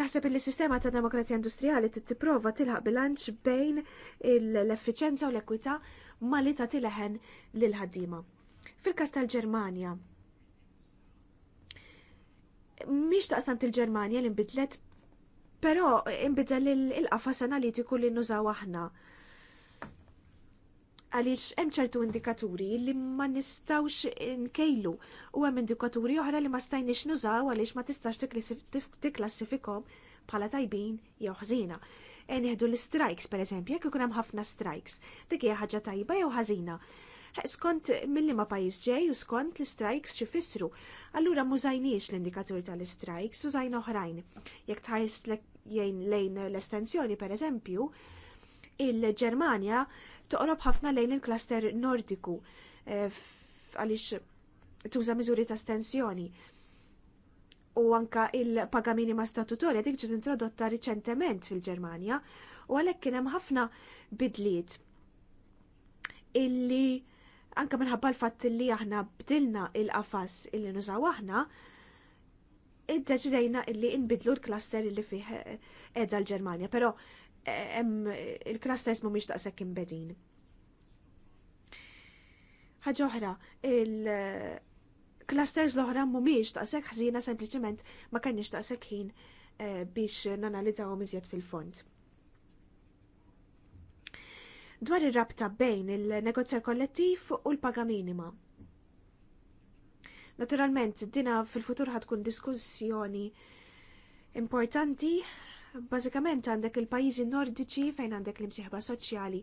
Naħseb li sistema ta' demokrazija industrijali tipprova tilħaq bilanċ bejn l-effiċenza u l-ekwità ma li ta' tileħen lil ħaddiema. Fil-kas tal-Ġermanja, Mhix taqstant il-Ġermanja li nbidlet Però imbidel il-qafas analitiku li nużaw aħna. Għaliex hemm ċertu indikaturi li ma nistawx nkejlu u hemm indikaturi oħra li ma stajniex nużaw għaliex ma tistax tiklassifikom bħala tajbin jew ħżina. E nieħdu l-strikes, per eżempju, jekk ikun hemm ħafna strikes, dik hija ħaġa tajba jew ħażina skont milli ma pajis ġej u skont l-strikes xifissru. Allura mużajniex l-indikatur tal-strikes, użajn oħrajn. Jek tħares jgħin lejn l-estensjoni per eżempju, il-Ġermanja toqrob ħafna lejn il-klaster nordiku eh, għaliex tuża miżuri ta' estensjoni. U anka il-paga minima statutorja dik ġiet introdotta riċentement fil-Ġermanja u għalhekk kien hemm ħafna bidliet illi anka minħabba l-fatt li aħna bdilna il-qafas illi nużaw aħna, iddeċidejna illi nbidlu l-cluster illi fih eh, edha l-Ġermanja, pero eh, il-clusters mhumiex daqshekk imbedin. Ħaġa oħra, il-clusters l-oħra mhumiex daqshekk ħżina sempliċement ma kenniex daqshekk ħin eh, biex nanalizzawhom iżjed fil-fond. Dwar ir-rabta bejn il-negozjar kollettiv u l-paga minima. Naturalment, dina fil-futur ħatkun diskussjoni importanti. Bażikament għandek il-pajjiżi nordiċi fejn għandek l-imsieħba soċjali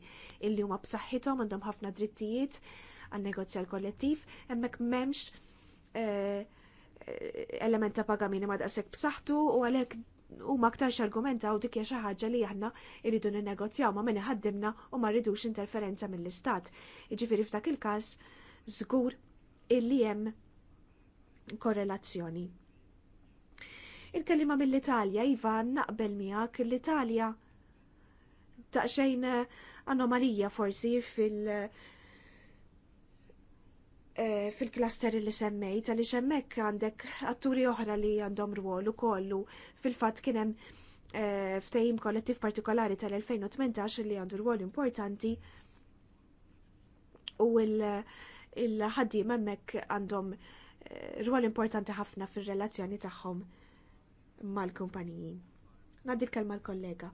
illi huma b'saħħithom għandhom ħafna drittijiet għan negozjar kollettiv, hemmhekk m'hemmx eh, eh, element ta' pagamini ma daqshekk b'saħħtu u għalhekk huma aktarx argumenta u dik hija xi ħaġa li aħna rridu ninnegozjaw ma' min ħaddimna u ma rridux interferenza mill-istat. Jiġifieri f'dak il-każ żgur illi hemm korrelazzjoni. Il-kelima mill-Italja, Ivan, naqbel miegħek l-Italja taqxejn anomalija forsi fil- eh, fil klaster li semmejt, għaliex hemmhekk għandek atturi oħra li għandhom rwol kollu fil fatt kien hemm e, ftehim kollettiv partikolari tal-2018 li għandu rwol importanti u l-ħaddim hemmhekk għandhom rwol importanti ħafna fir-relazzjoni tagħhom mal-kumpaniji. Ngħaddi l l-kollega.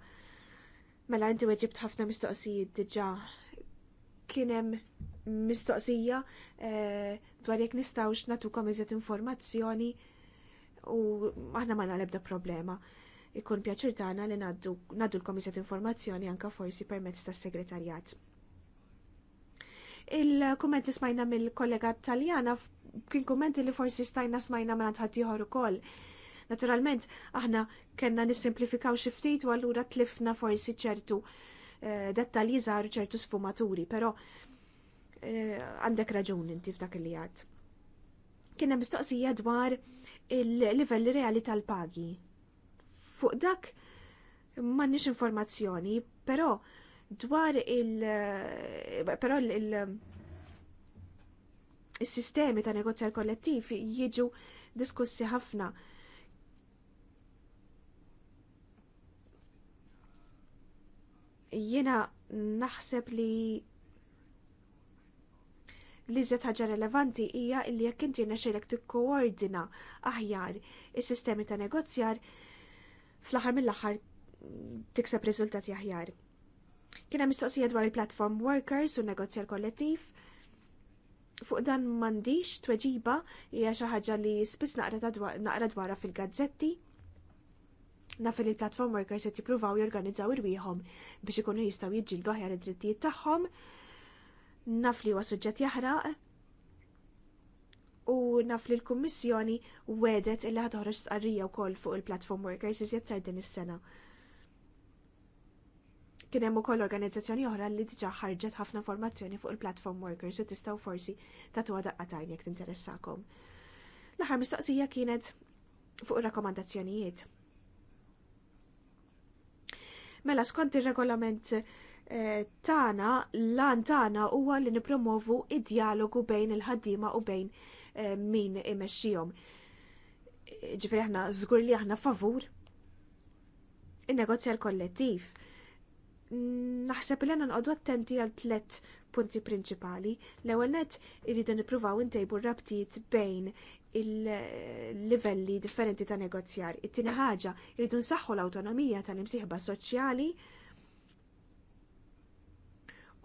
Mela inti weġibt ħafna mistoqsijiet diġà kien hemm mistoqsija eh, dwar jekk nistgħux nagħtukom iżjed informazzjoni u aħna ma nalebda problema. Ikun pjaċir tagħna li ngħaddu lkom iżjed informazzjoni anke forsi permezz tas-segretarjat. Il-kumment li smajna mill-kollega Taljana kien kummenti li forsi stajna smajna ma u ukoll. Naturalment, aħna kellna nissimplifikaw xi ftit u allura tlifna forsi ċertu eh, dettalji zaħru ċertu sfumaturi, però eh, għandek raġun inti f'dak li għad. Kien hemm mistoqsija dwar il-livelli reali tal-pagi. Fuq dak m'għandniex informazzjoni, però dwar il- pero il- is-sistemi ta' negozjar kollettiv jiġu diskussi ħafna. Jiena naħseb li li żed ħaġa relevanti hija li jekk inti nexxejlek tikkoordina aħjar is-sistemi ta' negozjar fl-aħħar mill-aħħar tikseb riżultati aħjar. Kien hemm mistoqsija dwar il-platform workers u negozjar kollettiv fuq dan m'għandix tweġiba hija xi ħaġa li spiss naqra dwarha fil-gazzetti. Naf li l-platform workers qed jippruvaw jorganizzaw irwieħhom biex ikunu jistgħu jiġġieldu aħjar id-drittijiet tagħhom. Naf li huwa suġġett jaħraq u naf li l-Kummissjoni wedet illi ħad toħroġ tqarrija wkoll fuq il-platform workers iżjed tard din is-sena. Kien hemm ukoll organizzazzjoni oħra li diġà ħarġet ħafna informazzjoni fuq il-platform workers u tistgħu forsi tagħtuha tajjeb jekk tinteressakom. L-aħħar mistoqsija kienet fuq ir-rakkomandazzjonijiet. Mela skont ir-regolament eh, tagħna, lan tagħna huwa li nippromovu id-dialogu bejn il-ħaddiema u bejn eh, min imexxihom. Ġifieri aħna żgur li aħna favur in-negozjar kollettiv Naħseb li għanna nqodu attenti għal tlet punti prinċipali. L-ewwel net irridu nippruvaw intejbu rabtiet bejn il-livelli differenti ta' negozjar. It-tieni ħaġa irridu nsaħħu l-awtonomija tal-imsieħba soċjali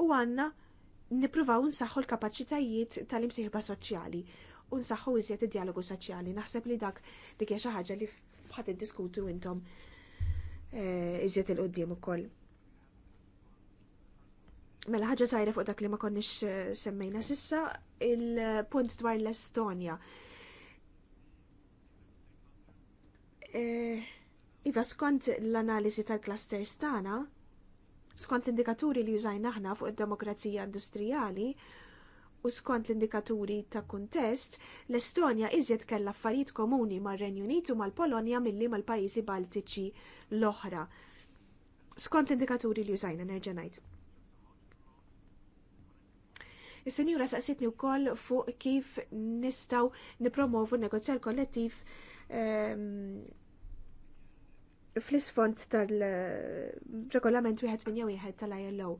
u għanna nippruvaw nsaħħu l-kapaċitajiet tal-imsieħba soċjali u nsaħħu iżjed id-dialogu soċjali. Naħseb li dak dik hija xi ħaġa li ħadd iddiskutu intom eh, iżjed il-qudiem ukoll. Mela ħaġa sajra fuq dak li ma konniex eh, semmejna sissa, il-punt dwar l-Estonja. Eh, iva skont l-analiżi tal-clusters tagħna, skont l-indikaturi li jużajna aħna fuq id-demokrazija industrijali, u skont l-indikaturi ta' kuntest, l-Estonja iżjed kellha affarijiet komuni mar-Renju Unit u mal-Polonja milli mal-pajjiżi Baltiċi l-oħra. Skont l-indikaturi li jużajna nerġa' ngħid. Is-senjura saqsitni wkoll fuq kif nistgħu nipromovu negozjal kollettiv ehm, fl-isfond tal-regolament wieħed minn wieħed tal-ILO.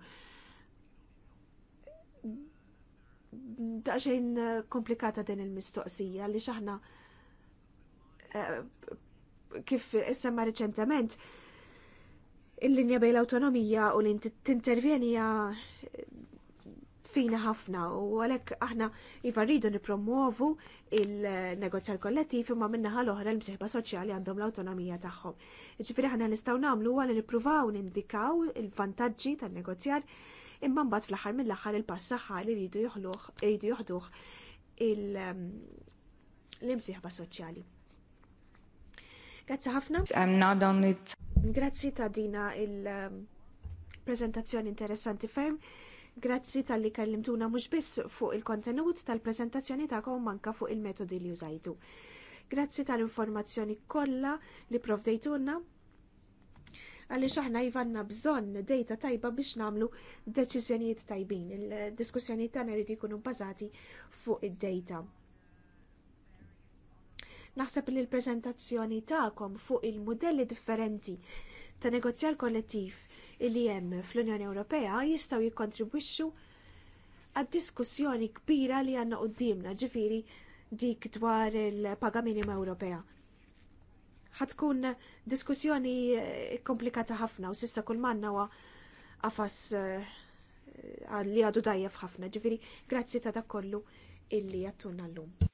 Daqsxejn komplikata din il-mistoqsija li xaħna eh, kif issemma riċentement il-linja bejn l-autonomija u l-intervjenija fina ħafna u għalhekk aħna iva rridu nipromuovu il-negozjar kollettiv imma minna l-oħra l-msieħba soċjali għandhom l-awtonomija tagħhom. Ġifieri aħna nistgħu nagħmlu għal li nippruvaw nindikaw il-vantaġġi tan-negozjar imma mbagħad fl-aħħar mill-aħħar il-passaħħa li jridu joħluh jridu joħduh ehm, l-imsieħba soċjali. Grazzi ħafna. Grazzi ta' dina il-prezentazzjoni ehm, interessanti ferm. Grazzi tal-li kellimtuna mhux biss fuq il-kontenut tal-preżentazzjoni tagħkom manka fuq il-metodi li użajtu. Grazzi tal-informazzjoni kollha li provdejtuna għaliex aħna jivanna bżonn dejta tajba biex namlu deċiżjonijiet tajbin. Il-diskussjoni tagħna jrid jkunu bbażati fuq id-dejta. Naħseb li l-preżentazzjoni tagħkom fuq il-modelli differenti ta' negozjar kollettiv li hemm fl-Unjoni Ewropea jistgħu jikkontribwixxu għad-diskussjoni kbira li għandna quddiemna ġifiri dik dwar il-paga minima Ewropea. Ħatkun diskussjoni eh, komplikata ħafna u sissa kull manna huwa eh, li għadu dajjef ħafna ġifiri grazzi ta' dak kollu illi għattuna l-lum.